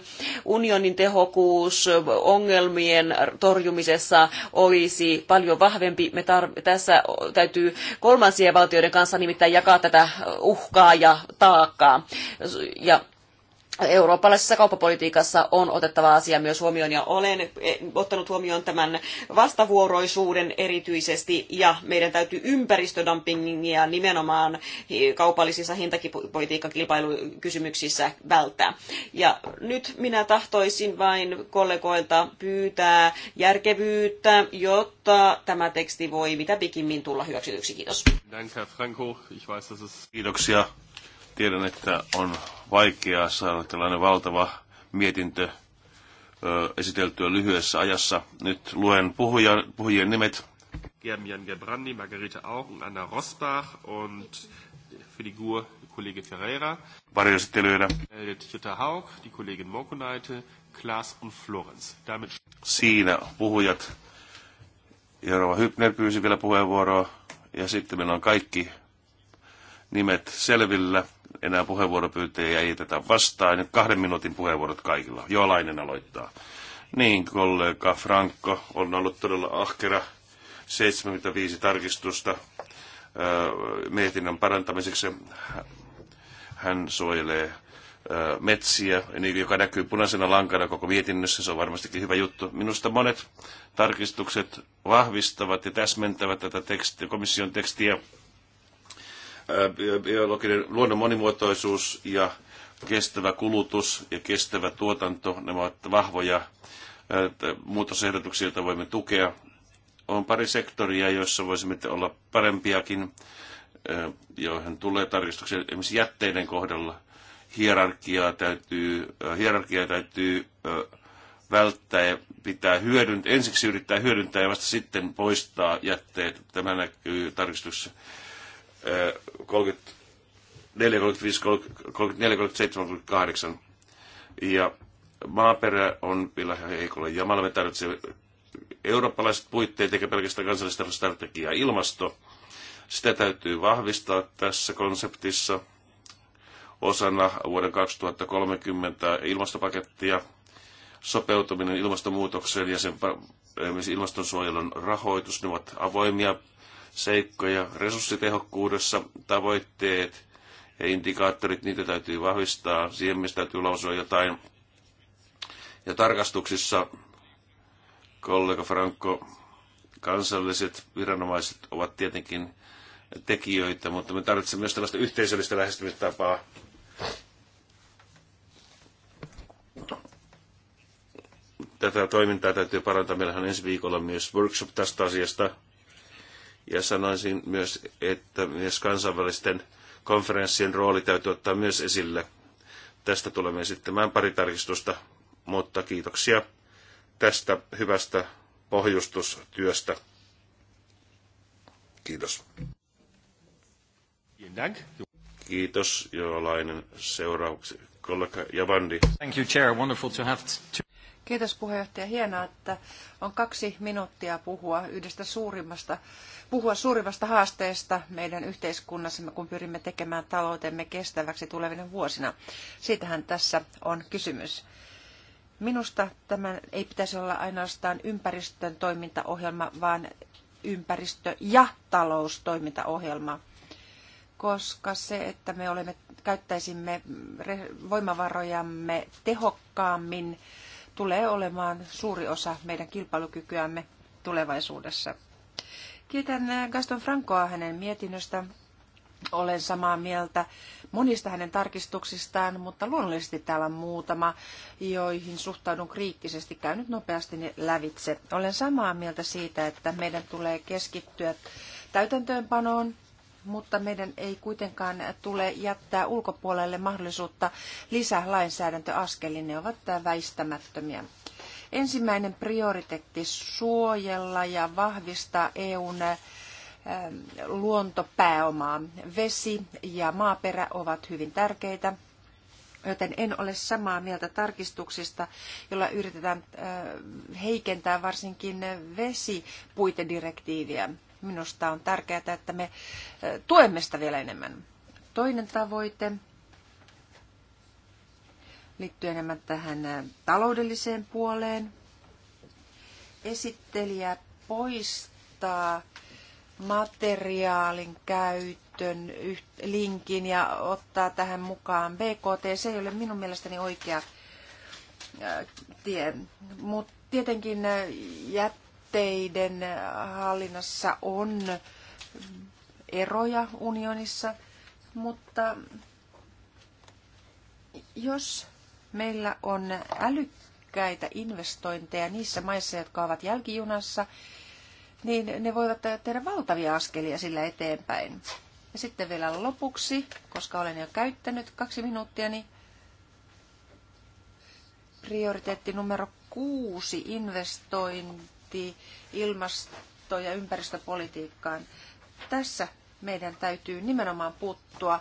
unionin tehokkuus ongelmien torjumisessa olisi paljon vahvempi. Me tar- tässä täytyy kolmansien valtioiden kanssa nimittäin jakaa tätä uhkaa ja taakkaa. Ja eurooppalaisessa kauppapolitiikassa on otettava asia myös huomioon ja olen e, ottanut huomioon tämän vastavuoroisuuden erityisesti ja meidän täytyy ympäristödumpingia nimenomaan kaupallisissa hintapolitiikan kilpailukysymyksissä välttää. Ja nyt minä tahtoisin vain kollegoilta pyytää järkevyyttä, jotta tämä teksti voi mitä pikimmin tulla hyväksytyksi. Kiitos. Kiitoksia. Tiedän, että on vaikeaa saada tällainen valtava mietintö esiteltyä lyhyessä ajassa. Nyt luen puhujan, puhujien nimet. Germian Gebrandi, Margarita Augen, Anna Rosbach und für Kollege Ferreira. Varjostelijoita. Jutta Haug, die Kollegin Mokunaite, Klaas und Florenz. Damit... Siinä puhujat. Jorova Hypner pyysi vielä puheenvuoroa ja sitten meillä on kaikki nimet selvillä enää puheenvuoropyyntöjä ei jätetä vastaan. Nyt kahden minuutin puheenvuorot kaikilla. Joalainen aloittaa. Niin, kollega Franco on ollut todella ahkera. 75 tarkistusta mietinnön parantamiseksi. Hän suojelee metsiä, niin, joka näkyy punaisena lankana koko mietinnössä. Se on varmastikin hyvä juttu. Minusta monet tarkistukset vahvistavat ja täsmentävät tätä teksti komission tekstiä biologinen luonnon monimuotoisuus ja kestävä kulutus ja kestävä tuotanto, nämä ovat vahvoja muutosehdotuksia, joita voimme tukea. On pari sektoria, joissa voisimme olla parempiakin, joihin tulee tarkistuksia esimerkiksi jätteiden kohdalla. Hierarkiaa täytyy, hierarkiaa täytyy välttää ja pitää hyödyntää, ensiksi yrittää hyödyntää ja vasta sitten poistaa jätteet. Tämä näkyy tarkistuksessa 34, 35, 34, 37, 38. Ja maaperä on vielä heikolla. Ja maailma tarvitsee eurooppalaiset puitteet eikä pelkästään kansallista strategiaa. Ilmasto, sitä täytyy vahvistaa tässä konseptissa osana vuoden 2030 ilmastopakettia. Sopeutuminen ilmastonmuutokseen ja sen ilmastonsuojelun rahoitus, ne ovat avoimia seikkoja. Resurssitehokkuudessa tavoitteet ja indikaattorit, niitä täytyy vahvistaa. Siihen mistä täytyy lausua jotain. Ja tarkastuksissa kollega Franco, kansalliset viranomaiset ovat tietenkin tekijöitä, mutta me tarvitsemme myös tällaista yhteisöllistä lähestymistapaa. Tätä toimintaa täytyy parantaa. Meillähän ensi viikolla myös workshop tästä asiasta. Ja sanoisin myös, että myös kansainvälisten konferenssien rooli täytyy ottaa myös esille. Tästä tulemme esittämään pari tarkistusta, mutta kiitoksia tästä hyvästä pohjustustyöstä. Kiitos. Kiitos, Joalainen. Seuraavaksi kollega Javandi. Thank you, Chair. Wonderful to have Kiitos puheenjohtaja. Hienoa, että on kaksi minuuttia puhua yhdestä suurimmasta, puhua suurimmasta haasteesta meidän yhteiskunnassamme, kun pyrimme tekemään taloutemme kestäväksi tulevina vuosina. Siitähän tässä on kysymys. Minusta tämän ei pitäisi olla ainoastaan ympäristön toimintaohjelma, vaan ympäristö- ja taloustoimintaohjelma koska se, että me olemme, käyttäisimme voimavarojamme tehokkaammin tulee olemaan suuri osa meidän kilpailukykyämme tulevaisuudessa. Kiitän äh, Gaston Francoa hänen mietinnöstä. Olen samaa mieltä monista hänen tarkistuksistaan, mutta luonnollisesti täällä on muutama, joihin suhtaudun kriittisesti. Käyn nyt nopeasti ne lävitse. Olen samaa mieltä siitä, että meidän tulee keskittyä täytäntöönpanoon mutta meidän ei kuitenkaan tule jättää ulkopuolelle mahdollisuutta lisälainsäädäntöaskeliin. Ne ovat väistämättömiä. Ensimmäinen prioriteetti suojella ja vahvistaa EUn luontopääomaa. Vesi ja maaperä ovat hyvin tärkeitä, joten en ole samaa mieltä tarkistuksista, jolla yritetään heikentää varsinkin vesipuitedirektiiviä. Minusta on tärkeää, että me tuemme sitä vielä enemmän. Toinen tavoite liittyy enemmän tähän taloudelliseen puoleen. Esittelijä poistaa materiaalin käytön linkin ja ottaa tähän mukaan BKT. Se ei ole minun mielestäni oikea tie. Mutta tietenkin jättää jätteiden hallinnassa on eroja unionissa, mutta jos meillä on älykkäitä investointeja niissä maissa, jotka ovat jälkijunassa, niin ne voivat tehdä valtavia askelia sillä eteenpäin. Ja sitten vielä lopuksi, koska olen jo käyttänyt kaksi minuuttia, niin prioriteetti numero kuusi, investointi liittyy ilmasto- ja ympäristöpolitiikkaan. Tässä meidän täytyy nimenomaan puuttua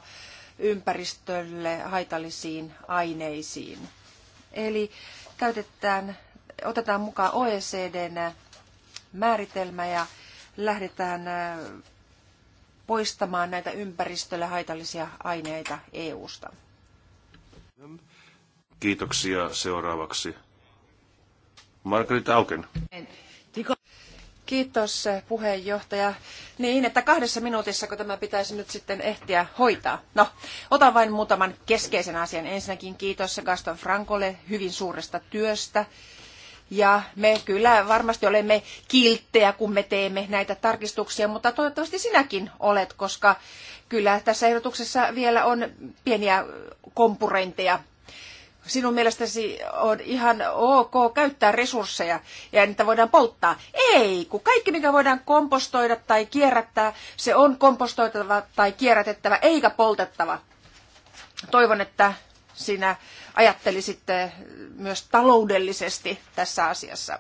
ympäristölle haitallisiin aineisiin. Eli käytetään, otetaan mukaan OECDn määritelmä ja lähdetään äh, poistamaan näitä ympäristölle haitallisia aineita EUsta. Kiitoksia seuraavaksi. Margaret Auken. Kiitos eh, puheenjohtaja. Niin, että kahdessa minuutissa, kun tämä pitäisi nyt sitten ehtiä hoitaa. No, otan vain muutaman keskeisen asian. Ensinnäkin kiitos Gaston Frankolle hyvin suuresta työstä. Ja me kyllä varmasti olemme kilttejä, kun me teemme näitä tarkistuksia, mutta toivottavasti sinäkin olet, koska kyllä tässä ehdotuksessa vielä on pieniä kompurenteja sinun mielestäsi on ihan ok käyttää resursseja ja niitä voidaan polttaa. Ei, kun kaikki mikä voidaan kompostoida tai kierrättää, se on kompostoitava tai kierrätettävä eikä poltettava. Toivon, että sinä ajattelisit myös taloudellisesti tässä asiassa.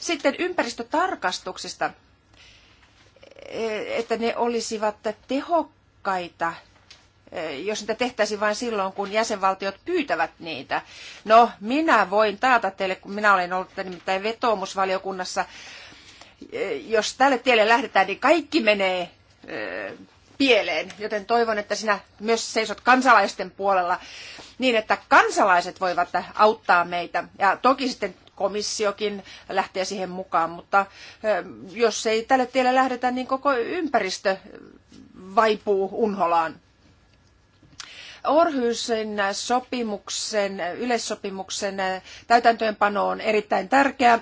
Sitten ympäristötarkastuksista, e, että ne olisivat tehokkaita jos niitä tehtäisiin vain silloin, kun jäsenvaltiot pyytävät niitä. No, minä voin taata teille, kun minä olen ollut nimittäin vetoomusvaliokunnassa, eh, jos tälle tielle lähdetään, niin kaikki menee eh, pieleen, joten toivon, että sinä myös seisot kansalaisten puolella niin, että kansalaiset voivat auttaa meitä. Ja toki sitten komissiokin lähtee siihen mukaan, mutta eh, jos ei tälle tielle lähdetä, niin koko ympäristö vaipuu unholaan. Orhyysen sopimuksen, yleissopimuksen täytäntöönpano on erittäin tärkeä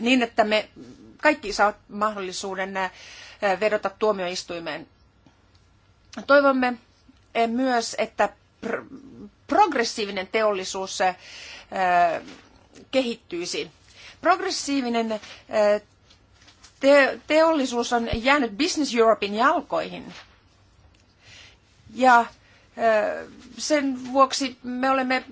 niin, että me kaikki saavat mahdollisuuden vedota tuomioistuimeen. Toivomme myös, että progressiivinen teollisuus äh, kehittyisi. Progressiivinen äh, teollisuus on jäänyt Business Europein jalkoihin. Ja sen vuoksi me olemme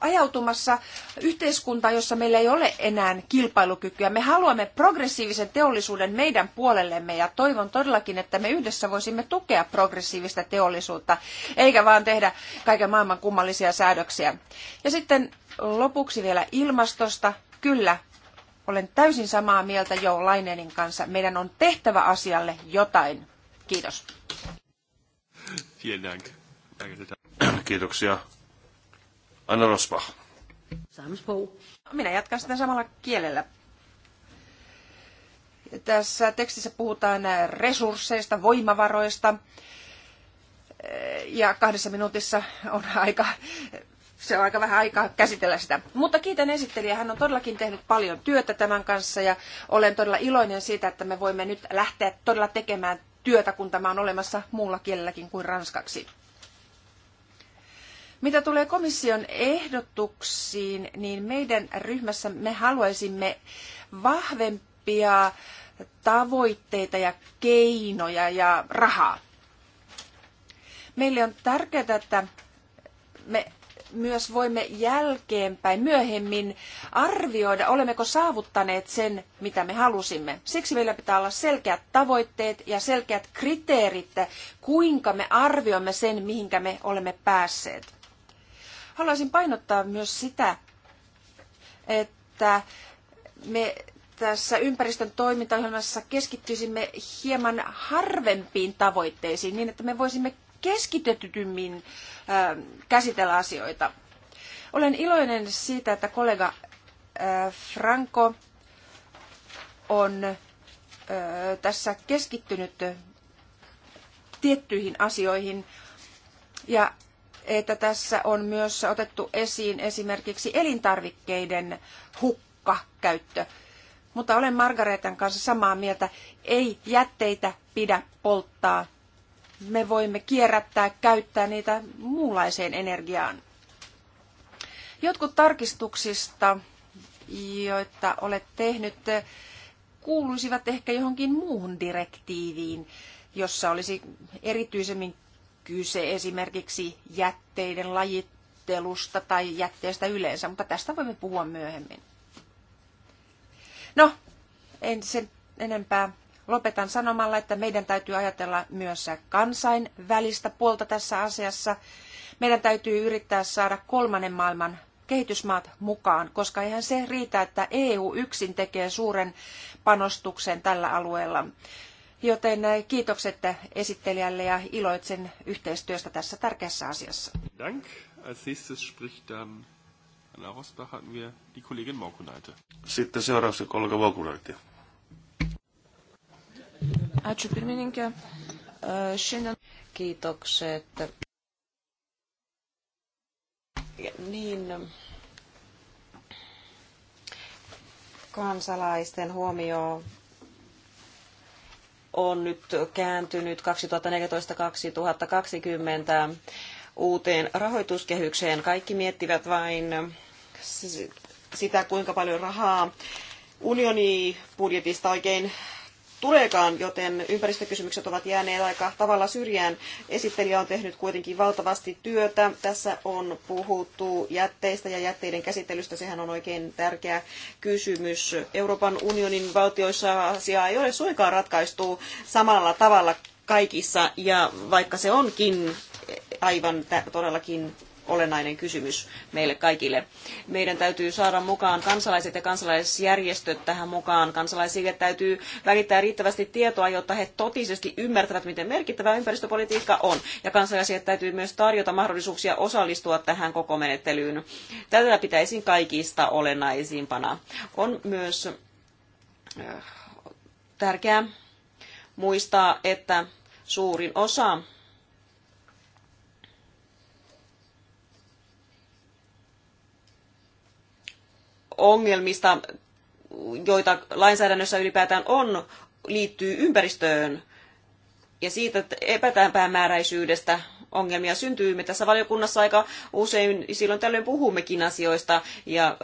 ajautumassa yhteiskuntaan, jossa meillä ei ole enää kilpailukykyä. Me haluamme progressiivisen teollisuuden meidän puolellemme ja toivon todellakin, että me yhdessä voisimme tukea progressiivista teollisuutta, eikä vaan tehdä kaiken maailman kummallisia säädöksiä. Ja sitten lopuksi vielä ilmastosta. Kyllä, olen täysin samaa mieltä Jo Laineenin kanssa. Meidän on tehtävä asialle jotain. Kiitos. Vielen Dank. Kiitoksia. Anna Rosbach. Minä jatkan sitä samalla kielellä. Tässä tekstissä puhutaan resursseista, voimavaroista. Ja kahdessa minuutissa on aika, se on aika vähän aikaa käsitellä sitä. Mutta kiitän esittelijä, hän on todellakin tehnyt paljon työtä tämän kanssa ja olen todella iloinen siitä, että me voimme nyt lähteä todella tekemään työtä, kun tämä on olemassa muulla kielelläkin kuin ranskaksi. Mitä tulee komission ehdotuksiin, niin meidän ryhmässä me haluaisimme vahvempia tavoitteita ja keinoja ja rahaa. Meille on tärkeää, että me myös voimme jälkeenpäin myöhemmin arvioida, olemmeko saavuttaneet sen, mitä me halusimme. Siksi meillä pitää olla selkeät tavoitteet ja selkeät kriteerit, kuinka me arvioimme sen, mihinkä me olemme päässeet. Haluaisin painottaa myös sitä, että me tässä ympäristön toimintaohjelmassa keskittyisimme hieman harvempiin tavoitteisiin niin, että me voisimme keskitetymmin ähm, käsitellä asioita. Olen iloinen siitä, että kollega äh, Franco on äh, tässä keskittynyt tiettyihin asioihin ja että tässä on myös otettu esiin esimerkiksi elintarvikkeiden hukkakäyttö. Mutta olen Margaretan kanssa samaa mieltä, ei jätteitä pidä polttaa. Me voimme kierrättää, käyttää niitä muunlaiseen energiaan. Jotkut tarkistuksista, joita olet tehnyt, kuuluisivat ehkä johonkin muuhun direktiiviin, jossa olisi erityisemmin kyse esimerkiksi jätteiden lajittelusta tai jätteestä yleensä, mutta tästä voimme puhua myöhemmin. No, en sen enempää. Lopetan sanomalla, että meidän täytyy ajatella myös kansainvälistä puolta tässä asiassa. Meidän täytyy yrittää saada kolmannen maailman kehitysmaat mukaan, koska eihän se riitä, että EU yksin tekee suuren panostuksen tällä alueella. Joten eh, kiitokset esittelijälle ja iloitsen yhteistyöstä tässä tärkeässä asiassa. Dank. Als nächstes spricht Anna Rosbach hatten wir die Kollegin Maukunaite. Sitten seuraavaksi kollega Maukunaite. Ačiū pirmininkė. Šiandien kiitokset. Niin, kansalaisten huomio on nyt kääntynyt 2014-2020 uuteen rahoituskehykseen. Kaikki miettivät vain sitä, kuinka paljon rahaa unionibudjetista oikein tuleekaan, joten ympäristökysymykset ovat jääneet aika tavalla syrjään. Esittelijä on tehnyt kuitenkin valtavasti työtä. Tässä on puhuttu jätteistä ja jätteiden käsittelystä. Sehän on oikein tärkeä kysymys. Euroopan unionin valtioissa asiaa ei ole suinkaan ratkaistu samalla tavalla kaikissa, ja vaikka se onkin aivan todellakin olennainen kysymys meille kaikille. Meidän täytyy saada mukaan kansalaiset ja kansalaisjärjestöt tähän mukaan. Kansalaisille täytyy välittää riittävästi tietoa, jotta he totisesti ymmärtävät, miten merkittävä ympäristöpolitiikka on. Ja kansalaisille täytyy myös tarjota mahdollisuuksia osallistua tähän koko menettelyyn. Tätä pitäisin kaikista olennaisimpana. On myös eh, tärkeää muistaa, että suurin osa ongelmista, joita lainsäädännössä ylipäätään on, liittyy ympäristöön ja siitä epätäänpäämääräisyydestä ongelmia syntyy. Me tässä valiokunnassa aika usein silloin tällöin puhummekin asioista ja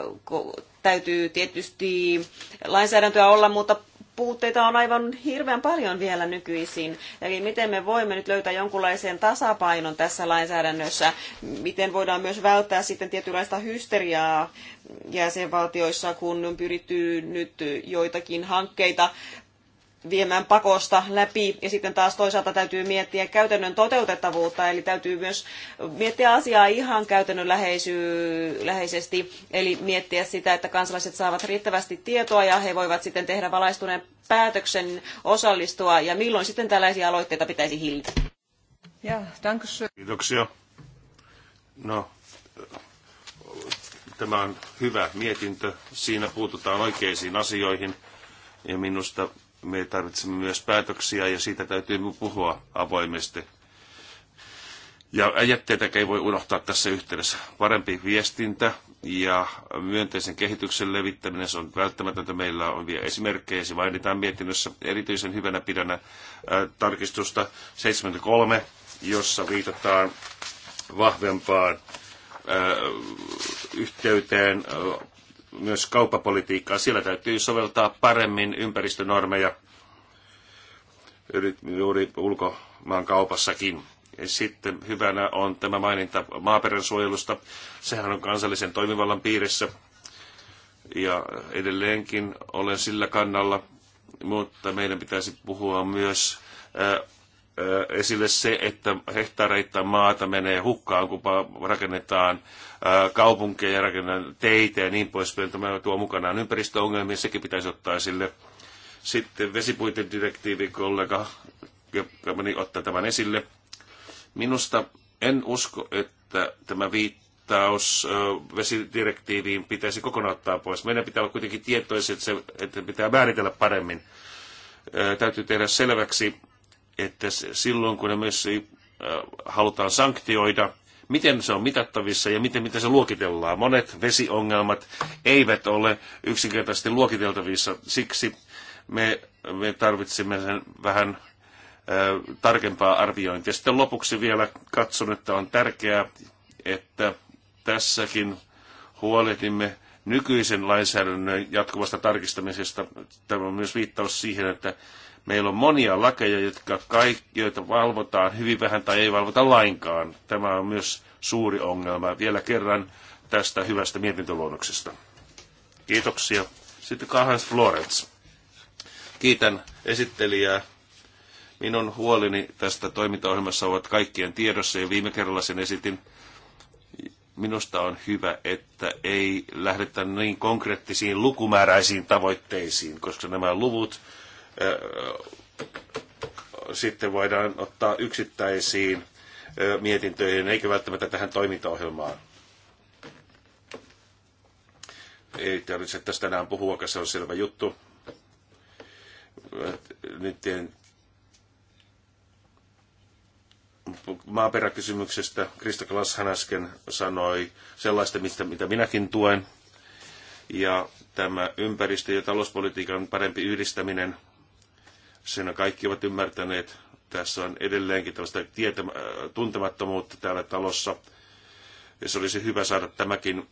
täytyy tietysti lainsäädäntöä olla, mutta puutteita on aivan hirveän paljon vielä nykyisin. Eli miten me voimme nyt löytää jonkunlaisen tasapainon tässä lainsäädännössä? Miten voidaan myös välttää sitten tietynlaista hysteriaa jäsenvaltioissa, kun on pyritty nyt joitakin hankkeita viemään pakosta läpi. Ja sitten taas toisaalta täytyy miettiä käytännön toteutettavuutta, eli täytyy myös miettiä asiaa ihan käytännönläheisesti, eli miettiä sitä, että kansalaiset saavat riittävästi tietoa ja he voivat sitten tehdä valaistuneen päätöksen osallistua ja milloin sitten tällaisia aloitteita pitäisi hillitä. Ja, Kiitoksia. No, tämä on hyvä mietintö. Siinä puututaan oikeisiin asioihin ja minusta me tarvitsemme myös päätöksiä ja siitä täytyy puhua avoimesti. Ja jätteitäkään ei voi unohtaa tässä yhteydessä. Parempi viestintä ja myönteisen kehityksen levittäminen, se on välttämätöntä. Meillä on vielä esimerkkejä, se mainitaan mietinnössä. Erityisen hyvänä pidänä äh, tarkistusta 73, jossa viitataan vahvempaan äh, yhteyteen äh, myös kauppapolitiikkaa. Siellä täytyy soveltaa paremmin ympäristönormeja juuri ulkomaan kaupassakin. Sitten hyvänä on tämä maininta maaperän suojelusta. Sehän on kansallisen toimivallan piirissä. Ja edelleenkin olen sillä kannalla, mutta meidän pitäisi puhua myös esille se, että hehtaareita maata menee hukkaan, kun rakennetaan kaupunkeja, rakennan teitä ja niin poispäin. Tämä tuo mukanaan ympäristöongelmia, sekin pitäisi ottaa sille. Sitten direktiivi kollega joka meni ottaa tämän esille. Minusta en usko, että tämä viittaus vesidirektiiviin pitäisi kokonaan ottaa pois. Meidän pitää olla kuitenkin tietoisia, että, se, että pitää määritellä paremmin. Täytyy tehdä selväksi, että silloin kun me myös halutaan sanktioida, miten se on mitattavissa ja miten, miten se luokitellaan. Monet vesiongelmat eivät ole yksinkertaisesti luokiteltavissa, siksi me, me tarvitsemme sen vähän ö, tarkempaa arviointia. Sitten lopuksi vielä katson, että on tärkeää, että tässäkin huolehdimme nykyisen lainsäädännön jatkuvasta tarkistamisesta. Tämä on myös viittaus siihen, että meillä on monia lakeja, jotka kaikki, joita valvotaan hyvin vähän tai ei valvota lainkaan. Tämä on myös suuri ongelma. Vielä kerran tästä hyvästä mietintöluonnoksesta. Kiitoksia. Sitten Kahans Florence. Kiitän esittelijää. Minun huolini tästä toimintaohjelmassa ovat kaikkien tiedossa ja viime kerralla sen esitin Minusta on hyvä, että ei lähdetä niin konkreettisiin lukumääräisiin tavoitteisiin, koska nämä luvut sitten voidaan ottaa yksittäisiin mietintöihin, eikä välttämättä tähän toimintaohjelmaan. Ei tarvitse tästä enää puhua, koska se on selvä juttu. Nyt en maaperäkysymyksestä. Krista hän äsken sanoi sellaista, mistä, mitä minäkin tuen. Ja tämä ympäristö- ja talouspolitiikan parempi yhdistäminen, sen kaikki ovat ymmärtäneet. Tässä on edelleenkin tällaista tietämä, tuntemattomuutta täällä talossa. Ja se olisi hyvä saada tämäkin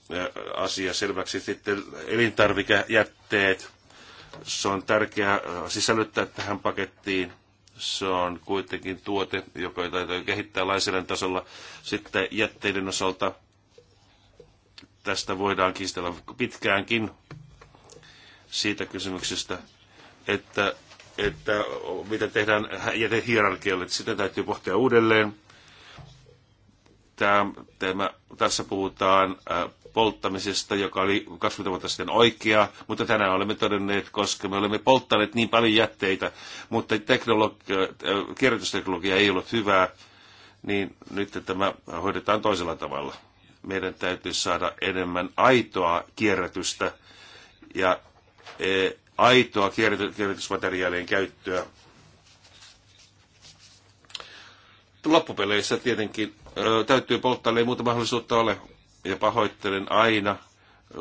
asia selväksi. Sitten elintarvikejätteet. Se on tärkeää sisällyttää tähän pakettiin – se on kuitenkin tuote, joka täytyy kehittää lainsäädännön tasolla. Sitten jätteiden osalta tästä voidaan kiistellä pitkäänkin siitä kysymyksestä, että, että mitä tehdään jätehierarkialle. Sitä täytyy pohtia uudelleen tämä, tässä puhutaan polttamisesta, joka oli 20 vuotta sitten oikea, mutta tänään olemme todenneet, koska me olemme polttaneet niin paljon jätteitä, mutta teknologi- kierrätysteknologia ei ollut hyvää, niin nyt tämä hoidetaan toisella tavalla. Meidän täytyy saada enemmän aitoa kierrätystä ja aitoa kierrätysmateriaalien käyttöä. Loppupeleissä tietenkin täytyy polttaa, ei muuta mahdollisuutta ole. Ja pahoittelen aina,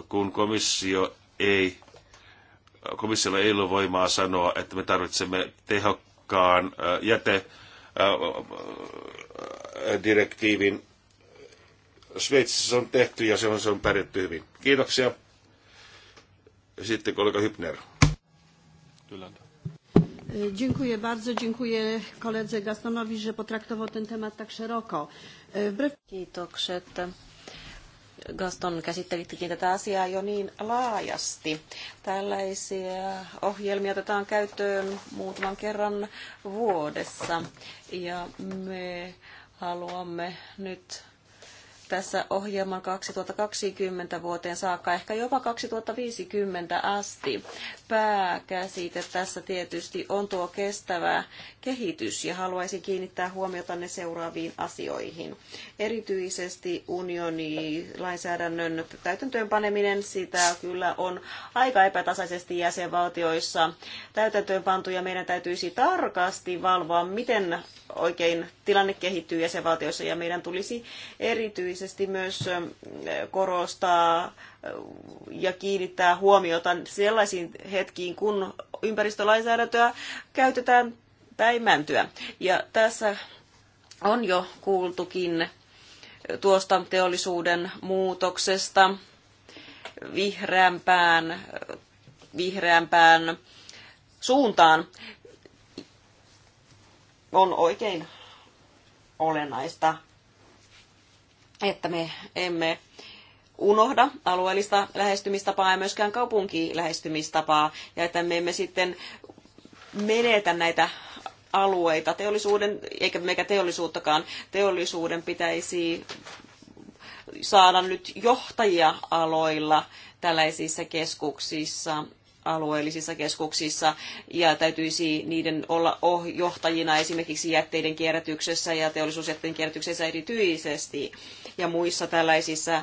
kun komissio ei, komissiolla ei ole voimaa sanoa, että me tarvitsemme tehokkaan jäte direktiivin. Sveitsissä se on tehty ja se on, se on pärjätty hyvin. Kiitoksia. Sitten kollega Hypner. Kyllä. Dziękuję bardzo. Dziękuję koledze Gastonowi, że potraktował ten temat tak szeroko. E, wbrew... Kiitokset. Gaston käsittelittekin tätä asiaa jo niin laajasti. Tällaisia ohjelmia otetaan käyttöön muutaman kerran vuodessa ja me haluamme nyt tässä ohjelman 2020 vuoteen saakka, ehkä jopa 2050 asti. Pääkäsite tässä tietysti on tuo kestävä kehitys ja haluaisin kiinnittää huomiota ne seuraaviin asioihin. Erityisesti unioni lainsäädännön täytäntöönpaneminen, sitä kyllä on aika epätasaisesti jäsenvaltioissa täytäntöönpantu ja meidän täytyisi tarkasti valvoa, miten oikein tilanne kehittyy jäsenvaltioissa ja meidän tulisi erityisesti myös korostaa ja kiinnittää huomiota sellaisiin hetkiin, kun ympäristölainsäädäntöä käytetään päimäntyä. Ja tässä on jo kuultukin tuosta teollisuuden muutoksesta vihreämpään, vihreämpään suuntaan on oikein olennaista, että me emme unohda alueellista lähestymistapaa ja myöskään kaupunkilähestymistapaa, ja että me emme sitten menetä näitä alueita teollisuuden, eikä meikä teollisuuttakaan. Teollisuuden pitäisi saada nyt johtajia aloilla tällaisissa keskuksissa alueellisissa keskuksissa ja täytyisi niiden olla oh-, johtajina esimerkiksi jätteiden kierrätyksessä ja teollisuusjätteiden kierrätyksessä erityisesti ja muissa tällaisissa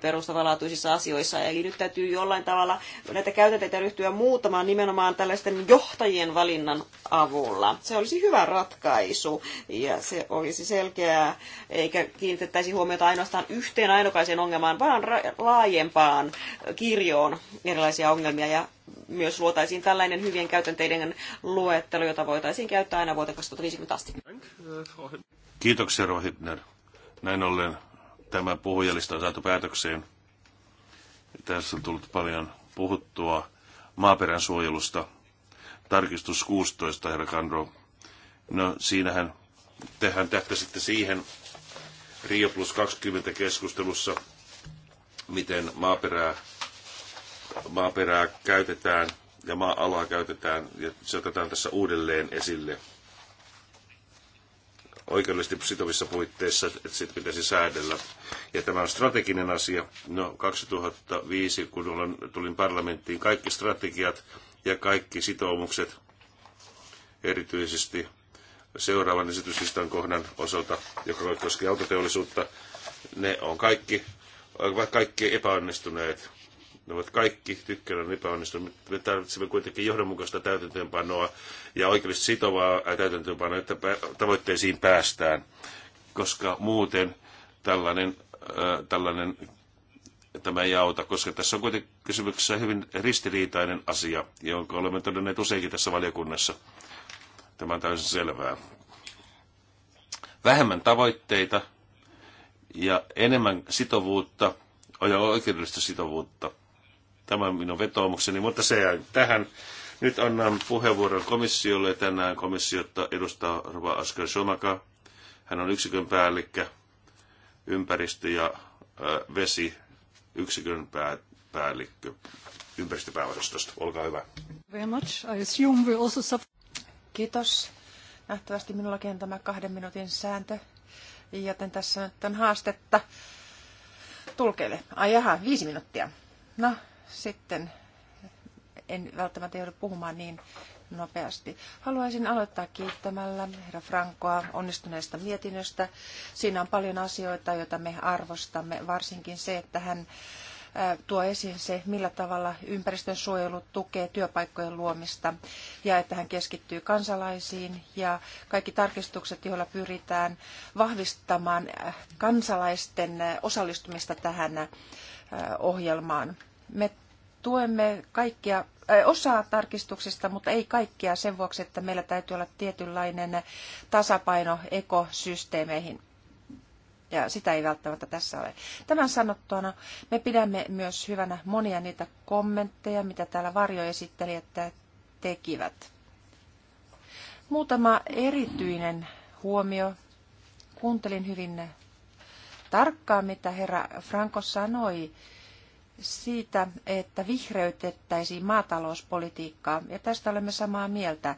perustavanlaatuisissa asioissa. Eli nyt täytyy jollain tavalla näitä käytänteitä ryhtyä muuttamaan nimenomaan tällaisten johtajien valinnan avulla. Se olisi hyvä ratkaisu ja se olisi selkeää, eikä kiinnitettäisi huomiota ainoastaan yhteen ainokaiseen ongelmaan, vaan laajempaan kirjoon erilaisia ongelmia ja myös luotaisiin tällainen hyvien käytänteiden luettelo, jota voitaisiin käyttää aina vuoteen 2050 asti. Kiitoksia, Rohitner. Näin ollen tämä puhujalista on saatu päätökseen. Tässä on tullut paljon puhuttua maaperän suojelusta. Tarkistus 16, herra Kandro. No, siinähän tehän sitten siihen Rio plus 20 keskustelussa, miten maaperää maaperää käytetään ja maa-alaa käytetään, ja se otetaan tässä uudelleen esille oikeudellisesti sitovissa puitteissa, että sitten pitäisi säädellä. Ja tämä on strateginen asia. No 2005, kun olen, tulin parlamenttiin, kaikki strategiat ja kaikki sitoumukset, erityisesti seuraavan esityslistan kohdan osalta, joka koskee autoteollisuutta, ne on kaikki, ovat kaikki epäonnistuneet. Ne ovat kaikki tykkänään epäonnistuneet. Me tarvitsemme kuitenkin johdonmukaista täytäntöönpanoa ja oikeasti sitovaa täytäntöönpanoa, että tavoitteisiin päästään, koska muuten tällainen, äh, tällainen tämä ei auta, koska tässä on kuitenkin kysymyksessä hyvin ristiriitainen asia, jonka olemme todenneet useinkin tässä valiokunnassa. Tämä on täysin selvää. Vähemmän tavoitteita ja enemmän sitovuutta, oikeudellista sitovuutta. Tämä on minun vetoomukseni, mutta se jäi tähän. Nyt annan puheenvuoron komissiolle. Tänään komissiota edustaa Rova Asker Somaka. Hän on yksikön päällikkö, ympäristö- ja vesi yksikön pää, päällikkö ympäristöpääosastosta. Olkaa hyvä. Very much. I assume we also Kiitos. Nähtävästi minullakin on tämä kahden minuutin sääntö, joten tässä nyt on haastetta tulkeille. Ai jaha, viisi minuuttia. No, sitten en välttämättä joudu puhumaan niin nopeasti. Haluaisin aloittaa kiittämällä herra Frankoa onnistuneesta mietinnöstä. Siinä on paljon asioita, joita me arvostamme, varsinkin se, että hän tuo esiin se, millä tavalla ympäristön suojelu tukee työpaikkojen luomista ja että hän keskittyy kansalaisiin ja kaikki tarkistukset, joilla pyritään vahvistamaan kansalaisten osallistumista tähän ohjelmaan. Me tuemme kaikkia, äh, osaa tarkistuksista, mutta ei kaikkia sen vuoksi, että meillä täytyy olla tietynlainen tasapaino ekosysteemeihin. Ja sitä ei välttämättä tässä ole. Tämän sanottuna me pidämme myös hyvänä monia niitä kommentteja, mitä täällä varjoesittelijät tekivät. Muutama erityinen huomio. Kuuntelin hyvin tarkkaan, mitä herra Franco sanoi siitä, että vihreytettäisiin maatalouspolitiikkaa, ja tästä olemme samaa mieltä.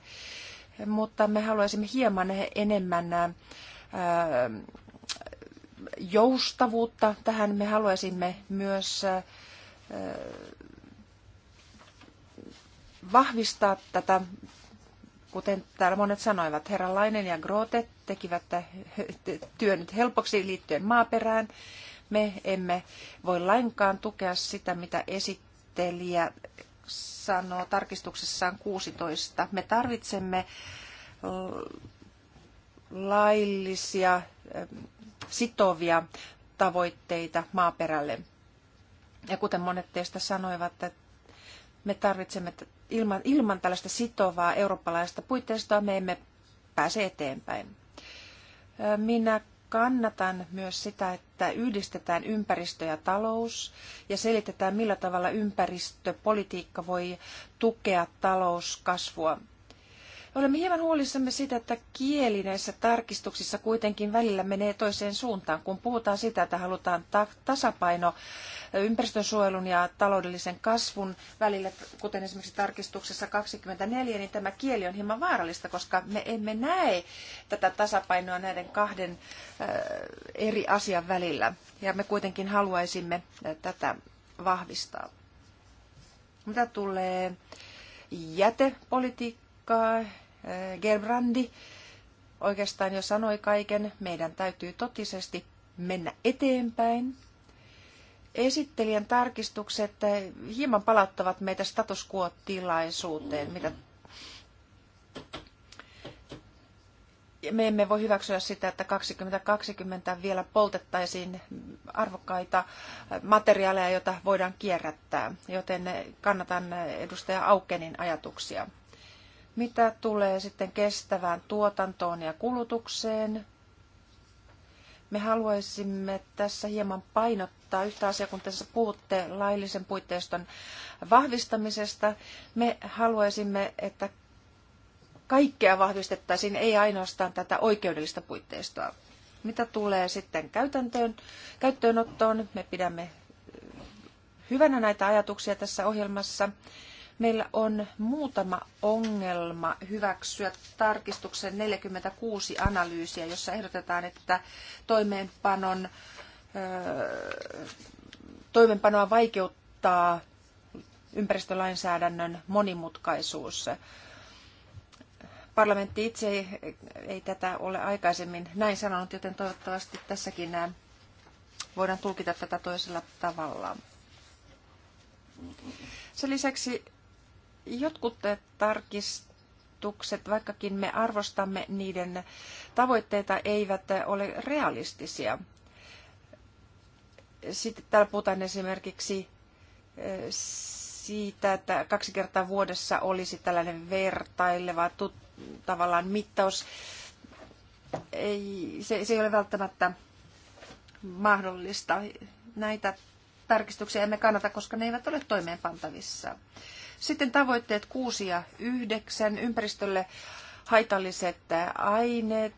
Mutta me haluaisimme hieman enemmän joustavuutta tähän. Me haluaisimme myös vahvistaa tätä, kuten täällä monet sanoivat, Lainen ja Grote tekivät työn helpoksi liittyen maaperään. Me emme voi lainkaan tukea sitä, mitä esittelijä sanoo tarkistuksessaan 16. Me tarvitsemme laillisia ähm, sitovia tavoitteita maaperälle. Ja kuten monet teistä sanoivat, että me tarvitsemme ilman, ilman tällaista sitovaa eurooppalaista puitteistoa me emme pääse eteenpäin. Äh, minä kannatan myös sitä, että että yhdistetään ympäristö ja talous ja selitetään, millä tavalla ympäristöpolitiikka voi tukea talouskasvua Olemme hieman huolissamme siitä, että kieli näissä tarkistuksissa kuitenkin välillä menee toiseen suuntaan, kun puhutaan sitä, että halutaan ta- tasapaino ympäristönsuojelun ja taloudellisen kasvun välillä, kuten esimerkiksi tarkistuksessa 24, niin tämä kieli on hieman vaarallista, koska me emme näe tätä tasapainoa näiden kahden äh, eri asian välillä. Ja me kuitenkin haluaisimme äh, tätä vahvistaa. Mitä tulee jätepolitiikkaan, Gerbrandi oikeastaan jo sanoi kaiken. Meidän täytyy totisesti mennä eteenpäin. Esittelijän tarkistukset hieman palauttavat meitä status quo-tilaisuuteen, mitä me emme voi hyväksyä sitä, että 2020 vielä poltettaisiin arvokkaita materiaaleja, joita voidaan kierrättää, joten kannatan edustaja Aukenin ajatuksia. Mitä tulee sitten kestävään tuotantoon ja kulutukseen? Me haluaisimme tässä hieman painottaa yhtä asiaa, kun tässä puhutte laillisen puitteiston vahvistamisesta. Me haluaisimme, että kaikkea vahvistettaisiin, ei ainoastaan tätä oikeudellista puitteistoa. Mitä tulee sitten käytäntöön, käyttöönottoon, me pidämme hyvänä näitä ajatuksia tässä ohjelmassa. Meillä on muutama ongelma hyväksyä tarkistuksen 46 analyysiä, jossa ehdotetaan, että toimeenpanon, toimeenpanoa vaikeuttaa ympäristölainsäädännön monimutkaisuus. Parlamentti itse ei, ei tätä ole aikaisemmin näin sanonut, joten toivottavasti tässäkin voidaan tulkita tätä toisella tavalla. Sen lisäksi Jotkut tarkistukset, vaikkakin me arvostamme niiden tavoitteita, eivät ole realistisia. Sitten täällä puhutaan esimerkiksi eh, siitä, että kaksi kertaa vuodessa olisi tällainen vertaileva tut, tavallaan mittaus. Ei, se, se ei ole välttämättä mahdollista. Näitä tarkistuksia emme kannata, koska ne eivät ole toimeenpantavissa. Sitten tavoitteet 6 ja 9, ympäristölle haitalliset aineet.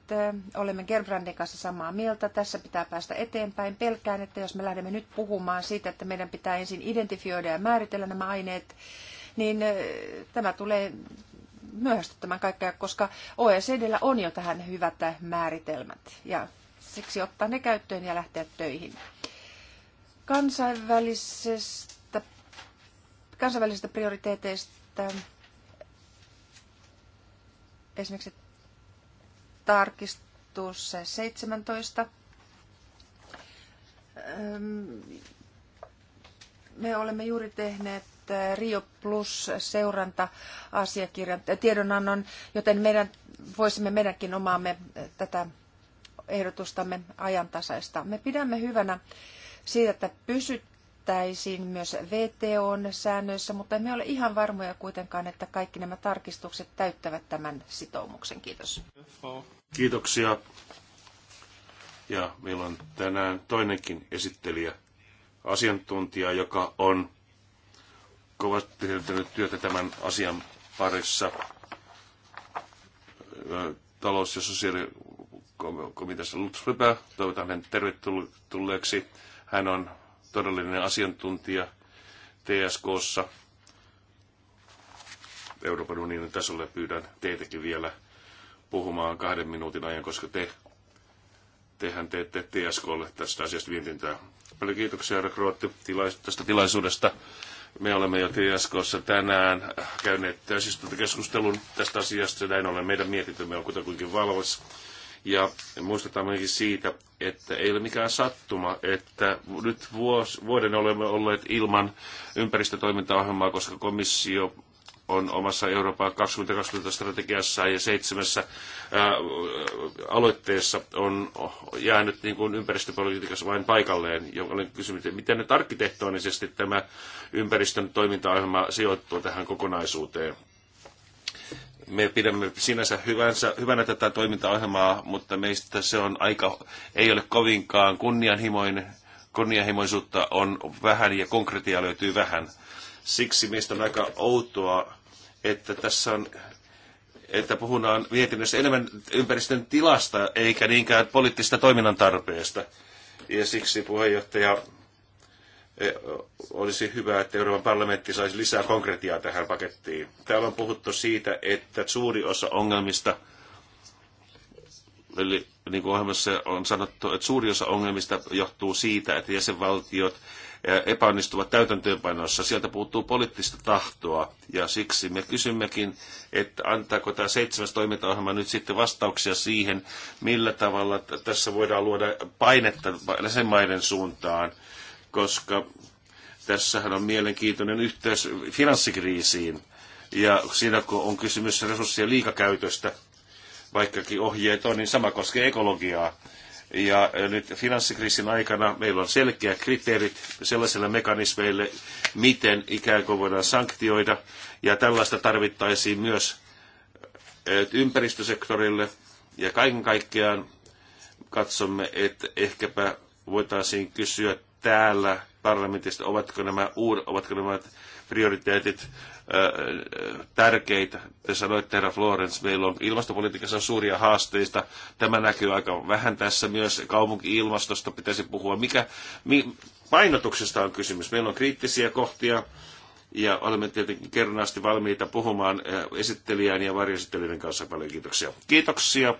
Olemme Gerbrandin kanssa samaa mieltä. Tässä pitää päästä eteenpäin. Pelkään, että jos me lähdemme nyt puhumaan siitä, että meidän pitää ensin identifioida ja määritellä nämä aineet, niin tämä tulee myöhästyttämään kaikkea, koska OECDllä on jo tähän hyvät määritelmät. Ja siksi ottaa ne käyttöön ja lähteä töihin. kansainvälisesti kansainvälisistä prioriteeteista esimerkiksi tarkistus 17. Me olemme juuri tehneet äh, Rio Plus seuranta-asiakirjan äh, tiedonannon, joten meidän, voisimme meidänkin omaamme äh, tätä ehdotustamme ajantasaista. Me pidämme hyvänä siitä, että pysyt pidettäisiin myös VTOn säännöissä, mutta emme ole ihan varmoja kuitenkaan, että kaikki nämä tarkistukset täyttävät tämän sitoumuksen. Kiitos. Kiitoksia. Ja meillä on tänään toinenkin esittelijä, asiantuntija, joka on kovasti tehnyt työtä tämän asian parissa talous- ja sosiaalikomiteassa Lutz Rypä. Toivotan hänet tervetulleeksi. Hän on todellinen asiantuntija TSKssa Euroopan unionin tasolle. Pyydän teitäkin vielä puhumaan kahden minuutin ajan, koska te, tehän teette TSKlle tästä asiasta vientintää. Paljon kiitoksia, herra Krootti, tästä tilaisuudesta. Me olemme jo TSKssa tänään käyneet täysistuntokeskustelun tästä asiasta. Näin ollen meidän mietintömme on kutakuinkin valmis ja muistetaan myös siitä, että ei ole mikään sattuma, että nyt vuos, vuoden olemme olleet ilman ympäristötoimintaohjelmaa, koska komissio on omassa Euroopan 2020 strategiassa ja seitsemässä ää, aloitteessa on jäänyt niin kuin ympäristöpolitiikassa vain paikalleen. Ja olen kysynyt, miten nyt arkkitehtoonisesti tämä ympäristön toimintaohjelma sijoittuu tähän kokonaisuuteen me pidämme sinänsä hyvänsä, hyvänä tätä toimintaohjelmaa, mutta meistä se on aika, ei ole kovinkaan kunnianhimoinen. Kunnianhimoisuutta on vähän ja konkretia löytyy vähän. Siksi meistä on aika outoa, että tässä on että puhutaan mietinnössä enemmän ympäristön tilasta eikä niinkään poliittista toiminnan tarpeesta. Ja siksi puheenjohtaja E, olisi hyvä, että Euroopan parlamentti saisi lisää konkretiaa tähän pakettiin. Täällä on puhuttu siitä, että suuri osa ongelmista, eli niin kuin ohjelmassa on sanottu, että suuri osa ongelmista johtuu siitä, että jäsenvaltiot e, epäonnistuvat täytäntöönpanossa. Sieltä puuttuu poliittista tahtoa ja siksi me kysymmekin, että antaako tämä seitsemäs toimintaohjelma nyt sitten vastauksia siihen, millä tavalla tässä voidaan luoda painetta jäsenmaiden suuntaan – koska tässähän on mielenkiintoinen yhteys finanssikriisiin. Ja siinä kun on kysymys resurssien liikakäytöstä, vaikkakin ohjeet on, niin sama koskee ekologiaa. Ja nyt finanssikriisin aikana meillä on selkeät kriteerit sellaisille mekanismeille, miten ikään kuin voidaan sanktioida. Ja tällaista tarvittaisiin myös eh, ympäristösektorille. Ja kaiken kaikkiaan katsomme, että ehkäpä voitaisiin kysyä täällä parlamentista, ovatko nämä, uud, ovatko nämä prioriteetit tärkeitä. Te sanoitte, herra Florence, meillä on ilmastopolitiikassa on suuria haasteita. Tämä näkyy aika vähän tässä myös. Kaupunki-ilmastosta pitäisi puhua. Mikä mi, painotuksesta on kysymys? Meillä on kriittisiä kohtia ja olemme tietenkin asti valmiita puhumaan esittelijän ja varjoesittelijän kanssa. Paljon kiitoksia. Kiitoksia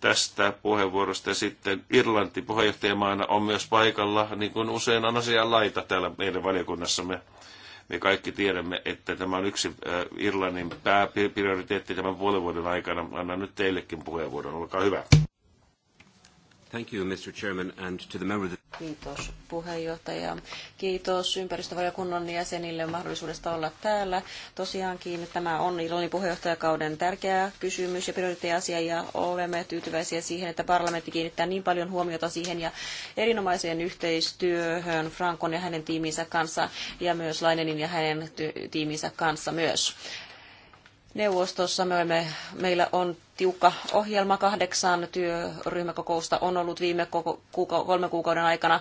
tästä puheenvuorosta. Ja sitten Irlanti puheenjohtajamaana on myös paikalla, niin kuin usein on asian laita täällä meidän valiokunnassamme. Me kaikki tiedämme, että tämä on yksi äh, Irlannin pääprioriteetti tämän puolen vuoden aikana. Annan nyt teillekin puheenvuoron. Olkaa hyvä. Thank you, Mr. Chairman, and to the member of the... Kiitos puheenjohtaja. Kiitos ympäristövaliokunnan jäsenille mahdollisuudesta olla täällä. Tosiaankin tämä on Irlannin puheenjohtajakauden tärkeä kysymys ja prioriteettiasia ja olemme tyytyväisiä siihen, että parlamentti kiinnittää niin paljon huomiota siihen ja erinomaiseen yhteistyöhön Frankon ja hänen tiiminsä kanssa ja myös Lainenin ja hänen tiiminsä kanssa myös neuvostossa me olemme, meillä on tiukka ohjelma. Kahdeksan työryhmäkokousta on ollut viime koko, kuuka, kolmen kuukauden aikana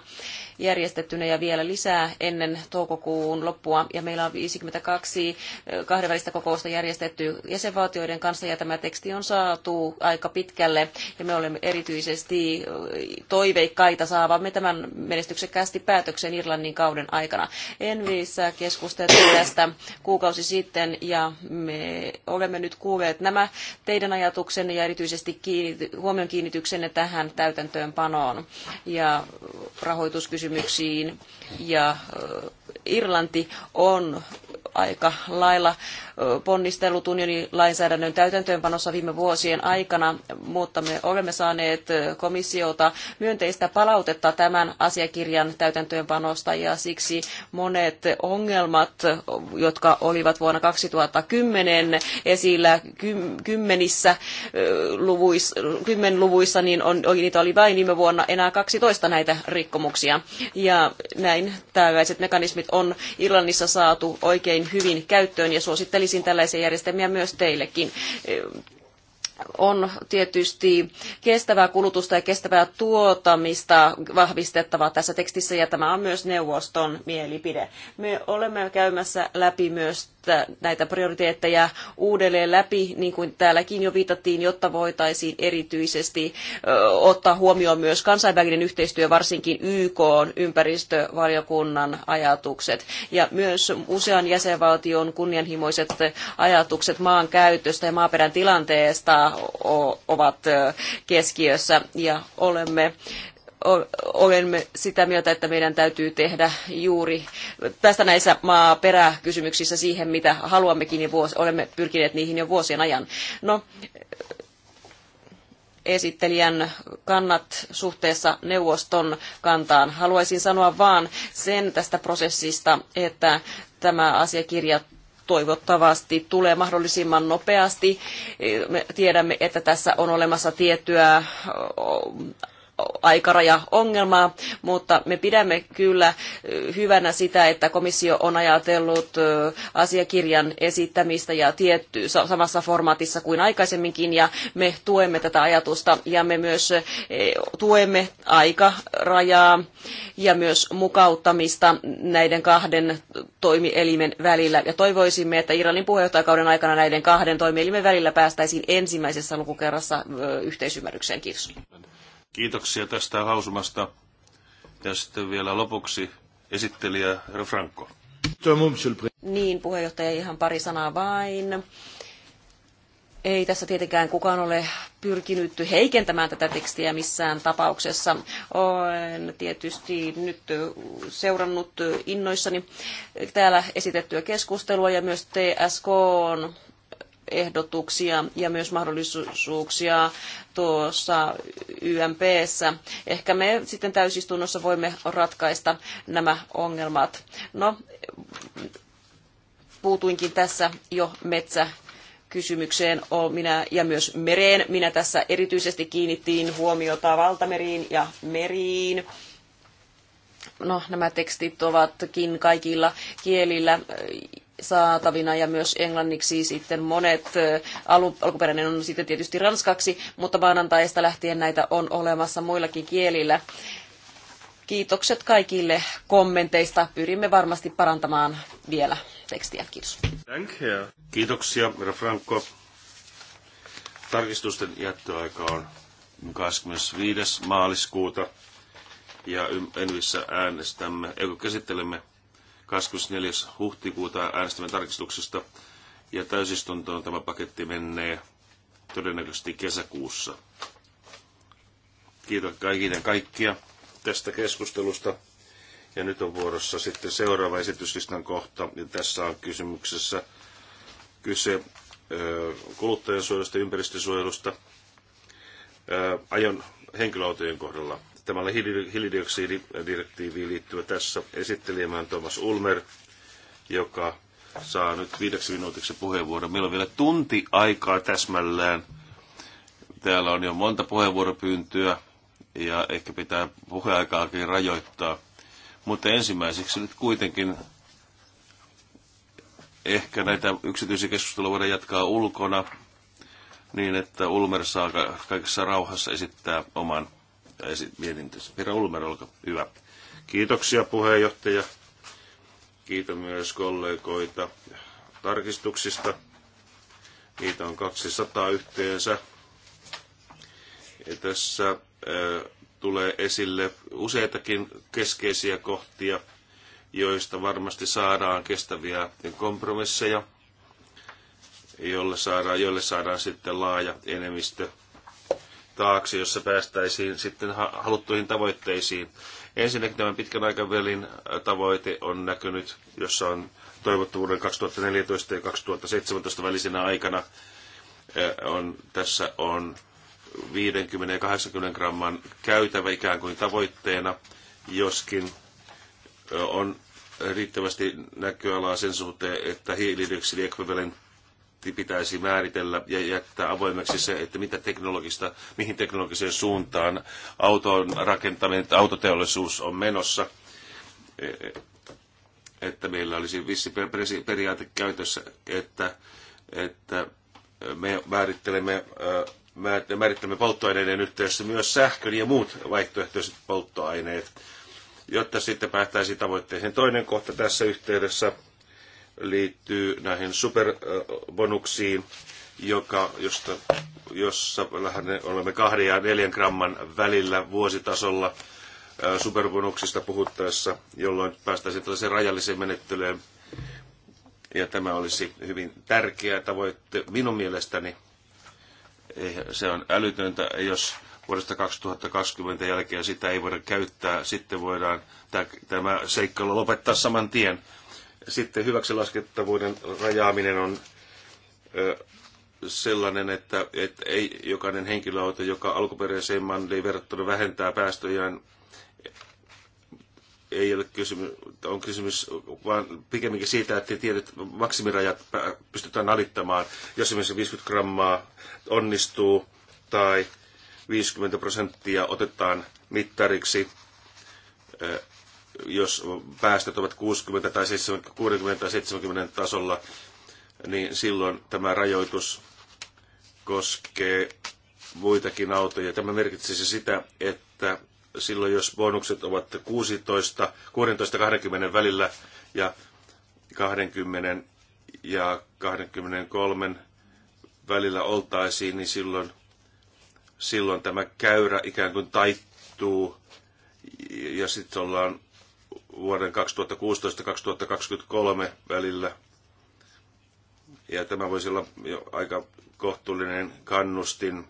järjestettynä ja vielä lisää ennen toukokuun loppua. Ja meillä on 52 eh, kahdenvälistä kokousta järjestetty jäsenvaltioiden kanssa ja tämä teksti on saatu aika pitkälle ja me olemme erityisesti eh, toiveikkaita saavamme tämän menestyksekkäästi päätöksen Irlannin kauden aikana. Envissä keskusteltiin tästä kuukausi sitten ja me olemme nyt kuulleet nämä teidän ajatukset huomiotuksen ja erityisesti huomion kiinnityksenne tähän täytäntöönpanoon ja rahoituskysymyksiin ja Irlanti on aika lailla ponnistellut unionin lainsäädännön täytäntöönpanossa viime vuosien aikana, mutta me olemme saaneet komissiota myönteistä palautetta tämän asiakirjan täytäntöönpanosta ja siksi monet ongelmat, jotka olivat vuonna 2010 esillä kymmenissä luvuissa, kymmen luvuissa, niin on, niitä oli vain viime vuonna enää 12 näitä rikkomuksia. Ja näin näin tällaiset mekanismit on Irlannissa saatu oikein hyvin käyttöön ja suosittelisin tällaisia järjestelmiä myös teillekin on tietysti kestävää kulutusta ja kestävää tuotamista vahvistettava tässä tekstissä, ja tämä on myös neuvoston mielipide. Me olemme käymässä läpi myös näitä prioriteetteja uudelleen läpi, niin kuin täälläkin jo viitattiin, jotta voitaisiin erityisesti ottaa huomioon myös kansainvälinen yhteistyö, varsinkin YK ympäristövaliokunnan ajatukset, ja myös usean jäsenvaltion kunnianhimoiset ajatukset maan käytöstä ja maaperän tilanteesta ovat keskiössä ja olemme olemme sitä mieltä, että meidän täytyy tehdä juuri tästä näissä maaperäkysymyksissä siihen, mitä haluammekin ja vuos, olemme pyrkineet niihin jo vuosien ajan. No, esittelijän kannat suhteessa neuvoston kantaan. Haluaisin sanoa vaan sen tästä prosessista, että tämä asiakirja toivottavasti tulee mahdollisimman nopeasti. Me tiedämme, että tässä on olemassa tiettyä aikarajaongelmaa, mutta me pidämme kyllä hyvänä sitä, että komissio on ajatellut asiakirjan esittämistä ja tietty samassa formaatissa kuin aikaisemminkin, ja me tuemme tätä ajatusta, ja me myös tuemme aikarajaa ja myös mukauttamista näiden kahden toimielimen välillä, ja toivoisimme, että Irlannin puheenjohtajakauden aikana näiden kahden toimielimen välillä päästäisiin ensimmäisessä lukukerrassa yhteisymmärrykseen. Kiitos. Kiitoksia tästä hausumasta. Ja sitten vielä lopuksi esittelijä herra Franco. Niin, puheenjohtaja, ihan pari sanaa vain. Ei tässä tietenkään kukaan ole pyrkinyt heikentämään tätä tekstiä missään tapauksessa. Olen tietysti nyt seurannut innoissani täällä esitettyä keskustelua ja myös TSK on ehdotuksia ja myös mahdollisuuksia tuossa YMPssä. Ehkä me sitten täysistunnossa voimme ratkaista nämä ongelmat. No, puutuinkin tässä jo metsä kysymykseen minä, ja myös mereen. Minä tässä erityisesti kiinnittiin huomiota valtameriin ja meriin. No, nämä tekstit ovatkin kaikilla kielillä saatavina ja myös englanniksi sitten monet, alu, alkuperäinen on sitten tietysti ranskaksi, mutta maanantaista lähtien näitä on olemassa muillakin kielillä. Kiitokset kaikille kommenteista. Pyrimme varmasti parantamaan vielä tekstiä. Kiitos. Kiitoksia, herra Franco. Tarkistusten jättöaika on 25. maaliskuuta ja Envissä äänestämme, eikö käsittelemme 24. huhtikuuta äänestämme tarkistuksesta ja täysistuntoon tämä paketti menee todennäköisesti kesäkuussa. Kiitos kaikille kaikkia tästä keskustelusta. Ja nyt on vuorossa sitten seuraava esityslistan kohta. Ja tässä on kysymyksessä kyse kuluttajansuojelusta, ympäristösuojelusta ajon henkilöautojen kohdalla asettamalle hiilidioksididirektiiviin liittyvä tässä esittelijämään Thomas Ulmer, joka saa nyt viideksi minuutiksi puheenvuoron. Meillä on vielä tunti aikaa täsmällään. Täällä on jo monta puheenvuoropyyntöä ja ehkä pitää puheaikaakin rajoittaa. Mutta ensimmäiseksi nyt kuitenkin ehkä näitä yksityisiä keskusteluja voidaan jatkaa ulkona niin, että Ulmer saa kaikessa rauhassa esittää oman esittää esi- mietintönsä. Pira Ulmer, olkaa hyvä. Kiitoksia puheenjohtaja. Kiitos myös kollegoita tarkistuksista. Niitä on 200 yhteensä. Ja tässä äh, tulee esille useitakin keskeisiä kohtia, joista varmasti saadaan kestäviä kompromisseja, jolle saadaan, saadaan sitten laaja enemmistö taakse, jossa päästäisiin sitten haluttuihin tavoitteisiin. Ensinnäkin tämän pitkän aikavälin äh, tavoite on näkynyt, jossa on toivottavuuden 2014 ja 2017 välisenä aikana äh, on, tässä on 50 ja 80 gramman käytävä ikään kuin tavoitteena, joskin äh, on riittävästi näköalaa sen suhteen, että hiilidioksidiekvivalentti pitäisi määritellä ja jättää avoimeksi se, että mitä teknologista, mihin teknologiseen suuntaan auton rakentaminen, autoteollisuus on menossa. E, e, että meillä olisi vissi periaate käytössä, että, että me määrittelemme, määrittämme polttoaineiden yhteydessä myös sähkön ja muut vaihtoehtoiset polttoaineet, jotta sitten päästäisiin tavoitteeseen. Toinen kohta tässä yhteydessä liittyy näihin superbonuksiin, joka, josta, jossa olemme kahden ja neljän gramman välillä vuositasolla superbonuksista puhuttaessa, jolloin päästäisiin tällaiseen rajalliseen menettelyyn. Ja tämä olisi hyvin tärkeä tavoite minun mielestäni. Se on älytöntä, jos vuodesta 2020 jälkeen sitä ei voida käyttää, sitten voidaan tämä seikkailu lopettaa saman tien sitten laskettavuuden rajaaminen on sellainen, että, että ei jokainen henkilöauto, joka alkuperäiseen mandiin verrattuna vähentää päästöjään, ei ole kysymys, on kysymys vaan pikemminkin siitä, että tietyt maksimirajat pystytään alittamaan. Jos esimerkiksi 50 grammaa onnistuu tai 50 prosenttia otetaan mittariksi jos päästöt ovat 60 tai 70, 60 tai 70 tasolla, niin silloin tämä rajoitus koskee muitakin autoja. Tämä merkitsisi sitä, että silloin jos bonukset ovat 16, 16-20 välillä ja 20 ja 23 välillä oltaisiin, niin silloin, silloin tämä käyrä ikään kuin taittuu ja sitten ollaan vuoden 2016-2023 välillä. Ja tämä voisi olla jo aika kohtuullinen kannustin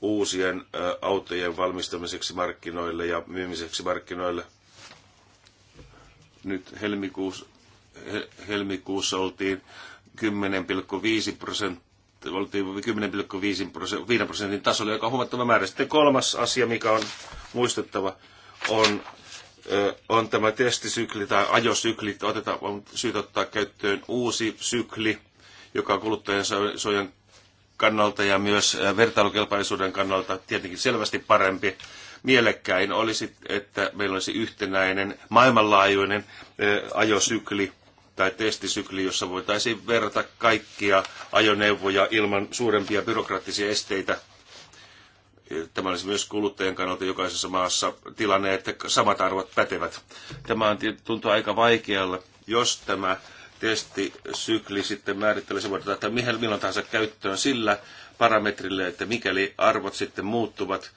uusien autojen valmistamiseksi markkinoille ja myymiseksi markkinoille. Nyt helmikuussa, helmikuussa oltiin 10,5 prosenttia 10,5 prosentin taso oli aika huomattava määrä. Sitten kolmas asia, mikä on muistettava, on on tämä testisykli tai ajosykli, otetaan, on syytä ottaa käyttöön uusi sykli, joka on kuluttajansuojan kannalta ja myös vertailukelpoisuuden kannalta tietenkin selvästi parempi. Mielekkäin olisi, että meillä olisi yhtenäinen maailmanlaajuinen ajosykli tai testisykli, jossa voitaisiin verrata kaikkia ajoneuvoja ilman suurempia byrokraattisia esteitä Tämä olisi myös kuluttajien kannalta jokaisessa maassa tilanne, että samat arvot pätevät. Tämä on, tuntuu aika vaikealle, jos tämä testisykli sitten määrittelee, se voidaan ottaa milloin tahansa käyttöön sillä parametrille, että mikäli arvot sitten muuttuvat,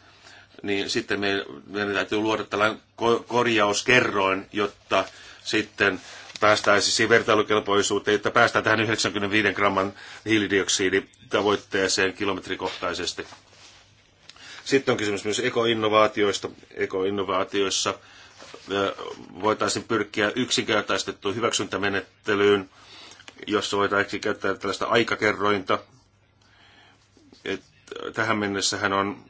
niin sitten meidän, meidän täytyy luoda tällainen korjauskerroin, jotta sitten päästäisiin siihen vertailukelpoisuuteen, että päästään tähän 95 gramman hiilidioksiditavoitteeseen kilometrikohtaisesti. Sitten on kysymys myös ekoinnovaatioista. Ekoinnovaatioissa voitaisiin pyrkiä yksinkertaistettuun hyväksyntämenettelyyn, jossa voitaisiin käyttää tällaista aikakerrointa. Et tähän mennessähän on,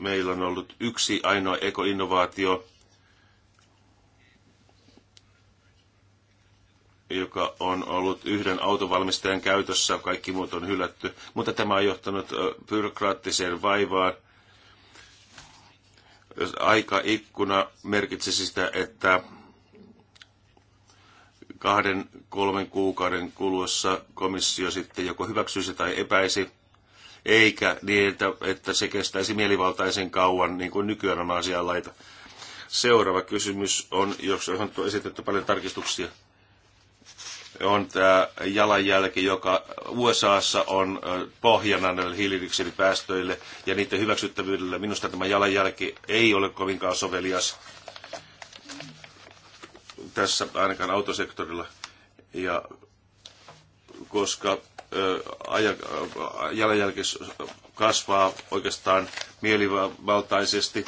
meillä on ollut yksi ainoa ekoinnovaatio, joka on ollut yhden autovalmistajan käytössä, kaikki muut on hylätty, mutta tämä on johtanut byrokraattiseen vaivaan – aikaikkuna merkitsisi sitä, että kahden, kolmen kuukauden kuluessa komissio sitten joko hyväksyisi tai epäisi, eikä niin, että, että se kestäisi mielivaltaisen kauan, niin kuin nykyään on asianlaita. Seuraava kysymys on, jos on esitetty paljon tarkistuksia on tämä jalanjälki, joka USAssa on pohjana näille hiilidioksidipäästöille ja niiden hyväksyttävyydelle. Minusta tämä jalanjälki ei ole kovinkaan sovelias tässä ainakaan autosektorilla, ja koska jalanjälki kasvaa oikeastaan mielivaltaisesti.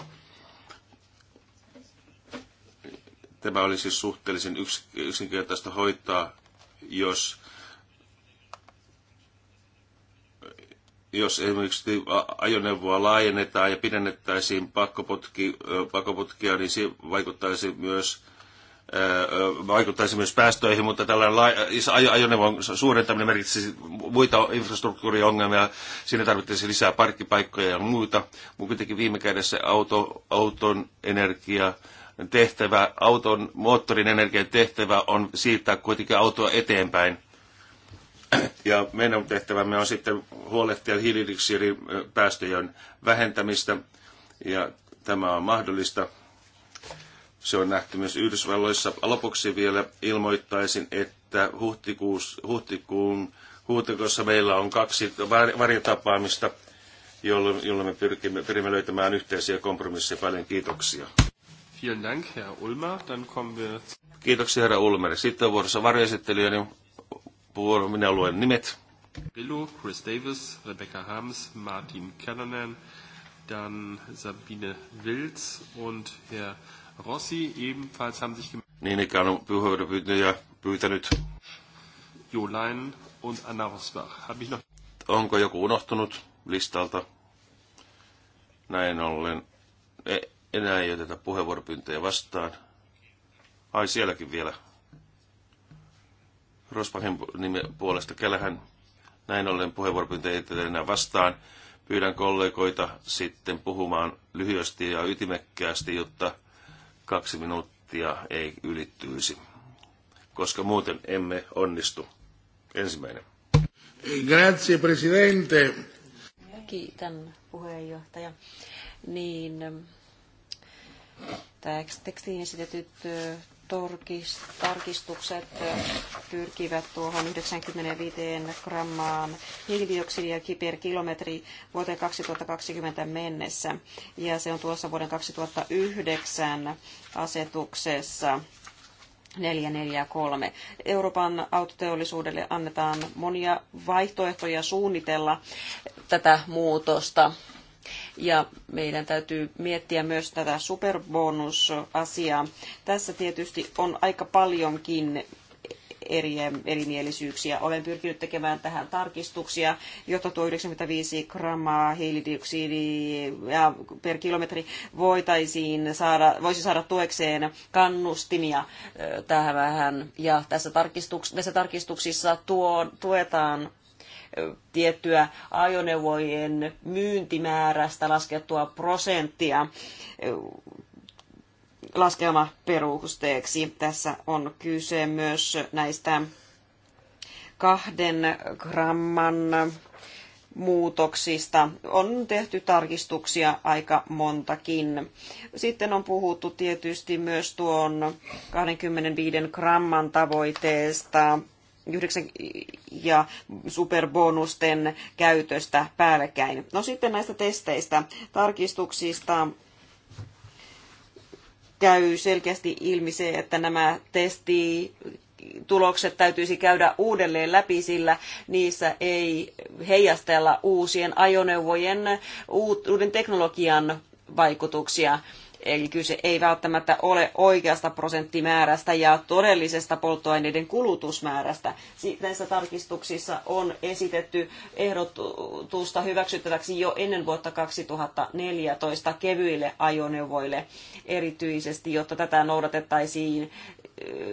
Tämä oli siis suhteellisen yksinkertaista hoitaa jos jos esimerkiksi ajoneuvoa laajennetaan ja pidennettäisiin pakkoputki, pakkoputkia, niin se vaikuttaisi myös vaikuttaisi myös päästöihin, mutta tällainen ajoneuvon suurentaminen merkitsisi muita infrastruktuuriongelmia. Siinä tarvittaisiin lisää parkkipaikkoja ja muuta. Mutta kuitenkin viime kädessä auto, auton energia tehtävä, auton moottorin energian tehtävä on siirtää kuitenkin autoa eteenpäin. Ja meidän tehtävämme on sitten huolehtia päästöjen vähentämistä, ja tämä on mahdollista. Se on nähty myös Yhdysvalloissa. Lopuksi vielä ilmoittaisin, että huhtikuus, huhtikuun huhtikuussa meillä on kaksi varjotapaamista, jolloin, jolloin me pyrimme löytämään yhteisiä kompromisseja. Paljon kiitoksia. Vielen Dank, Herr Ulmer. Dann kommen wir... Kiitoksia, herra Ulmer. Sitten on vuorossa varjoesittelijöiden puolue. Minä luen nimet. Billu, Chris Davis, Rebecca Harms, Martin Callanan, dann Sabine Wilz und Herr Rossi ebenfalls haben sich gemeldet. Niin ikään on puheenvuoropyyntöjä pyytänyt. Jo Lein und Anna Rosbach. Hab ich noch... Onko joku unohtunut listalta? Näin ollen. E- enää ei oteta puheenvuoropyyntöjä vastaan. Ai sielläkin vielä. Rospahin nimen puolesta Kälähän. Näin ollen puheenvuoropyyntöjä ei enää vastaan. Pyydän kollegoita sitten puhumaan lyhyesti ja ytimekkäästi, jotta kaksi minuuttia ei ylittyisi, koska muuten emme onnistu. Ensimmäinen. Grazie, presidente. Kiitän puheenjohtaja. Niin, tekstiin esitetyt tarkistukset pyrkivät tuohon 95 grammaan hiilidioksidia per kilometri vuoteen 2020 mennessä. Ja se on tuossa vuoden 2009 asetuksessa 443. Euroopan autoteollisuudelle annetaan monia vaihtoehtoja suunnitella tätä muutosta ja meidän täytyy miettiä myös tätä superbonusasiaa. Tässä tietysti on aika paljonkin eri, erimielisyyksiä. Olen pyrkinyt tekemään tähän tarkistuksia, jotta tuo 95 grammaa hiilidioksidia per kilometri voitaisiin saada, voisi saada tuekseen kannustimia tähän. vähän Ja tässä, tarkistuks, tässä tarkistuksissa tuo, tuetaan tiettyä ajoneuvojen myyntimäärästä laskettua prosenttia laskelmaperusteeksi. Tässä on kyse myös näistä kahden gramman muutoksista. On tehty tarkistuksia aika montakin. Sitten on puhuttu tietysti myös tuon 25 gramman tavoitteesta yhdeksän ja superbonusten käytöstä päällekkäin. No sitten näistä testeistä, tarkistuksista käy selkeästi ilmi se, että nämä testi tulokset täytyisi käydä uudelleen läpi, sillä niissä ei heijastella uusien ajoneuvojen uuden teknologian vaikutuksia. Eli kyse ei välttämättä ole oikeasta prosenttimäärästä ja todellisesta polttoaineiden kulutusmäärästä. Näissä tarkistuksissa on esitetty ehdotusta hyväksyttäväksi jo ennen vuotta 2014 kevyille ajoneuvoille erityisesti, jotta tätä noudatettaisiin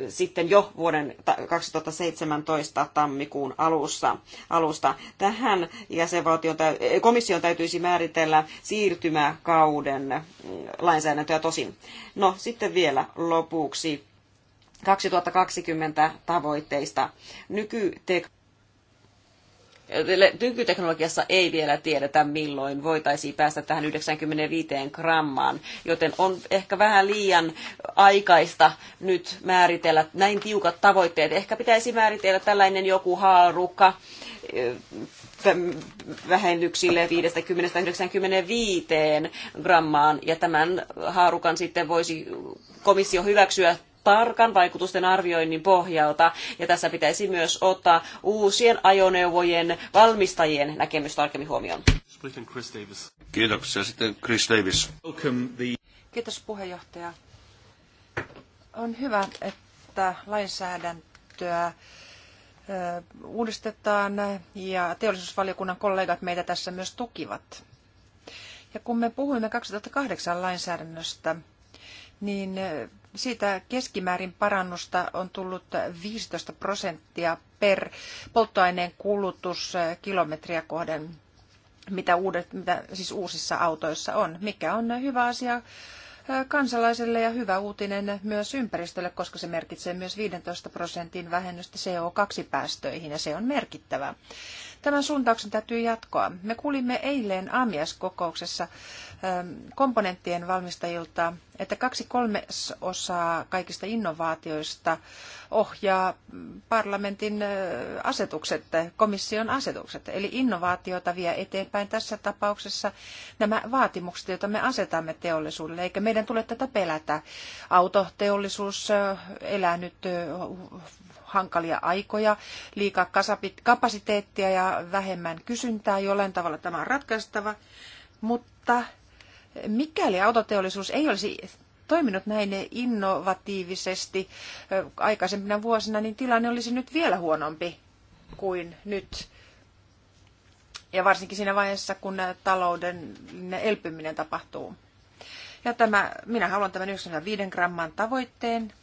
sitten jo vuoden 2017 tammikuun alussa, alusta. Tähän jäsenvaltion, eh, komission täytyisi määritellä siirtymäkauden mm, lainsäädäntöä tosin. No sitten vielä lopuksi 2020 tavoitteista. Nykytek Nykyteknologiassa ei vielä tiedetä, milloin voitaisiin päästä tähän 95 grammaan, joten on ehkä vähän liian aikaista nyt määritellä näin tiukat tavoitteet. Ehkä pitäisi määritellä tällainen joku haarukka vähennyksille 50-95 grammaan, ja tämän haarukan sitten voisi komissio hyväksyä tarkan vaikutusten arvioinnin pohjalta. Ja tässä pitäisi myös ottaa uusien ajoneuvojen valmistajien näkemys tarkemmin huomioon. Kiitoksia. Sitten Chris Davis. Kiitos puheenjohtaja. On hyvä, että lainsäädäntöä uudistetaan ja teollisuusvaliokunnan kollegat meitä tässä myös tukivat. Ja kun me puhuimme 2008 lainsäädännöstä, niin siitä keskimäärin parannusta on tullut 15 prosenttia per polttoaineen kulutus eh, kilometriä kohden, mitä, uudet, mitä siis uusissa autoissa on, mikä on hyvä asia eh, kansalaiselle ja hyvä uutinen myös ympäristölle, koska se merkitsee myös 15 prosentin vähennystä CO2-päästöihin ja se on merkittävä. Tämän suuntauksen täytyy jatkoa. Me kuulimme eilen AMIAS-kokouksessa ähm, komponenttien valmistajilta, että kaksi kolmesosaa kaikista innovaatioista ohjaa parlamentin äh, asetukset, komission asetukset. Eli innovaatiota vie eteenpäin tässä tapauksessa nämä vaatimukset, joita me asetamme teollisuudelle, eikä meidän tule tätä pelätä. Autoteollisuus äh, elää nyt äh, hankalia aikoja, liikaa kapasiteettia ja vähemmän kysyntää. Jollain tavalla tämä on ratkaistava, mutta mikäli autoteollisuus ei olisi toiminut näin innovatiivisesti aikaisempina vuosina, niin tilanne olisi nyt vielä huonompi kuin nyt. Ja varsinkin siinä vaiheessa, kun talouden elpyminen tapahtuu. Ja tämä, minä haluan tämän 95 gramman tavoitteen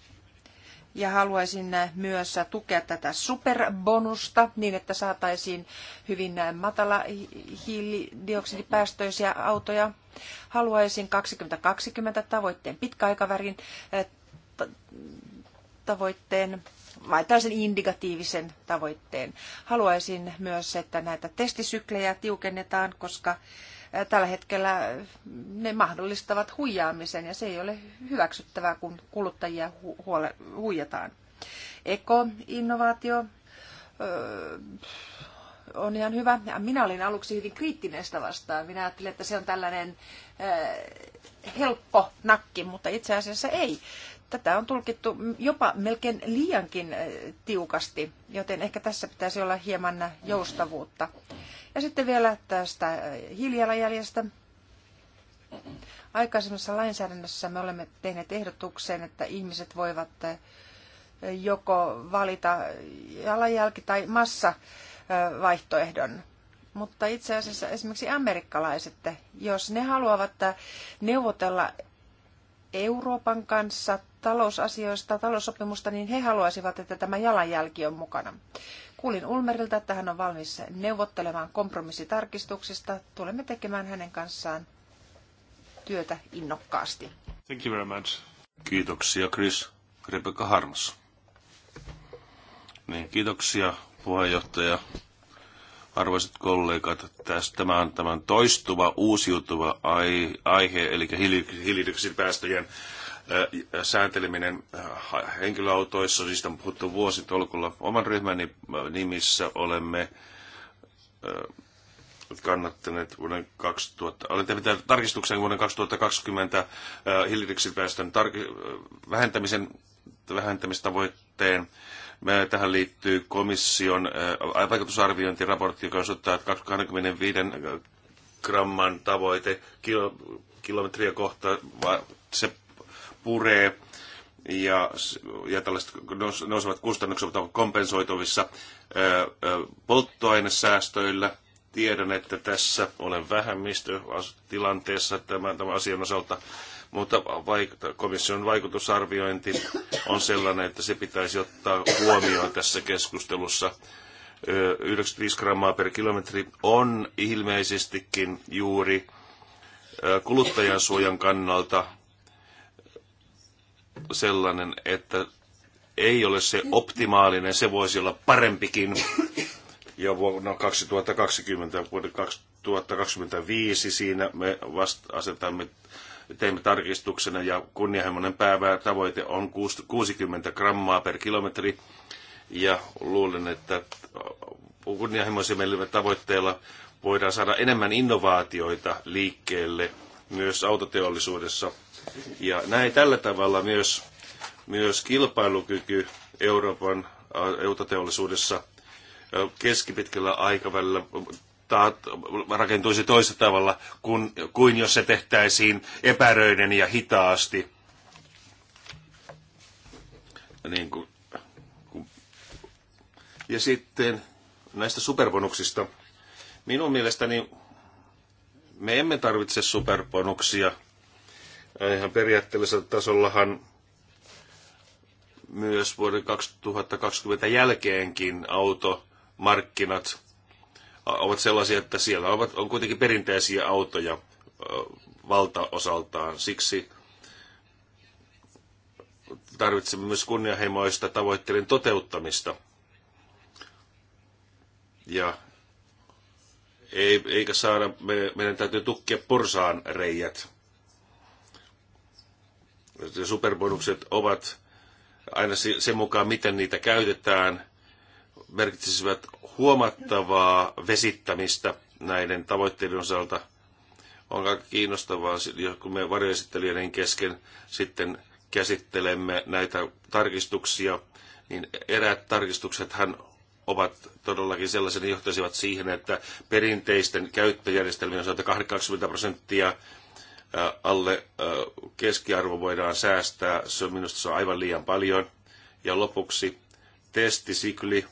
ja haluaisin myös tukea tätä superbonusta niin, että saataisiin hyvin matala hiilidioksidipäästöisiä autoja. Haluaisin 2020 tavoitteen pitkäaikavärin eh, tavoitteen vai tällaisen indikatiivisen tavoitteen. Haluaisin myös, että näitä testisyklejä tiukennetaan, koska tällä hetkellä ne mahdollistavat huijaamisen ja se ei ole hyväksyttävää, kun kuluttajia huole- huijataan. Eko-innovaatio on ihan hyvä. Minä olin aluksi hyvin kriittinen sitä vastaan. Minä ajattelin, että se on tällainen helppo nakki, mutta itse asiassa ei. Tätä on tulkittu jopa melkein liiankin tiukasti, joten ehkä tässä pitäisi olla hieman joustavuutta. Ja sitten vielä tästä hiilijalanjäljestä. Aikaisemmassa lainsäädännössä me olemme tehneet ehdotuksen, että ihmiset voivat eh, joko valita jalanjälki- tai massavaihtoehdon. Eh, Mutta itse asiassa esimerkiksi amerikkalaiset, jos ne haluavat eh, neuvotella Euroopan kanssa talousasioista, taloussopimusta, niin he haluaisivat, että tämä jalanjälki on mukana. Kuulin Ulmerilta, että hän on valmis neuvottelemaan kompromissitarkistuksista. Tulemme tekemään hänen kanssaan työtä innokkaasti. Thank you very much. Kiitoksia, Chris. Rebecca Harms. Niin, kiitoksia, puheenjohtaja. Arvoisat kollegat, tästä tämä on tämän toistuva, uusiutuva aihe, eli hiilidioksidipäästöjen säänteleminen henkilöautoissa, siitä on puhuttu vuositolkulla. Oman ryhmäni nimissä olemme kannattaneet vuoden 2000, olen tehnyt tarkistuksen vuoden 2020 hiilidioksidipäästön vähentämisen, vähentämistavoitteen. Tähän liittyy komission vaikutusarviointiraportti, joka osoittaa, että 25 gramman tavoite kilo, kilometriä kohta, se puree ja, ja tällaiset nousevat kustannukset ovat kompensoituvissa polttoainesäästöillä. Tiedän, että tässä olen vähemmistötilanteessa tämän, tämän asian osalta, mutta vaik- komission vaikutusarviointi on sellainen, että se pitäisi ottaa huomioon tässä keskustelussa. 95 grammaa per kilometri on ilmeisestikin juuri kuluttajansuojan kannalta sellainen, että ei ole se optimaalinen, se voisi olla parempikin. Ja vuonna 2020, vuoden 2025 siinä me vasta asetamme, teimme tarkistuksena ja kunnianhimoinen tavoite on 60 grammaa per kilometri. Ja luulen, että kunnianhimoisemmilla tavoitteilla voidaan saada enemmän innovaatioita liikkeelle myös autoteollisuudessa – ja näin tällä tavalla myös, myös kilpailukyky Euroopan autoteollisuudessa keskipitkällä aikavälillä taat, rakentuisi toisella tavalla kuin, kuin jos se tehtäisiin epäröiden ja hitaasti. Niin kuin, kun. Ja sitten näistä superbonuksista. Minun mielestäni me emme tarvitse superbonuksia – Äh, ihan periaatteellisella tasollahan myös vuoden 2020 jälkeenkin automarkkinat ovat sellaisia, että siellä ovat, on kuitenkin perinteisiä autoja valtaosaltaan. Siksi tarvitsemme myös kunnianhimoista tavoitteiden toteuttamista. Ja ei, eikä saada, meidän täytyy tukkia porsaan reijät superbonukset ovat aina sen mukaan, miten niitä käytetään, merkitsisivät huomattavaa vesittämistä näiden tavoitteiden osalta. On aika kiinnostavaa, kun me varjoesittelijöiden kesken sitten käsittelemme näitä tarkistuksia, niin eräät tarkistuksethan ovat todellakin sellaisia, johtaisivat siihen, että perinteisten käyttöjärjestelmien osalta 80 prosenttia alle keskiarvo voidaan säästää. Se on minusta se on aivan liian paljon. Ja lopuksi testisykli,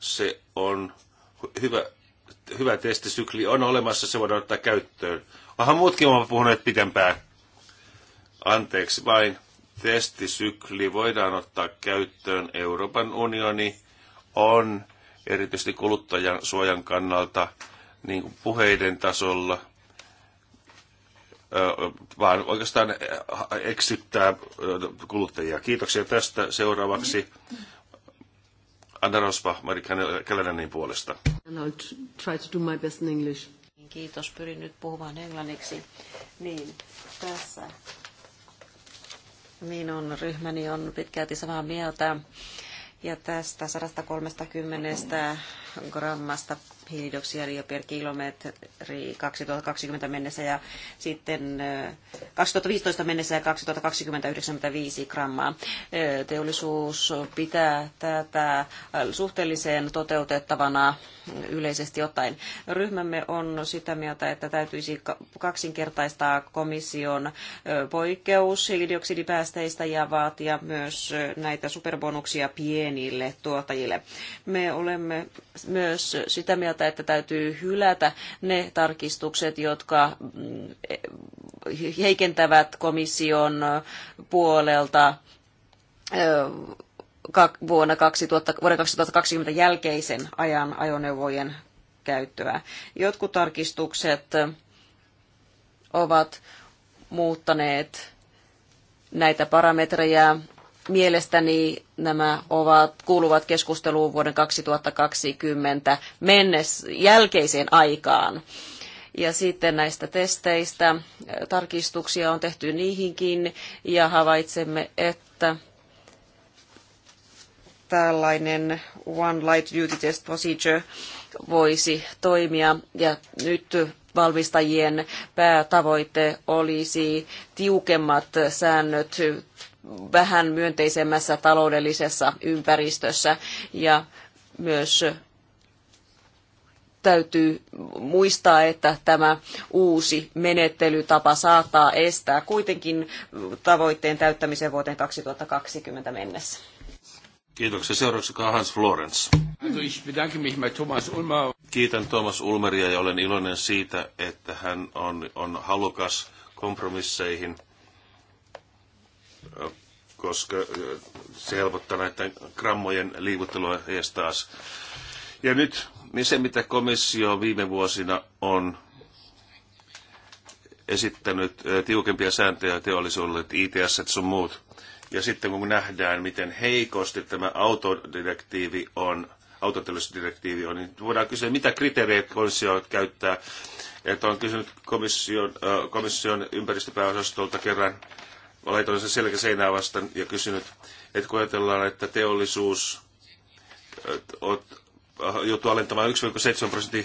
se on hyvä, hyvä testisykli on olemassa, se voidaan ottaa käyttöön. Aha, muutkin ovat puhuneet pitempään. Anteeksi vain, testisykli voidaan ottaa käyttöön. Euroopan unioni on erityisesti kuluttajan suojan kannalta niin kuin puheiden tasolla – vaan oikeastaan eksyttää kuluttajia. Kiitoksia tästä. Seuraavaksi Anna Rosva, Mari Kälänenin puolesta. I'll try to do my best in English. Kiitos, pyrin nyt puhumaan englanniksi. Niin, tässä minun ryhmäni on pitkälti samaa mieltä. Ja tästä 130 grammasta hiilidioksidia per kilometri 2020 mennessä ja sitten 2015 mennessä ja 2029 grammaa. Teollisuus pitää tätä suhteelliseen toteutettavana yleisesti ottaen. Ryhmämme on sitä mieltä, että täytyisi kaksinkertaistaa komission poikkeus hiilidioksidipäästeistä ja vaatia myös näitä superbonuksia pienille tuottajille. Me olemme myös sitä mieltä, mieltä, että täytyy hylätä ne tarkistukset, jotka mm, heikentävät komission puolelta vuonna 2000, vuoden 2020 jälkeisen ajan ajoneuvojen käyttöä. Jotkut tarkistukset ovat muuttaneet näitä parametreja mielestäni nämä ovat, kuuluvat keskusteluun vuoden 2020 mennessä jälkeiseen aikaan. Ja sitten näistä testeistä tarkistuksia on tehty niihinkin ja havaitsemme, että tällainen One Light Duty Test Procedure voisi toimia. Ja nyt valmistajien päätavoite olisi tiukemmat säännöt vähän myönteisemmässä taloudellisessa ympäristössä ja myös täytyy muistaa, että tämä uusi menettelytapa saattaa estää kuitenkin tavoitteen täyttämisen vuoteen 2020 mennessä. Kiitoksia. Seuraavaksi Hans Florence. Kiitän Thomas Ulmeria ja olen iloinen siitä, että hän on, on halukas kompromisseihin – koska se helpottaa näiden grammojen liivuttelua edes taas. Ja nyt niin se, mitä komissio viime vuosina on esittänyt tiukempia sääntöjä teollisuudelle, ITS sun muut. Ja sitten kun nähdään, miten heikosti tämä autodirektiivi on, autoteollisuusdirektiivi on, niin voidaan kysyä, mitä kriteereitä komissio käyttää. Että on kysynyt komission, komission ympäristöpääosastolta kerran laitoin sen selkä seinää vasten ja kysynyt, että kun ajatellaan, että teollisuus äh, joutuu alentamaan 1,7 prosenttia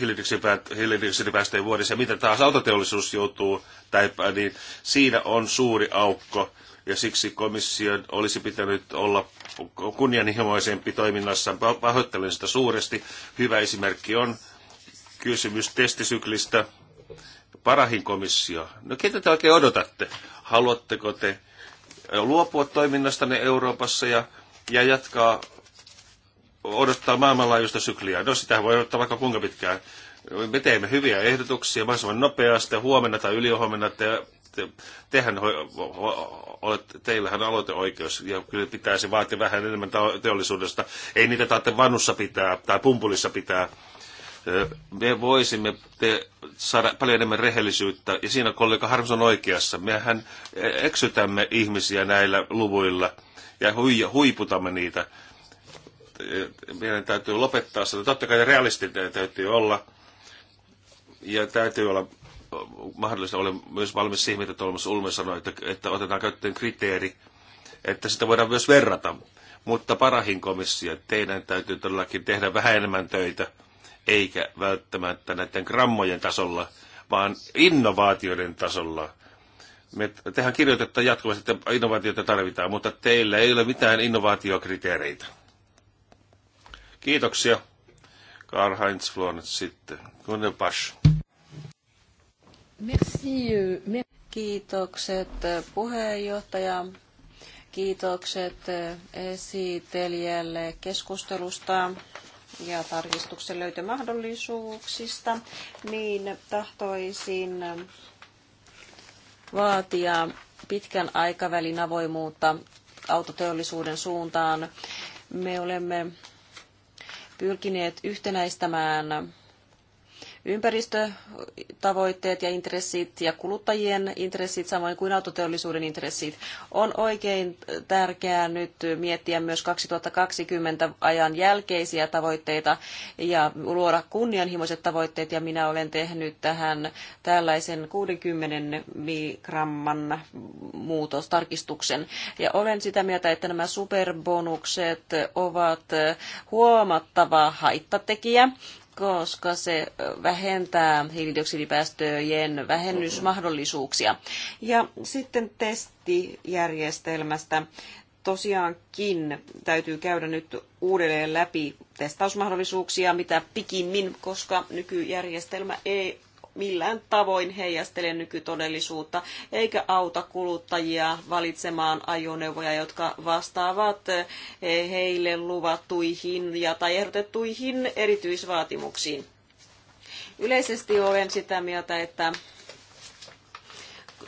hiilidioksidipäästöjä vuodessa, ja mitä taas autoteollisuus joutuu, tai, niin siinä on suuri aukko, ja siksi komission olisi pitänyt olla kunnianhimoisempi toiminnassa. Pahoittelen sitä suuresti. Hyvä esimerkki on kysymys testisyklistä. Parahin komissio. No ketä te oikein odotatte? Haluatteko te luopua toiminnastanne Euroopassa ja, ja jatkaa odottaa maailmanlaajuista sykliä? No sitä voi odottaa vaikka kuinka pitkään. Me teemme hyviä ehdotuksia mahdollisimman nopeasti huomenna tai ylihuomenna te, te, tehän ho, ho, olette, teillähän on aloiteoikeus ja kyllä pitäisi vaatia vähän enemmän teollisuudesta. Ei niitä taatte vannussa pitää tai pumpulissa pitää me voisimme te saada paljon enemmän rehellisyyttä, ja siinä kollega Harms on oikeassa. Mehän eksytämme ihmisiä näillä luvuilla ja huiputamme niitä. Meidän täytyy lopettaa sitä. Totta kai realistit täytyy olla, ja täytyy olla mahdollista, olla myös valmis siihen, mitä Tolmas Ulme sanoi, että, että otetaan käyttöön kriteeri, että sitä voidaan myös verrata. Mutta parahin komissio, teidän täytyy todellakin tehdä vähän enemmän töitä eikä välttämättä näiden grammojen tasolla, vaan innovaatioiden tasolla. Me tehän kirjoitetta jatkuvasti, että innovaatioita tarvitaan, mutta teillä ei ole mitään innovaatiokriteereitä. Kiitoksia. Karl-Heinz Florens sitten. Kunne Pasch. Merci. Euh, Kiitokset äh, puheenjohtaja. Kiitokset äh, esittelijälle keskustelusta ja tarkistuksen löytömahdollisuuksista, niin tahtoisin vaatia pitkän aikavälin avoimuutta autoteollisuuden suuntaan. Me olemme pyrkineet yhtenäistämään ympäristötavoitteet ja intressit ja kuluttajien intressit, samoin kuin autoteollisuuden intressit. On oikein tärkeää nyt miettiä myös 2020 ajan jälkeisiä tavoitteita ja luoda kunnianhimoiset tavoitteet, ja minä olen tehnyt tähän tällaisen 60 gramman muutostarkistuksen. Ja olen sitä mieltä, että nämä superbonukset ovat huomattava haittatekijä, koska se vähentää hiilidioksidipäästöjen vähennysmahdollisuuksia. Ja sitten testijärjestelmästä. Tosiaankin täytyy käydä nyt uudelleen läpi testausmahdollisuuksia mitä pikimmin, koska nykyjärjestelmä ei millään tavoin heijastele nykytodellisuutta, eikä auta kuluttajia valitsemaan ajoneuvoja, jotka vastaavat eh, heille luvattuihin ja tai ehdotettuihin erityisvaatimuksiin. Yleisesti olen sitä mieltä, että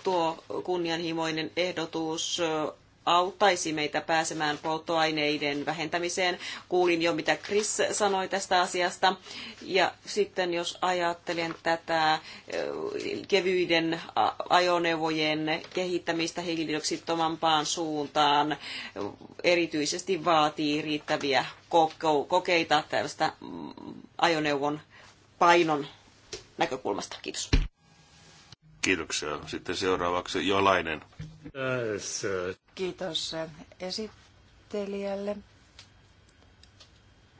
tuo kunnianhimoinen ehdotus auttaisi meitä pääsemään polttoaineiden vähentämiseen. Kuulin jo, mitä Chris sanoi tästä asiasta. Ja sitten jos ajattelen tätä kevyiden ajoneuvojen kehittämistä hiilidioksidittomampaan suuntaan, erityisesti vaatii riittäviä kokeita tällaista ajoneuvon painon näkökulmasta. Kiitos. Kiitoksia. Sitten seuraavaksi Jolainen. Kiitos esittelijälle.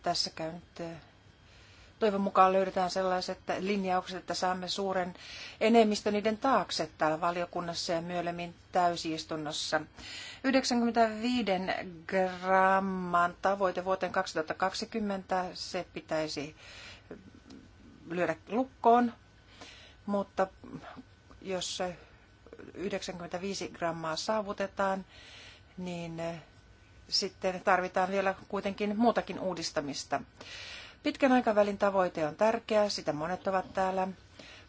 Tässä käy nyt eh, toivon mukaan löydetään sellaiset linjaukset, että saamme suuren enemmistön niiden taakse täällä valiokunnassa ja myöhemmin täysistunnossa. 95 gramman tavoite vuoteen 2020, se pitäisi lyödä lukkoon, mutta jos 95 grammaa saavutetaan, niin eh, sitten tarvitaan vielä kuitenkin muutakin uudistamista. Pitkän aikavälin tavoite on tärkeä, sitä monet ovat täällä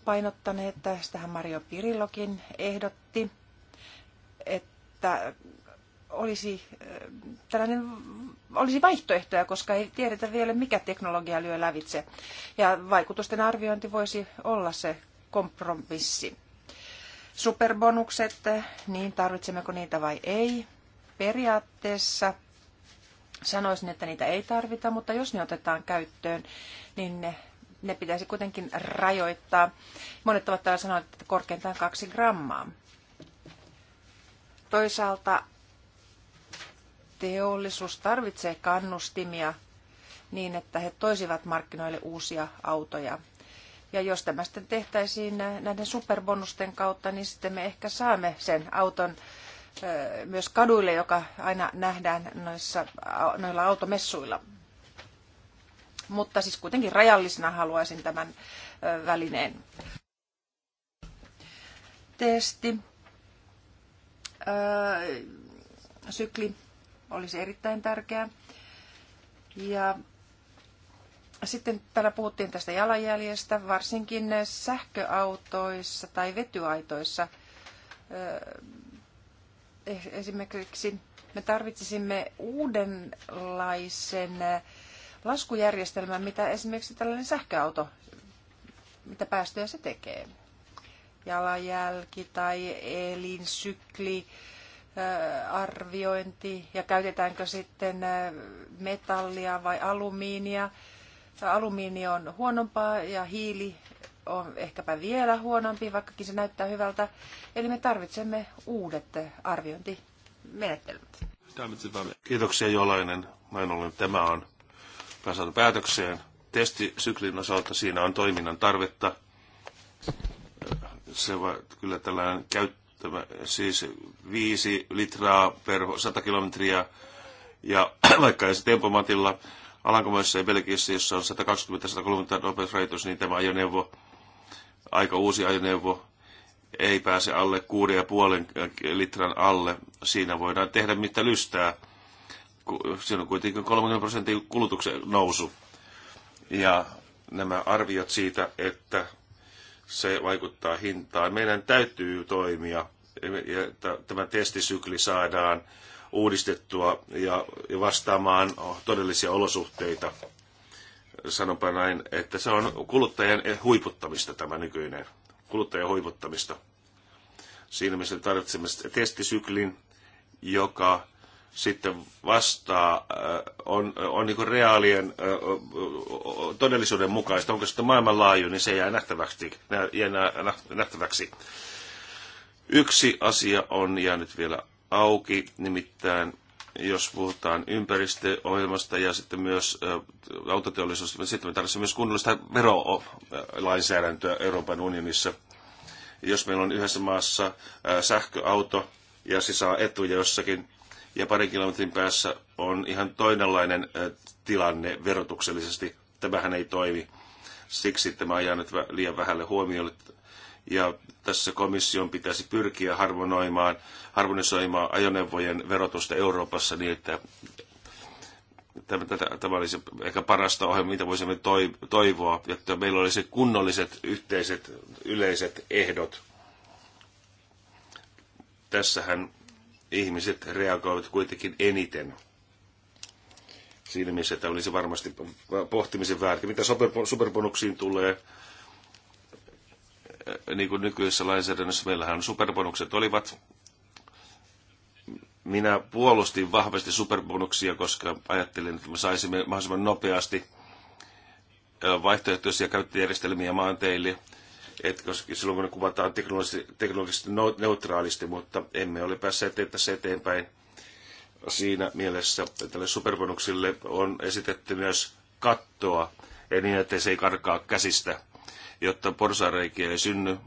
painottaneet, sitähän Mario Pirillokin ehdotti, että olisi, eh, tällainen, olisi vaihtoehtoja, koska ei tiedetä vielä, mikä teknologia lyö lävitse. Ja vaikutusten arviointi voisi olla se kompromissi. Superbonukset, niin tarvitsemmeko niitä vai ei? Periaatteessa sanoisin, että niitä ei tarvita, mutta jos ne otetaan käyttöön, niin ne, ne pitäisi kuitenkin rajoittaa. Monet ovat täällä sanoneet, että korkeintaan kaksi grammaa. Toisaalta teollisuus tarvitsee kannustimia niin, että he toisivat markkinoille uusia autoja. Ja jos tämä sitten tehtäisiin näiden superbonusten kautta, niin sitten me ehkä saamme sen auton myös kaduille, joka aina nähdään noissa, noilla automessuilla. Mutta siis kuitenkin rajallisena haluaisin tämän välineen. Testi. Sykli olisi erittäin tärkeä. Ja sitten täällä puhuttiin tästä jalanjäljestä, varsinkin sähköautoissa tai vetyaitoissa. Eh, esimerkiksi me tarvitsisimme uudenlaisen laskujärjestelmän, mitä esimerkiksi tällainen sähköauto, mitä päästöjä se tekee. Jalanjälki tai elinsykli, arviointi ja käytetäänkö sitten metallia vai alumiinia Alumiini on huonompaa ja hiili on ehkäpä vielä huonompi, vaikkakin se näyttää hyvältä. Eli me tarvitsemme uudet arviointimenetelmät. Kiitoksia Jolainen. Näin ollen tämä on päästänyt päätökseen. Testisyklin osalta siinä on toiminnan tarvetta. Se va, kyllä tällainen käyttämä, siis 5 litraa per 100 kilometriä ja vaikka ei se tempomatilla, Alankomaissa ja Belgiassa, jossa on 120-130 nopeusrajoitus, niin tämä ajoneuvo, aika uusi ajoneuvo, ei pääse alle 6,5 litran alle. Siinä voidaan tehdä mitä lystää. Siinä on kuitenkin 30 prosentin kulutuksen nousu. Ja nämä arviot siitä, että se vaikuttaa hintaan. Meidän täytyy toimia, että tämä testisykli saadaan uudistettua ja vastaamaan todellisia olosuhteita. Sanonpa näin, että se on kuluttajan huiputtamista tämä nykyinen. Kuluttajan huiputtamista. Siinä missä tarvitsemme testisyklin, joka sitten vastaa, äh, on, on niin reaalien äh, todellisuuden mukaista. Onko sitten maailmanlaajuinen, niin se jää nähtäväksi. Jää nähtäväksi. Yksi asia on jäänyt vielä auki, nimittäin jos puhutaan ympäristöohjelmasta ja sitten myös autoteollisuus, niin sitten me tarvitsemme myös kunnollista verolainsäädäntöä Euroopan unionissa. Jos meillä on yhdessä maassa sähköauto ja se saa etuja jossakin ja parin kilometrin päässä on ihan toinenlainen tilanne verotuksellisesti, tämähän ei toimi. Siksi tämä on jäänyt liian vähälle huomiolle ja tässä komission pitäisi pyrkiä harmonoimaan, harmonisoimaan ajoneuvojen verotusta Euroopassa niin, että tämä, tämä olisi ehkä parasta ohjelma, mitä voisimme toivoa, että meillä olisi kunnolliset yhteiset yleiset ehdot. Tässähän ihmiset reagoivat kuitenkin eniten siinä mielessä, että olisi varmasti pohtimisen väärin. Mitä superponuksiin tulee, niin kuin nykyisessä lainsäädännössä meillähän superbonukset olivat. Minä puolustin vahvasti superbonuksia, koska ajattelin, että me saisimme mahdollisimman nopeasti vaihtoehtoisia käyttöjärjestelmiä maanteille, että koska silloin ne kuvataan teknologisesti, teknologisesti neutraalisti, mutta emme ole päässeet tässä eteenpäin. Siinä mielessä tälle superbonuksille on esitetty myös kattoa, ja niin, että se ei karkaa käsistä jotta porsareikiä ei synny,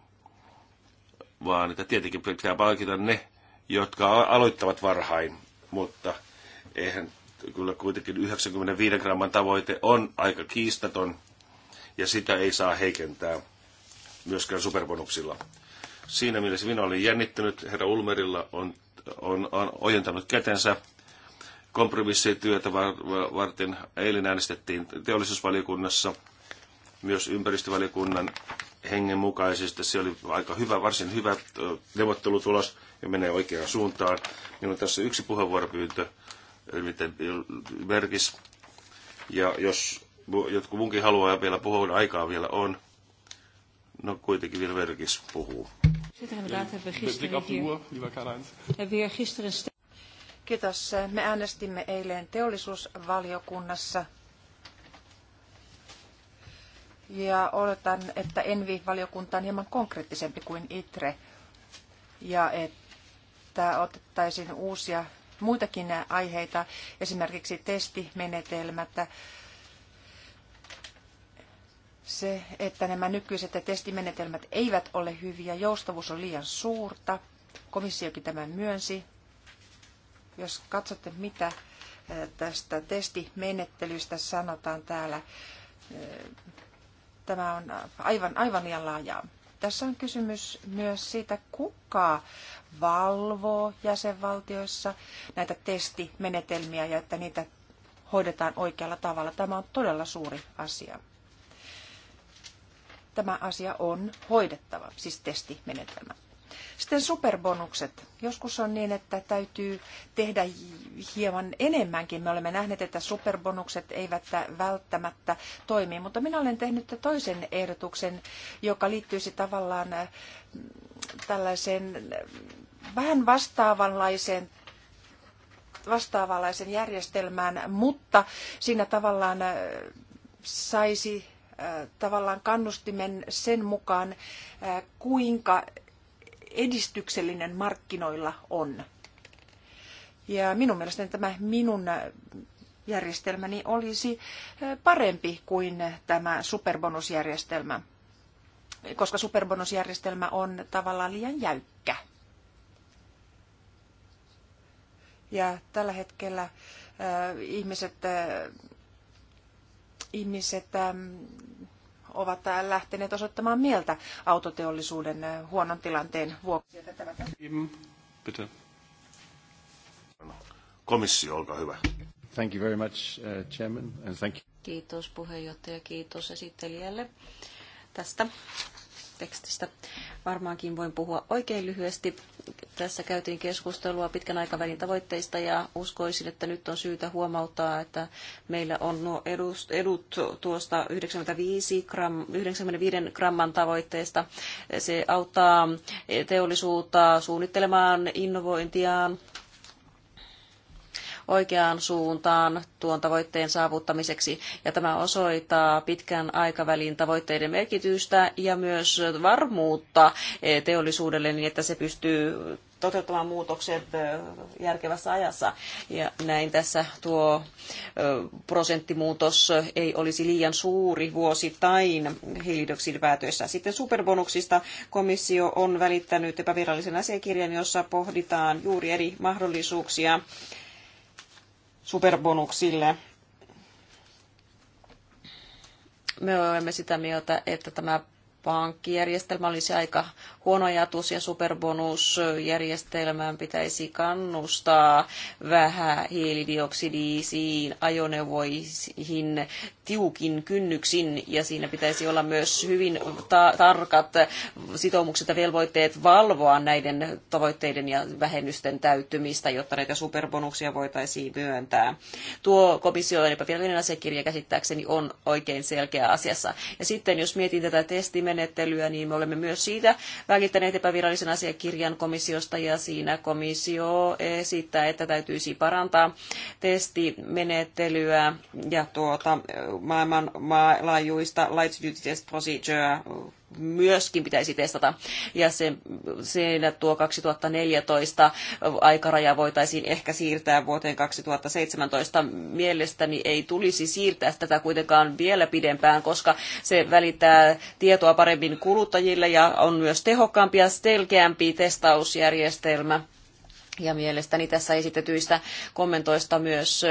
vaan että tietenkin pitää palkita ne, jotka aloittavat varhain, mutta eihän kyllä kuitenkin 95 gramman tavoite on aika kiistaton ja sitä ei saa heikentää myöskään superbonuksilla. Siinä mielessä minä olin jännittynyt, herra Ulmerilla on, on, on ojentanut kätensä kompromissityötä varten. Eilen äänestettiin teollisuusvaliokunnassa myös ympäristövaliokunnan hengen mukaisesti. Se oli aika hyvä, varsin hyvä neuvottelutulos ja menee oikeaan suuntaan. Minulla on tässä yksi puheenvuoropyyntö, miten Merkis. Ja jos jotkut munkin haluaa vielä puhua, aikaa vielä on. No kuitenkin vielä Merkis puhuu. Kiitos. Me äänestimme eilen teollisuusvaliokunnassa ja oletan, että Envi-valiokunta on hieman konkreettisempi kuin ITRE ja että otettaisiin uusia muitakin aiheita, esimerkiksi testimenetelmät, se, että nämä nykyiset testimenetelmät eivät ole hyviä, joustavuus on liian suurta, komissiokin tämän myönsi. Jos katsotte, mitä tästä testimenettelystä sanotaan täällä tämä on aivan, aivan liian laajaa. Tässä on kysymys myös siitä, kuka valvoo jäsenvaltioissa näitä testimenetelmiä ja että niitä hoidetaan oikealla tavalla. Tämä on todella suuri asia. Tämä asia on hoidettava, siis testimenetelmä. Sitten superbonukset. Joskus on niin, että täytyy tehdä hieman enemmänkin. Me olemme nähneet, että superbonukset eivät välttämättä toimi, mutta minä olen tehnyt toisen ehdotuksen, joka liittyisi tavallaan äh, tällaiseen äh, vähän vastaavanlaiseen vastaavanlaisen järjestelmään, mutta siinä tavallaan äh, saisi tavallaan kannustimen sen mukaan, kuinka edistyksellinen markkinoilla on. Ja minun mielestäni tämä minun järjestelmäni olisi parempi kuin tämä superbonusjärjestelmä, koska superbonusjärjestelmä on tavallaan liian jäykkä. Ja tällä hetkellä äh, ihmiset, äh, ihmiset äh, ovat lähteneet osoittamaan mieltä autoteollisuuden eh, huonon tilanteen vuoksi. Bitte. Komissio, olkaa hyvä. Thank you very much, uh, Chairman, and thank you. Kiitos puheenjohtaja, kiitos esittelijälle tästä tekstistä. Varmaankin voin puhua oikein lyhyesti. Tässä käytiin keskustelua pitkän aikavälin tavoitteista ja uskoisin, että nyt on syytä huomauttaa, että meillä on nuo edust, edut tuosta 95 gram, 95 gramman tavoitteesta. Se auttaa teollisuutta suunnittelemaan innovointiaan oikeaan suuntaan tuon tavoitteen saavuttamiseksi. Ja tämä osoittaa pitkän aikavälin tavoitteiden merkitystä ja myös varmuutta eh, teollisuudelle niin, että se pystyy toteuttamaan muutokset eh, järkevässä ajassa. Ja näin tässä tuo eh, prosenttimuutos ei olisi liian suuri vuosittain hiilidioksidipäätöissä. Sitten superbonuksista komissio on välittänyt epävirallisen asiakirjan, jossa pohditaan juuri eri mahdollisuuksia superbonuksille. Me olemme sitä mieltä, että tämä pankkijärjestelmä olisi aika huono ajatus ja superbonusjärjestelmään pitäisi kannustaa vähän hiilidioksidisiin ajoneuvoihin tiukin kynnyksin ja siinä pitäisi olla myös hyvin ta- tarkat sitoumukset ja velvoitteet valvoa näiden tavoitteiden ja vähennysten täyttymistä, jotta näitä superbonuksia voitaisiin myöntää. Tuo komission epävirallinen asiakirja käsittääkseni on oikein selkeä asiassa. Ja sitten jos mietin tätä testimenettelyä, niin me olemme myös siitä välittäneet epävirallisen asiakirjan komissiosta ja siinä komissio esittää, että täytyisi parantaa testimenettelyä ja tuota, maailmanlaajuista Light Duty Test Procedure myöskin pitäisi testata. Ja se, siinä tuo 2014 aikaraja voitaisiin ehkä siirtää vuoteen 2017. Mielestäni ei tulisi siirtää tätä kuitenkaan vielä pidempään, koska se välittää tietoa paremmin kuluttajille ja on myös tehokkaampi ja selkeämpi testausjärjestelmä ja mielestäni tässä esitetyistä kommentoista myös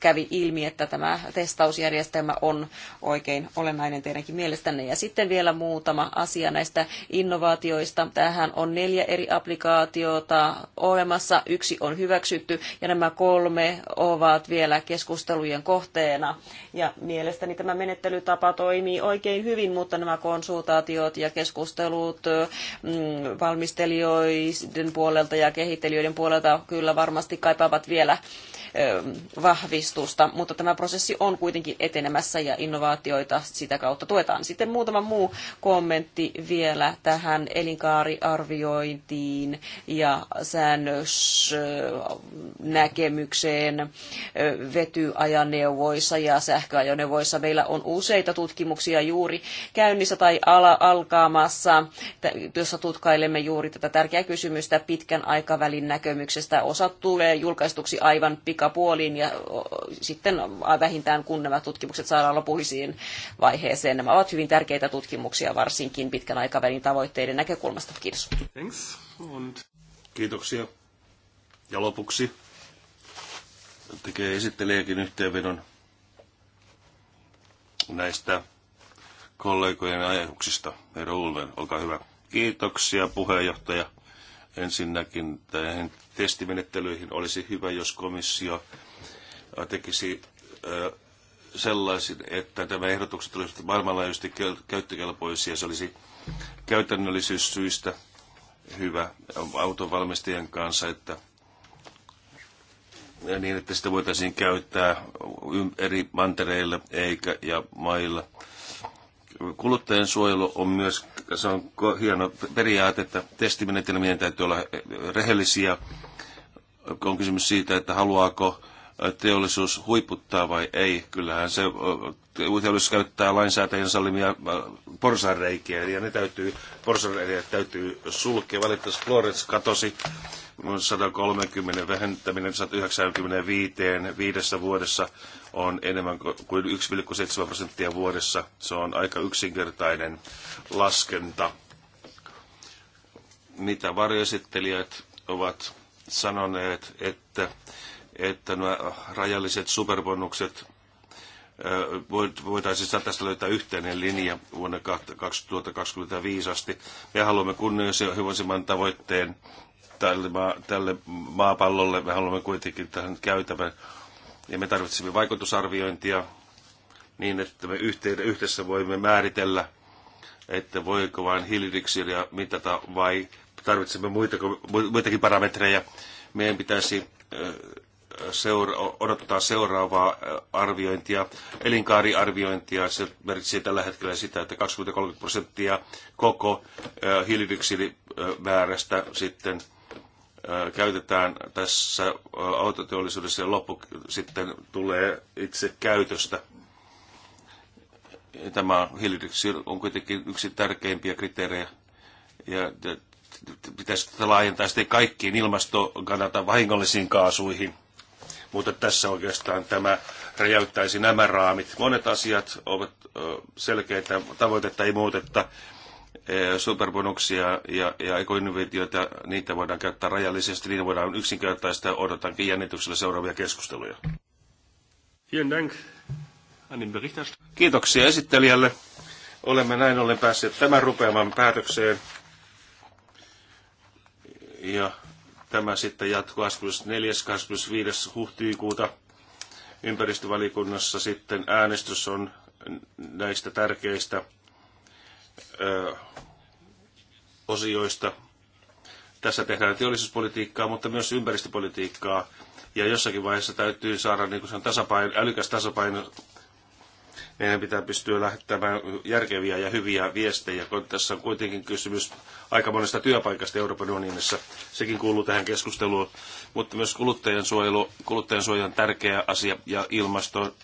kävi ilmi, että tämä testausjärjestelmä on oikein olennainen teidänkin mielestänne. Ja sitten vielä muutama asia näistä innovaatioista. Tähän on neljä eri applikaatiota olemassa. Yksi on hyväksytty ja nämä kolme ovat vielä keskustelujen kohteena. Ja mielestäni tämä menettelytapa toimii oikein hyvin, mutta nämä konsultaatiot ja keskustelut mm, valmistelijoiden puolelta ja kehittelijöiden puolelta puolelta kyllä varmasti kaipaavat vielä vahvistusta, mutta tämä prosessi on kuitenkin etenemässä ja innovaatioita sitä kautta tuetaan. Sitten muutama muu kommentti vielä tähän elinkaariarviointiin ja säännösnäkemykseen vetyajoneuvoissa ja sähköajoneuvoissa. Meillä on useita tutkimuksia juuri käynnissä tai ala alkaamassa, jossa tutkailemme juuri tätä tärkeää kysymystä pitkän aikavälin näkemyksestä. Osa tulee julkaistuksi aivan pikaisesti puolin ja sitten vähintään kun nämä tutkimukset saadaan lopullisiin vaiheeseen. Nämä ovat hyvin tärkeitä tutkimuksia varsinkin pitkän aikavälin tavoitteiden näkökulmasta. Kiitos. Thanks. Und... Kiitoksia. Ja lopuksi tekee esittelijäkin yhteenvedon näistä kollegojen ajatuksista. Herra Ulven, olkaa hyvä. Kiitoksia puheenjohtaja. Ensinnäkin tähän testimenettelyihin olisi hyvä, jos komissio tekisi sellaisin, että tämä ehdotukset olisivat maailmanlaajuisesti käyttökelpoisia. Se olisi käytännöllisyyssyistä hyvä autonvalmistajien kanssa, että niin, että sitä voitaisiin käyttää eri mantereilla eikä ja mailla Kuluttajan suojelu on myös se on hieno periaate, että testimenetelmien täytyy olla rehellisiä. On kysymys siitä, että haluaako teollisuus huiputtaa vai ei. Kyllähän se teollisuus käyttää lainsäätäjän sallimia porsareikiä, ja ne täytyy, porsareikiä täytyy sulkea. Valitettavasti Florence katosi 130 mm, vähentäminen 195 viidessä vuodessa on enemmän kuin 1,7 prosenttia vuodessa. Se on aika yksinkertainen laskenta. Mitä varjoesittelijät ovat sanoneet, että, että nämä rajalliset superbonukset voitaisiin tästä löytää yhteinen linja vuonna 2025 asti. Me haluamme kunnianhimoisemman tavoitteen tälle maapallolle. Me haluamme kuitenkin tähän käytävän ja me tarvitsemme vaikutusarviointia niin, että me yhdessä voimme määritellä, että voiko vain hiilidioksidia mitata vai tarvitsemme muita, muitakin parametreja. Meidän pitäisi seura- odottaa seuraavaa arviointia, elinkaariarviointia. Se merkitsee tällä hetkellä sitä, että 20-30 prosenttia koko hiilidioksidimäärästä sitten käytetään tässä autoteollisuudessa ja loppu sitten tulee itse käytöstä. Tämä hiilidioksidi on kuitenkin yksi tärkeimpiä kriteerejä ja pitäisi tätä laajentaa sitten kaikkiin ilmaston kannalta vahingollisiin kaasuihin. Mutta tässä oikeastaan tämä räjäyttäisi nämä raamit. Monet asiat ovat selkeitä, tavoitetta ei muuteta. Eh, superbonuksia ja, ja ekoinnovaatioita, niitä voidaan käyttää rajallisesti, niin voidaan yksinkertaista ja odotankin jännityksellä seuraavia keskusteluja. Kiitoksia esittelijälle. Olemme näin ollen päässeet tämän rupeamaan päätökseen. Ja tämä sitten jatkuu 24. 25. huhtikuuta ympäristövalikunnassa sitten äänestys on näistä tärkeistä osioista. Tässä tehdään teollisuuspolitiikkaa, mutta myös ympäristöpolitiikkaa. Ja jossakin vaiheessa täytyy saada niin se on tasapaino, älykäs tasapaino. Meidän pitää pystyä lähettämään järkeviä ja hyviä viestejä, kun tässä on kuitenkin kysymys aika monesta työpaikasta Euroopan unionissa. Sekin kuuluu tähän keskusteluun, mutta myös kuluttajansuojelu, kuluttajansuojelu on tärkeä asia ja ilmasto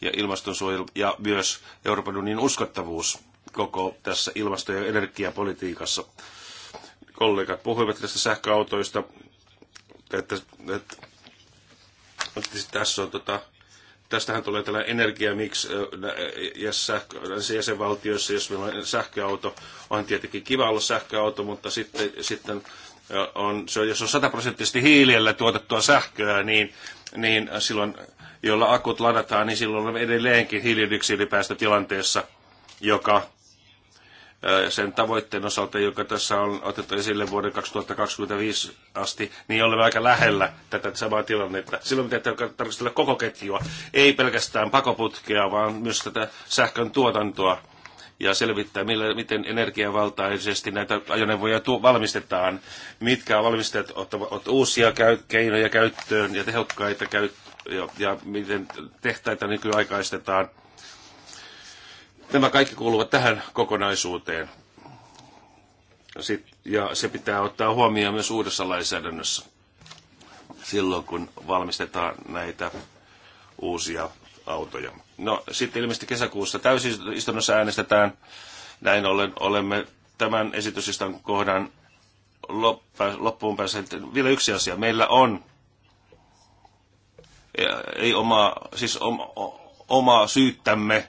ja ilmastonsuojelu ja myös Euroopan unionin uskottavuus koko tässä ilmasto- ja energiapolitiikassa. Kollegat puhuivat tästä sähköautoista, että, että, että siis tässä on tota, tästähän tulee tällä miksi ja sähkö, jäsenvaltioissa, jos meillä on sähköauto, on tietenkin kiva olla sähköauto, mutta sitten, sitten on, se on, jos on sataprosenttisesti hiilellä tuotettua sähköä, niin, niin silloin, jolla akut ladataan, niin silloin on edelleenkin hiilidioksidipäästötilanteessa, joka sen tavoitteen osalta, joka tässä on otettu esille vuoden 2025 asti, niin olemme aika lähellä tätä samaa tilannetta. Silloin me tarkastella koko ketjua, ei pelkästään pakoputkea, vaan myös tätä sähkön tuotantoa ja selvittää, millä, miten energiavaltaisesti näitä ajoneuvoja tu- valmistetaan, mitkä valmistajat ottavat uusia käy- keinoja käyttöön ja tehokkaita käyttöön ja, ja miten tehtaita nykyaikaistetaan. Nämä kaikki kuuluvat tähän kokonaisuuteen. Sit, ja se pitää ottaa huomioon myös uudessa lainsäädännössä silloin, kun valmistetaan näitä uusia autoja. No sitten ilmeisesti kesäkuussa täysistunnossa äänestetään. Näin ollen olemme tämän esitysistan kohdan loppuun päässeet. Vielä yksi asia. Meillä on ei omaa, siis oma, omaa syyttämme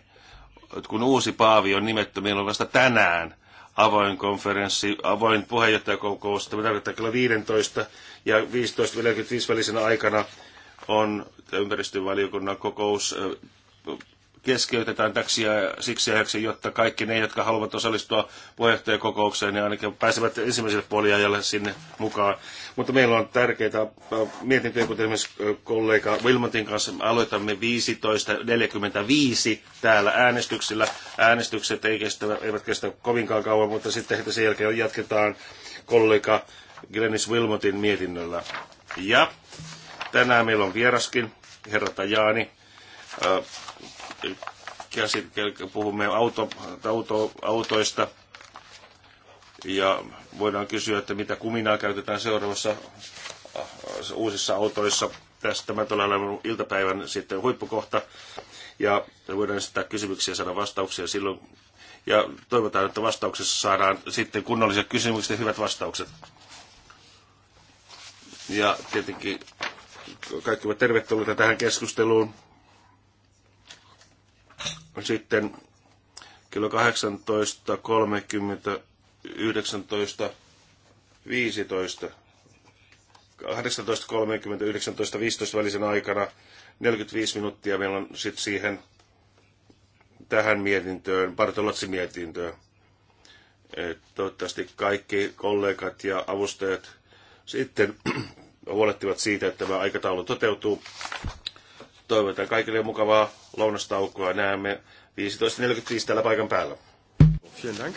kun uusi paavi on nimetty, meillä on vasta tänään avoin konferenssi, avoin puheenjohtajakokous, tämä tarkoittaa kello 15 ja 15.45 välisenä aikana on ympäristövaliokunnan kokous keskeytetään täksi ja siksi ajaksi, jotta kaikki ne, jotka haluavat osallistua puheenjohtajakokoukseen, niin ainakin pääsevät ensimmäiselle puoliajalle sinne mukaan. Mutta meillä on tärkeitä äh, mietintöjä, kuten esimerkiksi äh, kollega Wilmotin kanssa aloitamme 15.45 täällä äänestyksillä. Äänestykset ei kestä, eivät kestä kovinkaan kauan, mutta sitten heti sen jälkeen jatketaan kollega Glenis Wilmotin mietinnöllä. Ja tänään meillä on vieraskin, herra Tajani äh, puhumme auto, auto, autoista ja voidaan kysyä, että mitä kuminaa käytetään seuraavassa äh, uusissa autoissa. Tästä tämä tulee olemaan iltapäivän sitten huippukohta ja voidaan esittää kysymyksiä ja saada vastauksia silloin. Ja toivotaan, että vastauksessa saadaan sitten kunnolliset kysymykset ja hyvät vastaukset. Ja tietenkin kaikki ovat tervetulleita tähän keskusteluun. Sitten kello 18.30, 19.15, välisen aikana 45 minuuttia meillä on sitten siihen tähän mietintöön, Bartolotsin mietintöön. Et toivottavasti kaikki kollegat ja avustajat sitten huolehtivat siitä, että tämä aikataulu toteutuu. Toivotan kaikille mukavaa lounastaukoa. Näemme 15.45 täällä paikan päällä. Vielen Dank.